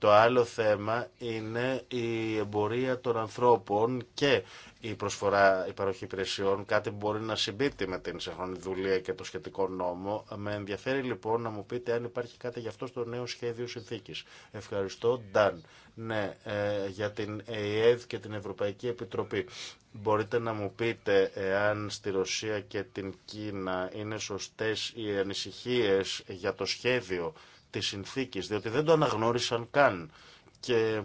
Το άλλο θέμα είναι η εμπορία των ανθρώπων και η προσφορά, η παροχή υπηρεσιών, κάτι που μπορεί να συμπίπτει με την συγχρονή δουλεία και το σχετικό νόμο. Με ενδιαφέρει λοιπόν να μου πείτε αν υπάρχει κάτι γι' αυτό στο νέο σχέδιο συνθήκης. Ευχαριστώ, Νταν. Ναι, ε, για την ΕΕΔ και την Ευρωπαϊκή Επιτροπή. Μπορείτε να μου πείτε εάν στη Ρωσία και την Κίνα είναι σωστές οι ανησυχίες για το σχέδιο τη συνθήκης, διότι δεν το αναγνώρισαν καν και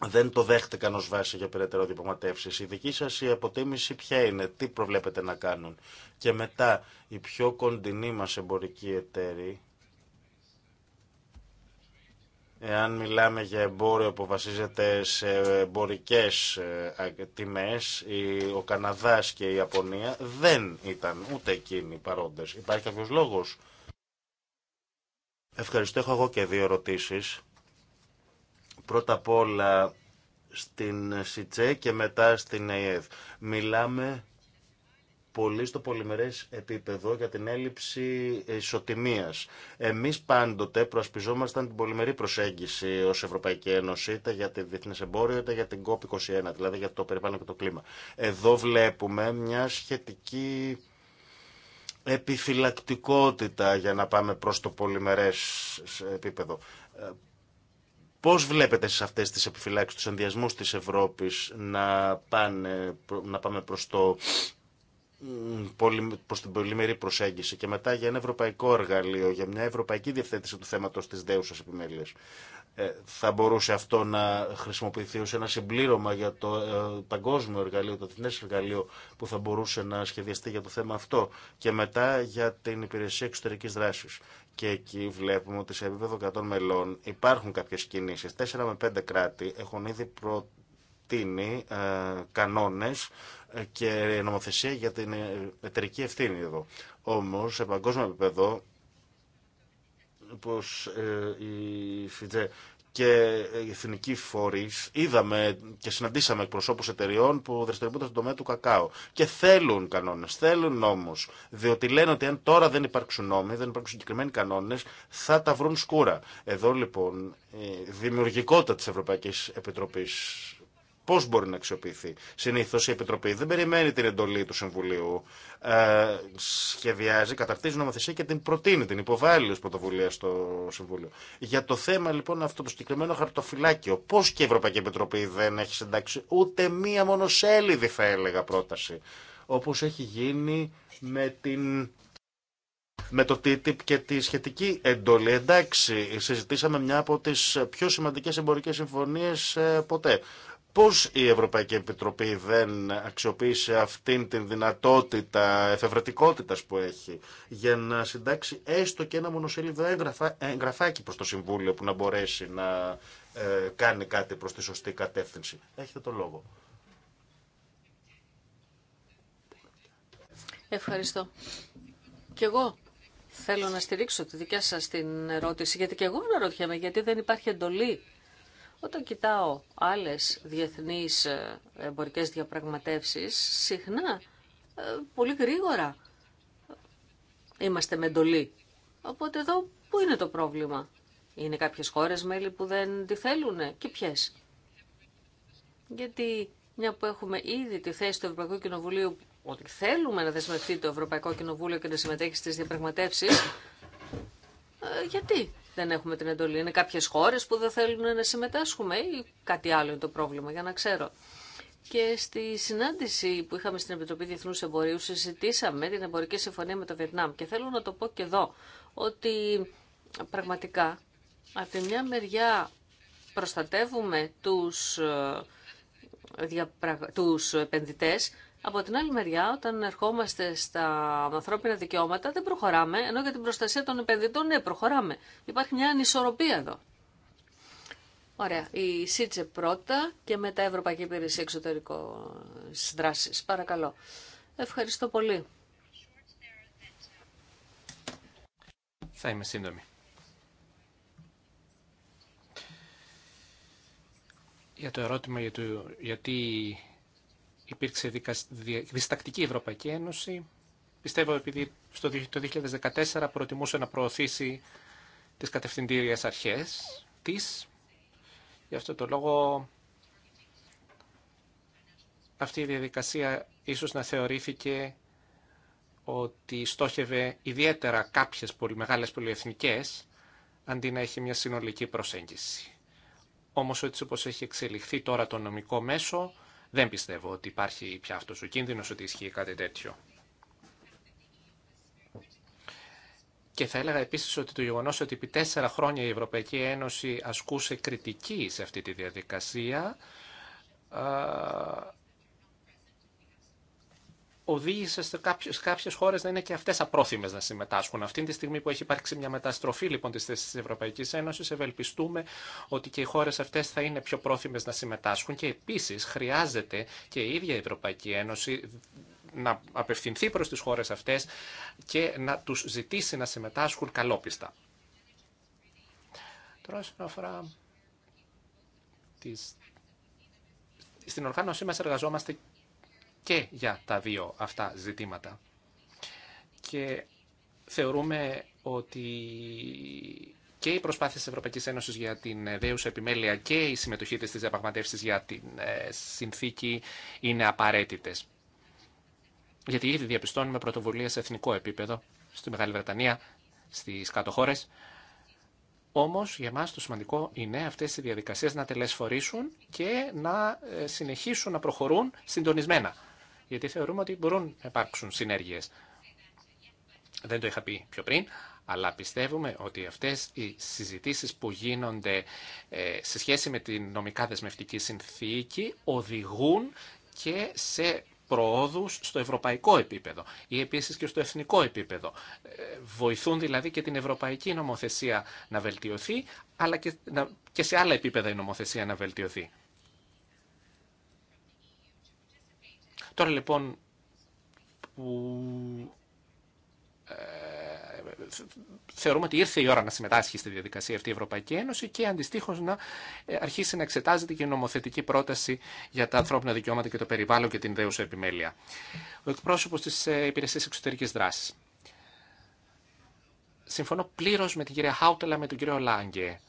δεν το δέχτηκαν ως βάση για περαιτέρω διαπραγματεύσεις. Η δική σας η αποτίμηση ποια είναι, τι προβλέπετε να κάνουν. Και μετά, η πιο κοντινή μας εμπορική εταίροι, εάν μιλάμε για εμπόριο που βασίζεται σε εμπορικές ε, τιμές, ο Καναδάς και η Ιαπωνία δεν ήταν ούτε εκείνοι παρόντες. Υπάρχει κάποιος λόγος Ευχαριστώ. Έχω εγώ και δύο ερωτήσει. Πρώτα απ' όλα στην ΣΥΤΣΕ και μετά στην ΕΕΔ. Μιλάμε πολύ στο πολυμερές επίπεδο για την έλλειψη ισοτιμίας. Εμείς πάντοτε προασπιζόμασταν την πολυμερή προσέγγιση ως Ευρωπαϊκή Ένωση, είτε για τη διεθνές εμπόριο, είτε για την COP21, δηλαδή για το περιβάλλον και το κλίμα. Εδώ βλέπουμε μια σχετική επιφυλακτικότητα για να πάμε προς το πολυμερές επίπεδο. Ε, πώς βλέπετε σε αυτές τις επιφυλάξεις, τους ενδιασμούς της Ευρώπης να, πάνε, να πάμε προς το προς την πολυμερή προσέγγιση και μετά για ένα ευρωπαϊκό εργαλείο, για μια ευρωπαϊκή διευθέτηση του θέματος της δέουσας επιμέλειας. Ε, θα μπορούσε αυτό να χρησιμοποιηθεί ως ένα συμπλήρωμα για το ε, παγκόσμιο εργαλείο, το διεθνές εργαλείο που θα μπορούσε να σχεδιαστεί για το θέμα αυτό και μετά για την υπηρεσία εξωτερικής δράσης. Και εκεί βλέπουμε ότι σε επίπεδο 100 μελών υπάρχουν κάποιες κινήσεις. Τέσσερα με πέντε κράτη έχουν ήδη προ προτείνει κανόνες ε, και νομοθεσία για την ε, εταιρική ευθύνη εδώ. Όμως, σε παγκόσμιο επίπεδο, όπως ε, η ΦΙΤΖΕ και οι εθνικοί φορεί. Είδαμε και συναντήσαμε εκπροσώπου εταιριών που δραστηριοποιούνται στον τομέα του κακάο. Και θέλουν κανόνε, θέλουν νόμου. Διότι λένε ότι αν τώρα δεν υπάρξουν νόμοι, δεν υπάρξουν συγκεκριμένοι κανόνε, θα τα βρουν σκούρα. Εδώ λοιπόν η δημιουργικότητα τη Ευρωπαϊκή Επιτροπή Πώ μπορεί να αξιοποιηθεί. Συνήθω η Επιτροπή δεν περιμένει την εντολή του Συμβουλίου. Ε, σχεδιάζει, καταρτίζει νομοθεσία και την προτείνει, την υποβάλλει ω πρωτοβουλία στο Συμβούλιο. Για το θέμα λοιπόν αυτό το συγκεκριμένο χαρτοφυλάκιο, πώ και η Ευρωπαϊκή Επιτροπή δεν έχει συντάξει ούτε μία μόνο μονοσέλιδη, θα έλεγα, πρόταση. Όπω έχει γίνει με την με το TTIP και τη σχετική εντολή. Εντάξει, συζητήσαμε μια από τι πιο σημαντικές εμπορικές συμφωνίες ε, ποτέ. Πώς η Ευρωπαϊκή Επιτροπή δεν αξιοποίησε αυτήν την δυνατότητα εφευρετικότητας που έχει για να συντάξει έστω και ένα μονοσέλιδο έγγραφάκι προς το Συμβούλιο που να μπορέσει να ε, κάνει κάτι προς τη σωστή κατεύθυνση. Έχετε το λόγο. Ευχαριστώ. Και εγώ θέλω να στηρίξω τη δικιά σας την ερώτηση, γιατί και εγώ αναρωτιέμαι γιατί δεν υπάρχει εντολή όταν κοιτάω άλλες διεθνείς ε, εμπορικές διαπραγματεύσεις, συχνά, ε, πολύ γρήγορα είμαστε με εντολή. Οπότε εδώ πού είναι το πρόβλημα. Είναι κάποιες χώρες μέλη που δεν τη θέλουν και ποιες. Γιατί μια που έχουμε ήδη τη θέση του Ευρωπαϊκού Κοινοβουλίου ότι θέλουμε να δεσμευτεί το Ευρωπαϊκό Κοινοβούλιο και να συμμετέχει στις διαπραγματεύσεις, ε, γιατί δεν έχουμε την εντολή. Είναι κάποιες χώρες που δεν θέλουν να συμμετάσχουμε ή κάτι άλλο είναι το πρόβλημα, για να ξέρω. Και στη συνάντηση που είχαμε στην Επιτροπή Διεθνού Εμπορίου συζητήσαμε την εμπορική συμφωνία με το Βιετνάμ. Και θέλω να το πω και εδώ, ότι πραγματικά από τη μια μεριά προστατεύουμε τους, ε, τους επενδυτές, από την άλλη μεριά, όταν ερχόμαστε στα ανθρώπινα δικαιώματα, δεν προχωράμε, ενώ για την προστασία των επενδυτών, ναι, προχωράμε. Υπάρχει μια ανισορροπία εδώ. Ωραία. Η ΣΥΤΣΕ πρώτα και μετά Ευρωπαϊκή Υπηρεσία Εξωτερικών Δράση. Παρακαλώ. Ευχαριστώ πολύ. Θα είμαι σύντομη. Για το ερώτημα για το, γιατί υπήρξε διστακτική Ευρωπαϊκή Ένωση. Πιστεύω επειδή στο το 2014 προτιμούσε να προωθήσει τις κατευθυντήριες αρχές της. Γι' αυτό το λόγο αυτή η διαδικασία ίσως να θεωρήθηκε ότι στόχευε ιδιαίτερα κάποιες πολύ μεγάλες πολυεθνικές αντί να έχει μια συνολική προσέγγιση. Όμως έτσι όπως έχει εξελιχθεί τώρα το νομικό μέσο, δεν πιστεύω ότι υπάρχει πια αυτό ο κίνδυνο ότι ισχύει κάτι τέτοιο. Και θα έλεγα επίσης ότι το γεγονός ότι επί τέσσερα χρόνια η Ευρωπαϊκή Ένωση ασκούσε κριτική σε αυτή τη διαδικασία οδήγησε σε κάποιε κάποιες χώρες να είναι και αυτές απρόθυμες να συμμετάσχουν. Αυτή τη στιγμή που έχει υπάρξει μια μεταστροφή λοιπόν της θέση τη Ευρωπαϊκής Ένωσης, ευελπιστούμε ότι και οι χώρες αυτές θα είναι πιο πρόθυμες να συμμετάσχουν και επίσης χρειάζεται και η ίδια η Ευρωπαϊκή Ένωση να απευθυνθεί προς τις χώρες αυτές και να τους ζητήσει να συμμετάσχουν καλόπιστα. Τώρα όσον αφορά τις... Στην οργάνωσή μας εργαζόμαστε και για τα δύο αυτά ζητήματα. Και θεωρούμε ότι και οι προσπάθειε της Ευρωπαϊκής Ένωσης για την ε, δέουσα επιμέλεια και η συμμετοχή της στις διαπραγματεύσεις για την ε, συνθήκη είναι απαραίτητες. Γιατί ήδη διαπιστώνουμε πρωτοβουλία σε εθνικό επίπεδο, στη Μεγάλη Βρετανία, στις κάτω χώρες. Όμως για μας το σημαντικό είναι αυτές οι διαδικασίες να τελεσφορήσουν και να ε, συνεχίσουν να προχωρούν συντονισμένα γιατί θεωρούμε ότι μπορούν να υπάρξουν συνέργειες. Δεν το είχα πει πιο πριν, αλλά πιστεύουμε ότι αυτές οι συζητήσεις που γίνονται ε, σε σχέση με την νομικά δεσμευτική συνθήκη οδηγούν και σε προόδους στο ευρωπαϊκό επίπεδο ή επίσης και στο εθνικό επίπεδο. Ε, βοηθούν δηλαδή και την ευρωπαϊκή νομοθεσία να βελτιωθεί, αλλά και, και σε άλλα επίπεδα η νομοθεσία να βελτιωθεί. Τώρα λοιπόν που ε, θεωρούμε ότι ήρθε η ώρα να συμμετάσχει στη διαδικασία αυτή η Ευρωπαϊκή Ένωση και αντιστοίχω να ε, αρχίσει να εξετάζεται και η νομοθετική πρόταση για τα ανθρώπινα δικαιώματα και το περιβάλλον και την δέουσα επιμέλεια. Ο εκπρόσωπο τη ε, Υπηρεσία Εξωτερική Δράση. Συμφωνώ πλήρω με την κυρία Χάουτελα, με τον κύριο Λάγκε,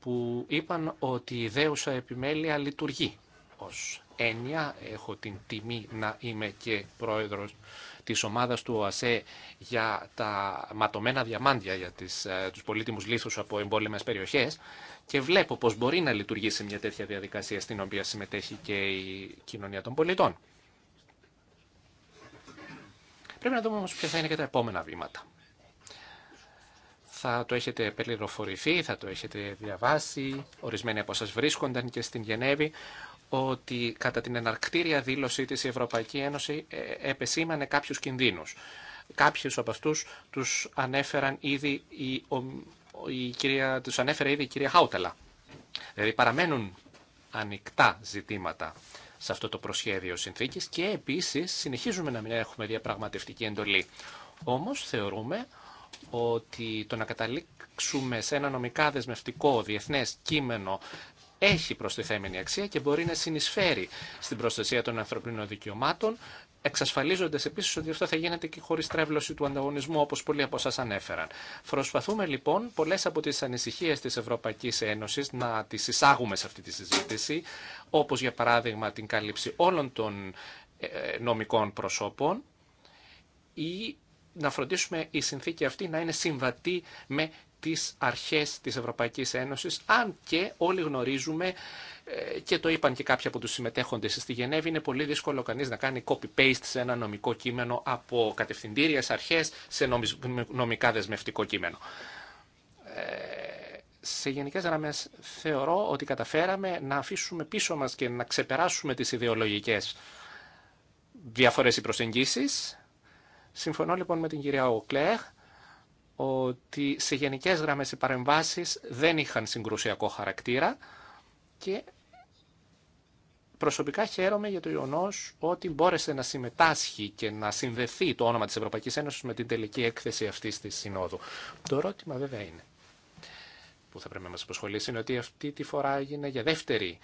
που είπαν ότι η δέουσα επιμέλεια λειτουργεί ως Έννοια, έχω την τιμή να είμαι και πρόεδρος της ομάδας του ΟΑΣΕ για τα ματωμένα διαμάντια για τις, ε, τους πολύτιμους λίθους από εμπόλεμες περιοχές και βλέπω πως μπορεί να λειτουργήσει μια τέτοια διαδικασία στην οποία συμμετέχει και η κοινωνία των πολιτών. Πρέπει να δούμε όμως ποια θα είναι και τα επόμενα βήματα. Θα το έχετε πληροφορηθεί, θα το έχετε διαβάσει, ορισμένοι από σας βρίσκονταν και στην Γενέβη ότι κατά την εναρκτήρια δήλωσή της η Ευρωπαϊκή Ένωση ε, επεσήμανε κάποιους κινδύνους. Κάποιους από αυτούς τους ανέφεραν ήδη η, κυρία, τους ανέφερε ήδη η κυρία Χάουτελα. Δηλαδή παραμένουν ανοιχτά ζητήματα σε αυτό το προσχέδιο συνθήκης και επίσης συνεχίζουμε να μην έχουμε διαπραγματευτική εντολή. Όμως θεωρούμε ότι το να καταλήξουμε σε ένα νομικά δεσμευτικό διεθνές κείμενο έχει προστιθέμενη αξία και μπορεί να συνεισφέρει στην προστασία των ανθρωπίνων δικαιωμάτων, εξασφαλίζοντα επίση ότι αυτό θα γίνεται και χωρί τρέβλωση του ανταγωνισμού, όπω πολλοί από εσά ανέφεραν. Προσπαθούμε λοιπόν πολλέ από τι ανησυχίε τη Ευρωπαϊκή Ένωση να τι εισάγουμε σε αυτή τη συζήτηση, όπω για παράδειγμα την κάλυψη όλων των ε, νομικών προσώπων ή να φροντίσουμε η συνθήκη αυτή να είναι συμβατή με τις αρχές της Ευρωπαϊκής Ένωσης, αν και όλοι γνωρίζουμε ε, και το είπαν και κάποιοι από τους συμμετέχοντες στη Γενέβη, είναι πολύ δύσκολο κανείς να κάνει copy-paste σε ένα νομικό κείμενο από κατευθυντήριες αρχές σε νομικά δεσμευτικό κείμενο. Ε, σε γενικές γραμμές θεωρώ ότι καταφέραμε να αφήσουμε πίσω μας και να ξεπεράσουμε τις ιδεολογικές διαφορές ή προσεγγίσεις. Συμφωνώ λοιπόν με την κυρία Οκλέχ ότι σε γενικές γραμμές οι παρεμβάσεις δεν είχαν συγκρουσιακό χαρακτήρα και προσωπικά χαίρομαι για το γεγονό ότι μπόρεσε να συμμετάσχει και να συνδεθεί το όνομα της Ευρωπαϊκής Ένωσης με την τελική έκθεση αυτής της Συνόδου. Το ερώτημα βέβαια είναι, που θα πρέπει να μας αποσχολήσει, είναι ότι αυτή τη φορά έγινε για δεύτερη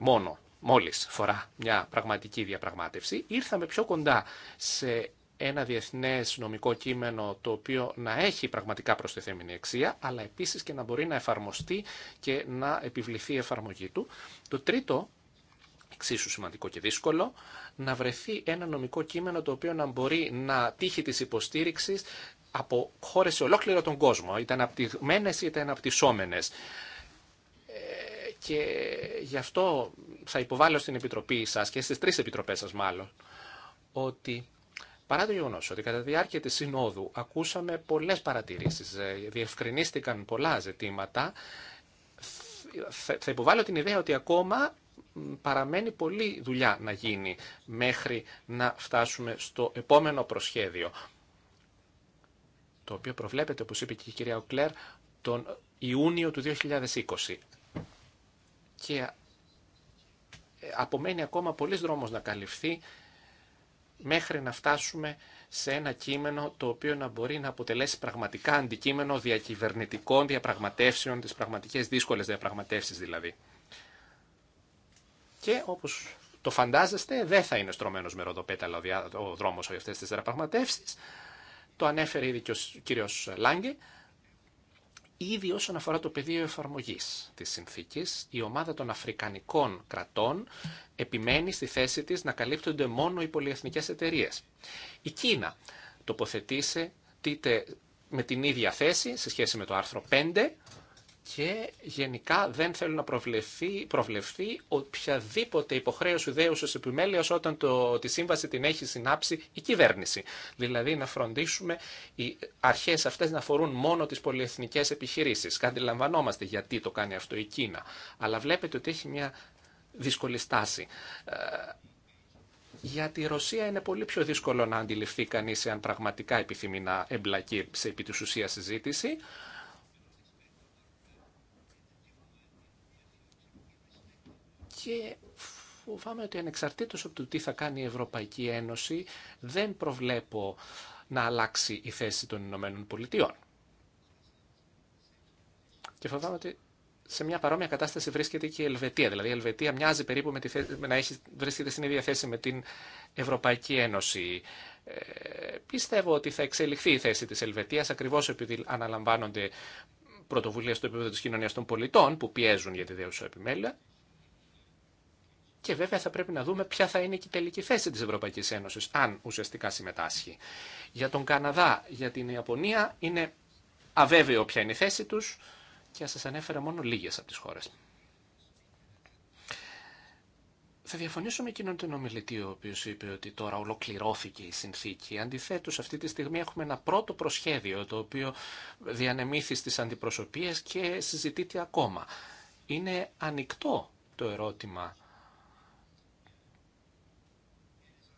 μόνο μόλις φορά μια πραγματική διαπραγμάτευση, ήρθαμε πιο κοντά σε ένα διεθνέ νομικό κείμενο το οποίο να έχει πραγματικά προστιθέμενη αξία, αλλά επίσης και να μπορεί να εφαρμοστεί και να επιβληθεί η εφαρμογή του. Το τρίτο, εξίσου σημαντικό και δύσκολο, να βρεθεί ένα νομικό κείμενο το οποίο να μπορεί να τύχει της υποστήριξης από χώρες σε ολόκληρο τον κόσμο, είτε αναπτυγμένες είτε αναπτυσσόμενες. Ε, και γι' αυτό θα υποβάλω στην Επιτροπή σας και στις τρεις Επιτροπές σας μάλλον, ότι Παρά το γεγονό ότι κατά τη διάρκεια τη Συνόδου ακούσαμε πολλέ παρατηρήσει, ε, διευκρινίστηκαν πολλά ζητήματα, θα υποβάλω την ιδέα ότι ακόμα παραμένει πολλή δουλειά να γίνει μέχρι να φτάσουμε στο επόμενο προσχέδιο, το οποίο προβλέπεται, όπως είπε και η κυρία Οκλέρ, τον Ιούνιο του 2020. Και ε, απομένει ακόμα πολλής δρόμος να καλυφθεί μέχρι να φτάσουμε σε ένα κείμενο το οποίο να μπορεί να αποτελέσει πραγματικά αντικείμενο διακυβερνητικών διαπραγματεύσεων, τις πραγματικές δύσκολες διαπραγματεύσεις δηλαδή. Και όπως το φαντάζεστε δεν θα είναι στρωμένος με ροδοπέταλα ο δρόμος για αυτές τις διαπραγματεύσεις. Το ανέφερε ήδη και ο κύριος Λάγκη. Ήδη όσον αφορά το πεδίο εφαρμογής της συνθήκης, η ομάδα των αφρικανικών κρατών επιμένει στη θέση της να καλύπτονται μόνο οι πολυεθνικές εταιρείες. Η Κίνα τοποθετήσε με την ίδια θέση σε σχέση με το άρθρο 5 και γενικά δεν θέλουν να προβλεφθεί, προβλεφθεί οποιαδήποτε υποχρέωση ως επιμέλειας όταν το, τη σύμβαση την έχει συνάψει η κυβέρνηση. Δηλαδή να φροντίσουμε οι αρχές αυτές να αφορούν μόνο τις πολυεθνικές επιχειρήσεις. Καντιλαμβανόμαστε γιατί το κάνει αυτό η Κίνα. Αλλά βλέπετε ότι έχει μια δύσκολη στάση. Ε, γιατί η Ρωσία είναι πολύ πιο δύσκολο να αντιληφθεί κανείς αν πραγματικά επιθυμεί να εμπλακεί σε επί της ουσίας συζήτηση. και φοβάμαι ότι ανεξαρτήτως από το τι θα κάνει η Ευρωπαϊκή Ένωση δεν προβλέπω να αλλάξει η θέση των Ηνωμένων Πολιτειών. Και φοβάμαι ότι σε μια παρόμοια κατάσταση βρίσκεται και η Ελβετία. Δηλαδή η Ελβετία μοιάζει περίπου με, τη να έχει, βρίσκεται στην ίδια θέση με την Ευρωπαϊκή Ένωση. Ε, πιστεύω ότι θα εξελιχθεί η θέση της Ελβετίας ακριβώς επειδή αναλαμβάνονται πρωτοβουλίες στο επίπεδο της κοινωνίας των πολιτών που πιέζουν για τη δέουσα επιμέλεια και βέβαια θα πρέπει να δούμε ποια θα είναι και η τελική θέση τη Ευρωπαϊκή Ένωση, αν ουσιαστικά συμμετάσχει. Για τον Καναδά, για την Ιαπωνία είναι αβέβαιο ποια είναι η θέση του και σα ανέφερα μόνο λίγε από τι χώρε. Θα διαφωνήσω με εκείνον τον ομιλητή, ο οποίο είπε ότι τώρα ολοκληρώθηκε η συνθήκη. Αντιθέτω, αυτή τη στιγμή έχουμε ένα πρώτο προσχέδιο, το οποίο διανεμήθη στι αντιπροσωπείε και συζητείται ακόμα. Είναι ανοιχτό το ερώτημα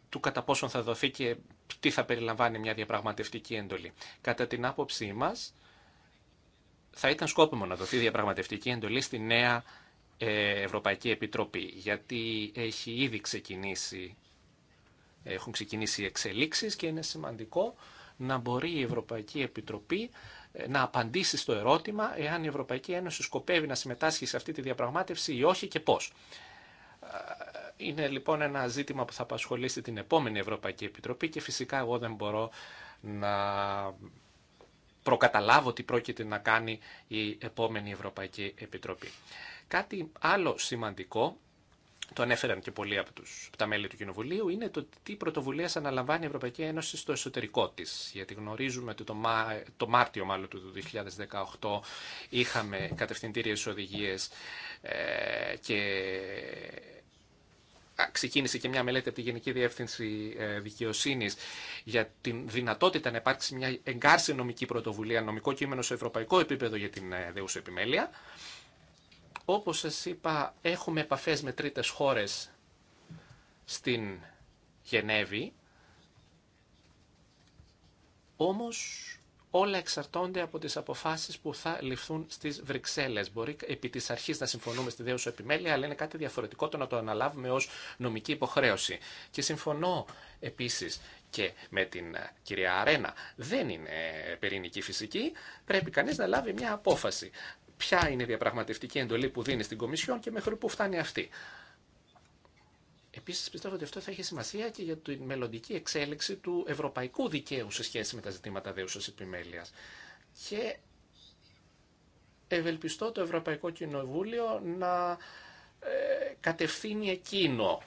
του κατά πόσον θα δοθεί και τι θα περιλαμβάνει μια διαπραγματευτική εντολή. Κατά την άποψή μας, θα ήταν σκόπιμο να δοθεί διαπραγματευτική εντολή στη νέα ε, Ευρωπαϊκή Επιτροπή, γιατί έχει ήδη ξεκινήσει, έχουν ξεκινήσει εξελίξεις και είναι σημαντικό να μπορεί η Ευρωπαϊκή Επιτροπή ε, να απαντήσει στο ερώτημα εάν η Ευρωπαϊκή Ένωση σκοπεύει να συμμετάσχει σε αυτή τη διαπραγμάτευση ή όχι και πώς. Είναι λοιπόν ένα ζήτημα που θα απασχολήσει την επόμενη Ευρωπαϊκή Επιτροπή και φυσικά εγώ δεν μπορώ να προκαταλάβω τι πρόκειται να κάνει η επόμενη Ευρωπαϊκή Επιτροπή. Κάτι άλλο σημαντικό, το ανέφεραν και πολλοί από, τους, από τα μέλη του Κοινοβουλίου, είναι το τι πρωτοβουλίες αναλαμβάνει η Ευρωπαϊκή Ένωση στο εσωτερικό της. Γιατί γνωρίζουμε ότι το, το Μάρτιο μάλλον του 2018 είχαμε κατευθυντήριες οδηγίες ε, και ξεκίνησε και μια μελέτη από τη Γενική Διεύθυνση ε, Δικαιοσύνη για τη δυνατότητα να υπάρξει μια εγκάρση νομική πρωτοβουλία, νομικό κείμενο σε ευρωπαϊκό επίπεδο για την ε, δεύτερη επιμέλεια. Όπω σα είπα, έχουμε επαφέ με τρίτε χώρε στην Γενέβη. Όμως όλα εξαρτώνται από τις αποφάσεις που θα ληφθούν στις Βρυξέλλε. Μπορεί επί της αρχής να συμφωνούμε στη δέουσα επιμέλεια, αλλά είναι κάτι διαφορετικό το να το αναλάβουμε ω νομική υποχρέωση. Και συμφωνώ επίσης και με την ε, κυρία Αρένα, δεν είναι πυρηνική φυσική, πρέπει κανείς να λάβει μια απόφαση. Ποια είναι η διαπραγματευτική εντολή που δίνει στην Κομισιόν και μέχρι πού φτάνει αυτή. Επίση, πιστεύω ότι αυτό θα έχει σημασία και για τη μελλοντική εξέλιξη του ευρωπαϊκού δικαίου σε σχέση με τα ζητήματα δέουσα επιμέλεια. Και ευελπιστώ το Ευρωπαϊκό Κοινοβούλιο να ε, κατευθύνει εκείνο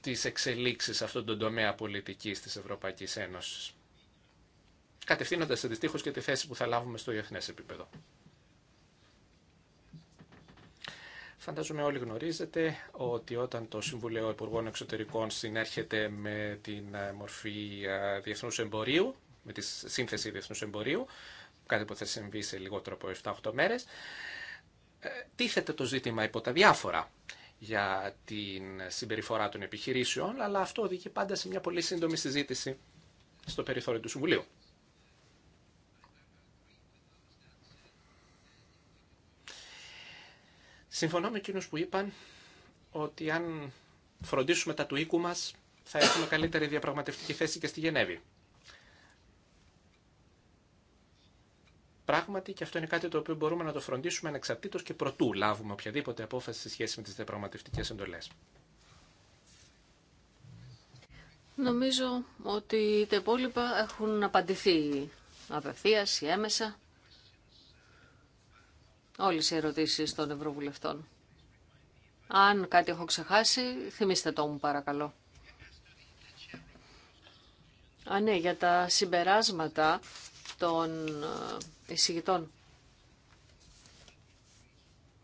τι εξελίξει σε αυτόν τον τομέα πολιτικής της Ευρωπαϊκής Ένωσης. κατευθύνοντα αντιστοιχώ και τη θέση που θα λάβουμε στο διεθνέ επίπεδο. Φαντάζομαι όλοι γνωρίζετε ότι όταν το Συμβουλίο Υπουργών Εξωτερικών συνέρχεται με την ε, μορφή ε, διεθνού εμπορίου, με τη σύνθεση διεθνού εμπορίου, κάτι που θα συμβεί σε λιγότερο από 7-8 μέρες, ε, τίθεται το ζήτημα υπό τα διάφορα για την συμπεριφορά των επιχειρήσεων, αλλά αυτό οδηγεί πάντα σε μια πολύ σύντομη συζήτηση στο περιθώριο του Συμβουλίου. Συμφωνώ με εκείνους που είπαν ότι αν φροντίσουμε τα του οίκου μας θα έχουμε καλύτερη διαπραγματευτική θέση και στη Γενέβη. Πράγματι και αυτό είναι κάτι το οποίο μπορούμε να το φροντίσουμε ανεξαρτήτως και προτού λάβουμε οποιαδήποτε απόφαση σε σχέση με τις διαπραγματευτικές εντολές. Νομίζω ότι τα υπόλοιπα έχουν απαντηθεί απευθείας ή έμεσα όλες οι ερωτήσεις των Ευρωβουλευτών. Αν κάτι έχω ξεχάσει, θυμίστε το μου παρακαλώ. Α, ναι, για τα συμπεράσματα των ε, εισηγητών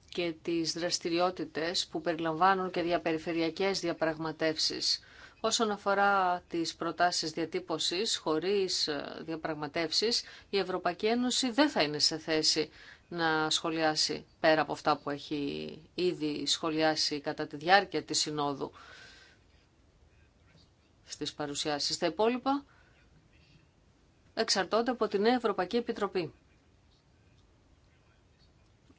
και τις δραστηριότητες που περιλαμβάνουν και διαπεριφερειακές διαπραγματεύσεις. Όσον αφορά τις προτάσεις διατύπωσης χωρίς ε, διαπραγματεύσεις, η Ευρωπαϊκή Ένωση δεν θα είναι σε θέση να σχολιάσει πέρα από αυτά που έχει ήδη σχολιάσει κατά τη διάρκεια της Συνόδου στις παρουσιάσεις. Τα υπόλοιπα εξαρτώνται από την Ευρωπαϊκή Επιτροπή.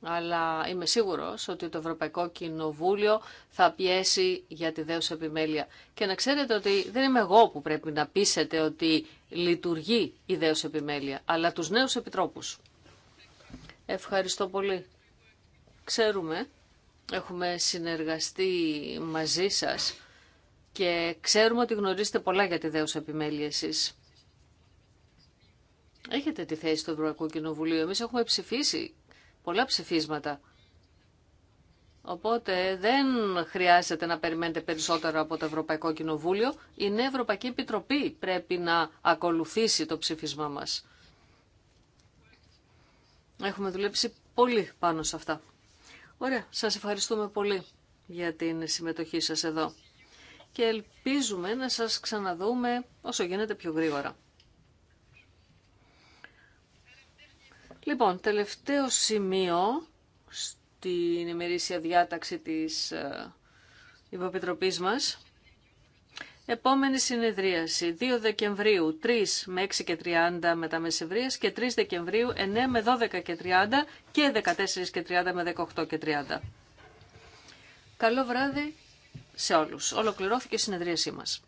Αλλά είμαι σίγουρος ότι το Ευρωπαϊκό Κοινοβούλιο θα πιέσει για τη δέουσα επιμέλεια. Και να ξέρετε ότι δεν είμαι εγώ που πρέπει να πείσετε ότι λειτουργεί η δέουσα επιμέλεια, αλλά τους νέους επιτρόπους. Ευχαριστώ πολύ. Ξέρουμε, έχουμε συνεργαστεί μαζί σας και ξέρουμε ότι γνωρίζετε πολλά για τη δέουσα επιμέλεια εσείς. Έχετε τη θέση του Ευρωπαϊκού Κοινοβουλίου. Εμείς έχουμε ψηφίσει πολλά ψηφίσματα. Οπότε δεν χρειάζεται να περιμένετε περισσότερο από το Ευρωπαϊκό Κοινοβούλιο. Η Νέα Ευρωπαϊκή Επιτροπή πρέπει να ακολουθήσει το ψήφισμά μας. Έχουμε δουλέψει πολύ πάνω σε αυτά. Ωραία, σας ευχαριστούμε πολύ για την συμμετοχή σας εδώ και ελπίζουμε να σας ξαναδούμε όσο γίνεται πιο γρήγορα. Λοιπόν, τελευταίο σημείο στην ημερήσια διάταξη της ε, Υποπιτροπής μας Επόμενη συνεδρίαση 2 Δεκεμβρίου 3 με 6 και 30 μετά μεσημβρίες και 3 Δεκεμβρίου 9 με 12 και 30 και 14 και 30 με 18 και 30. Καλό βράδυ σε όλους. Ολοκληρώθηκε η συνεδρίασή μας.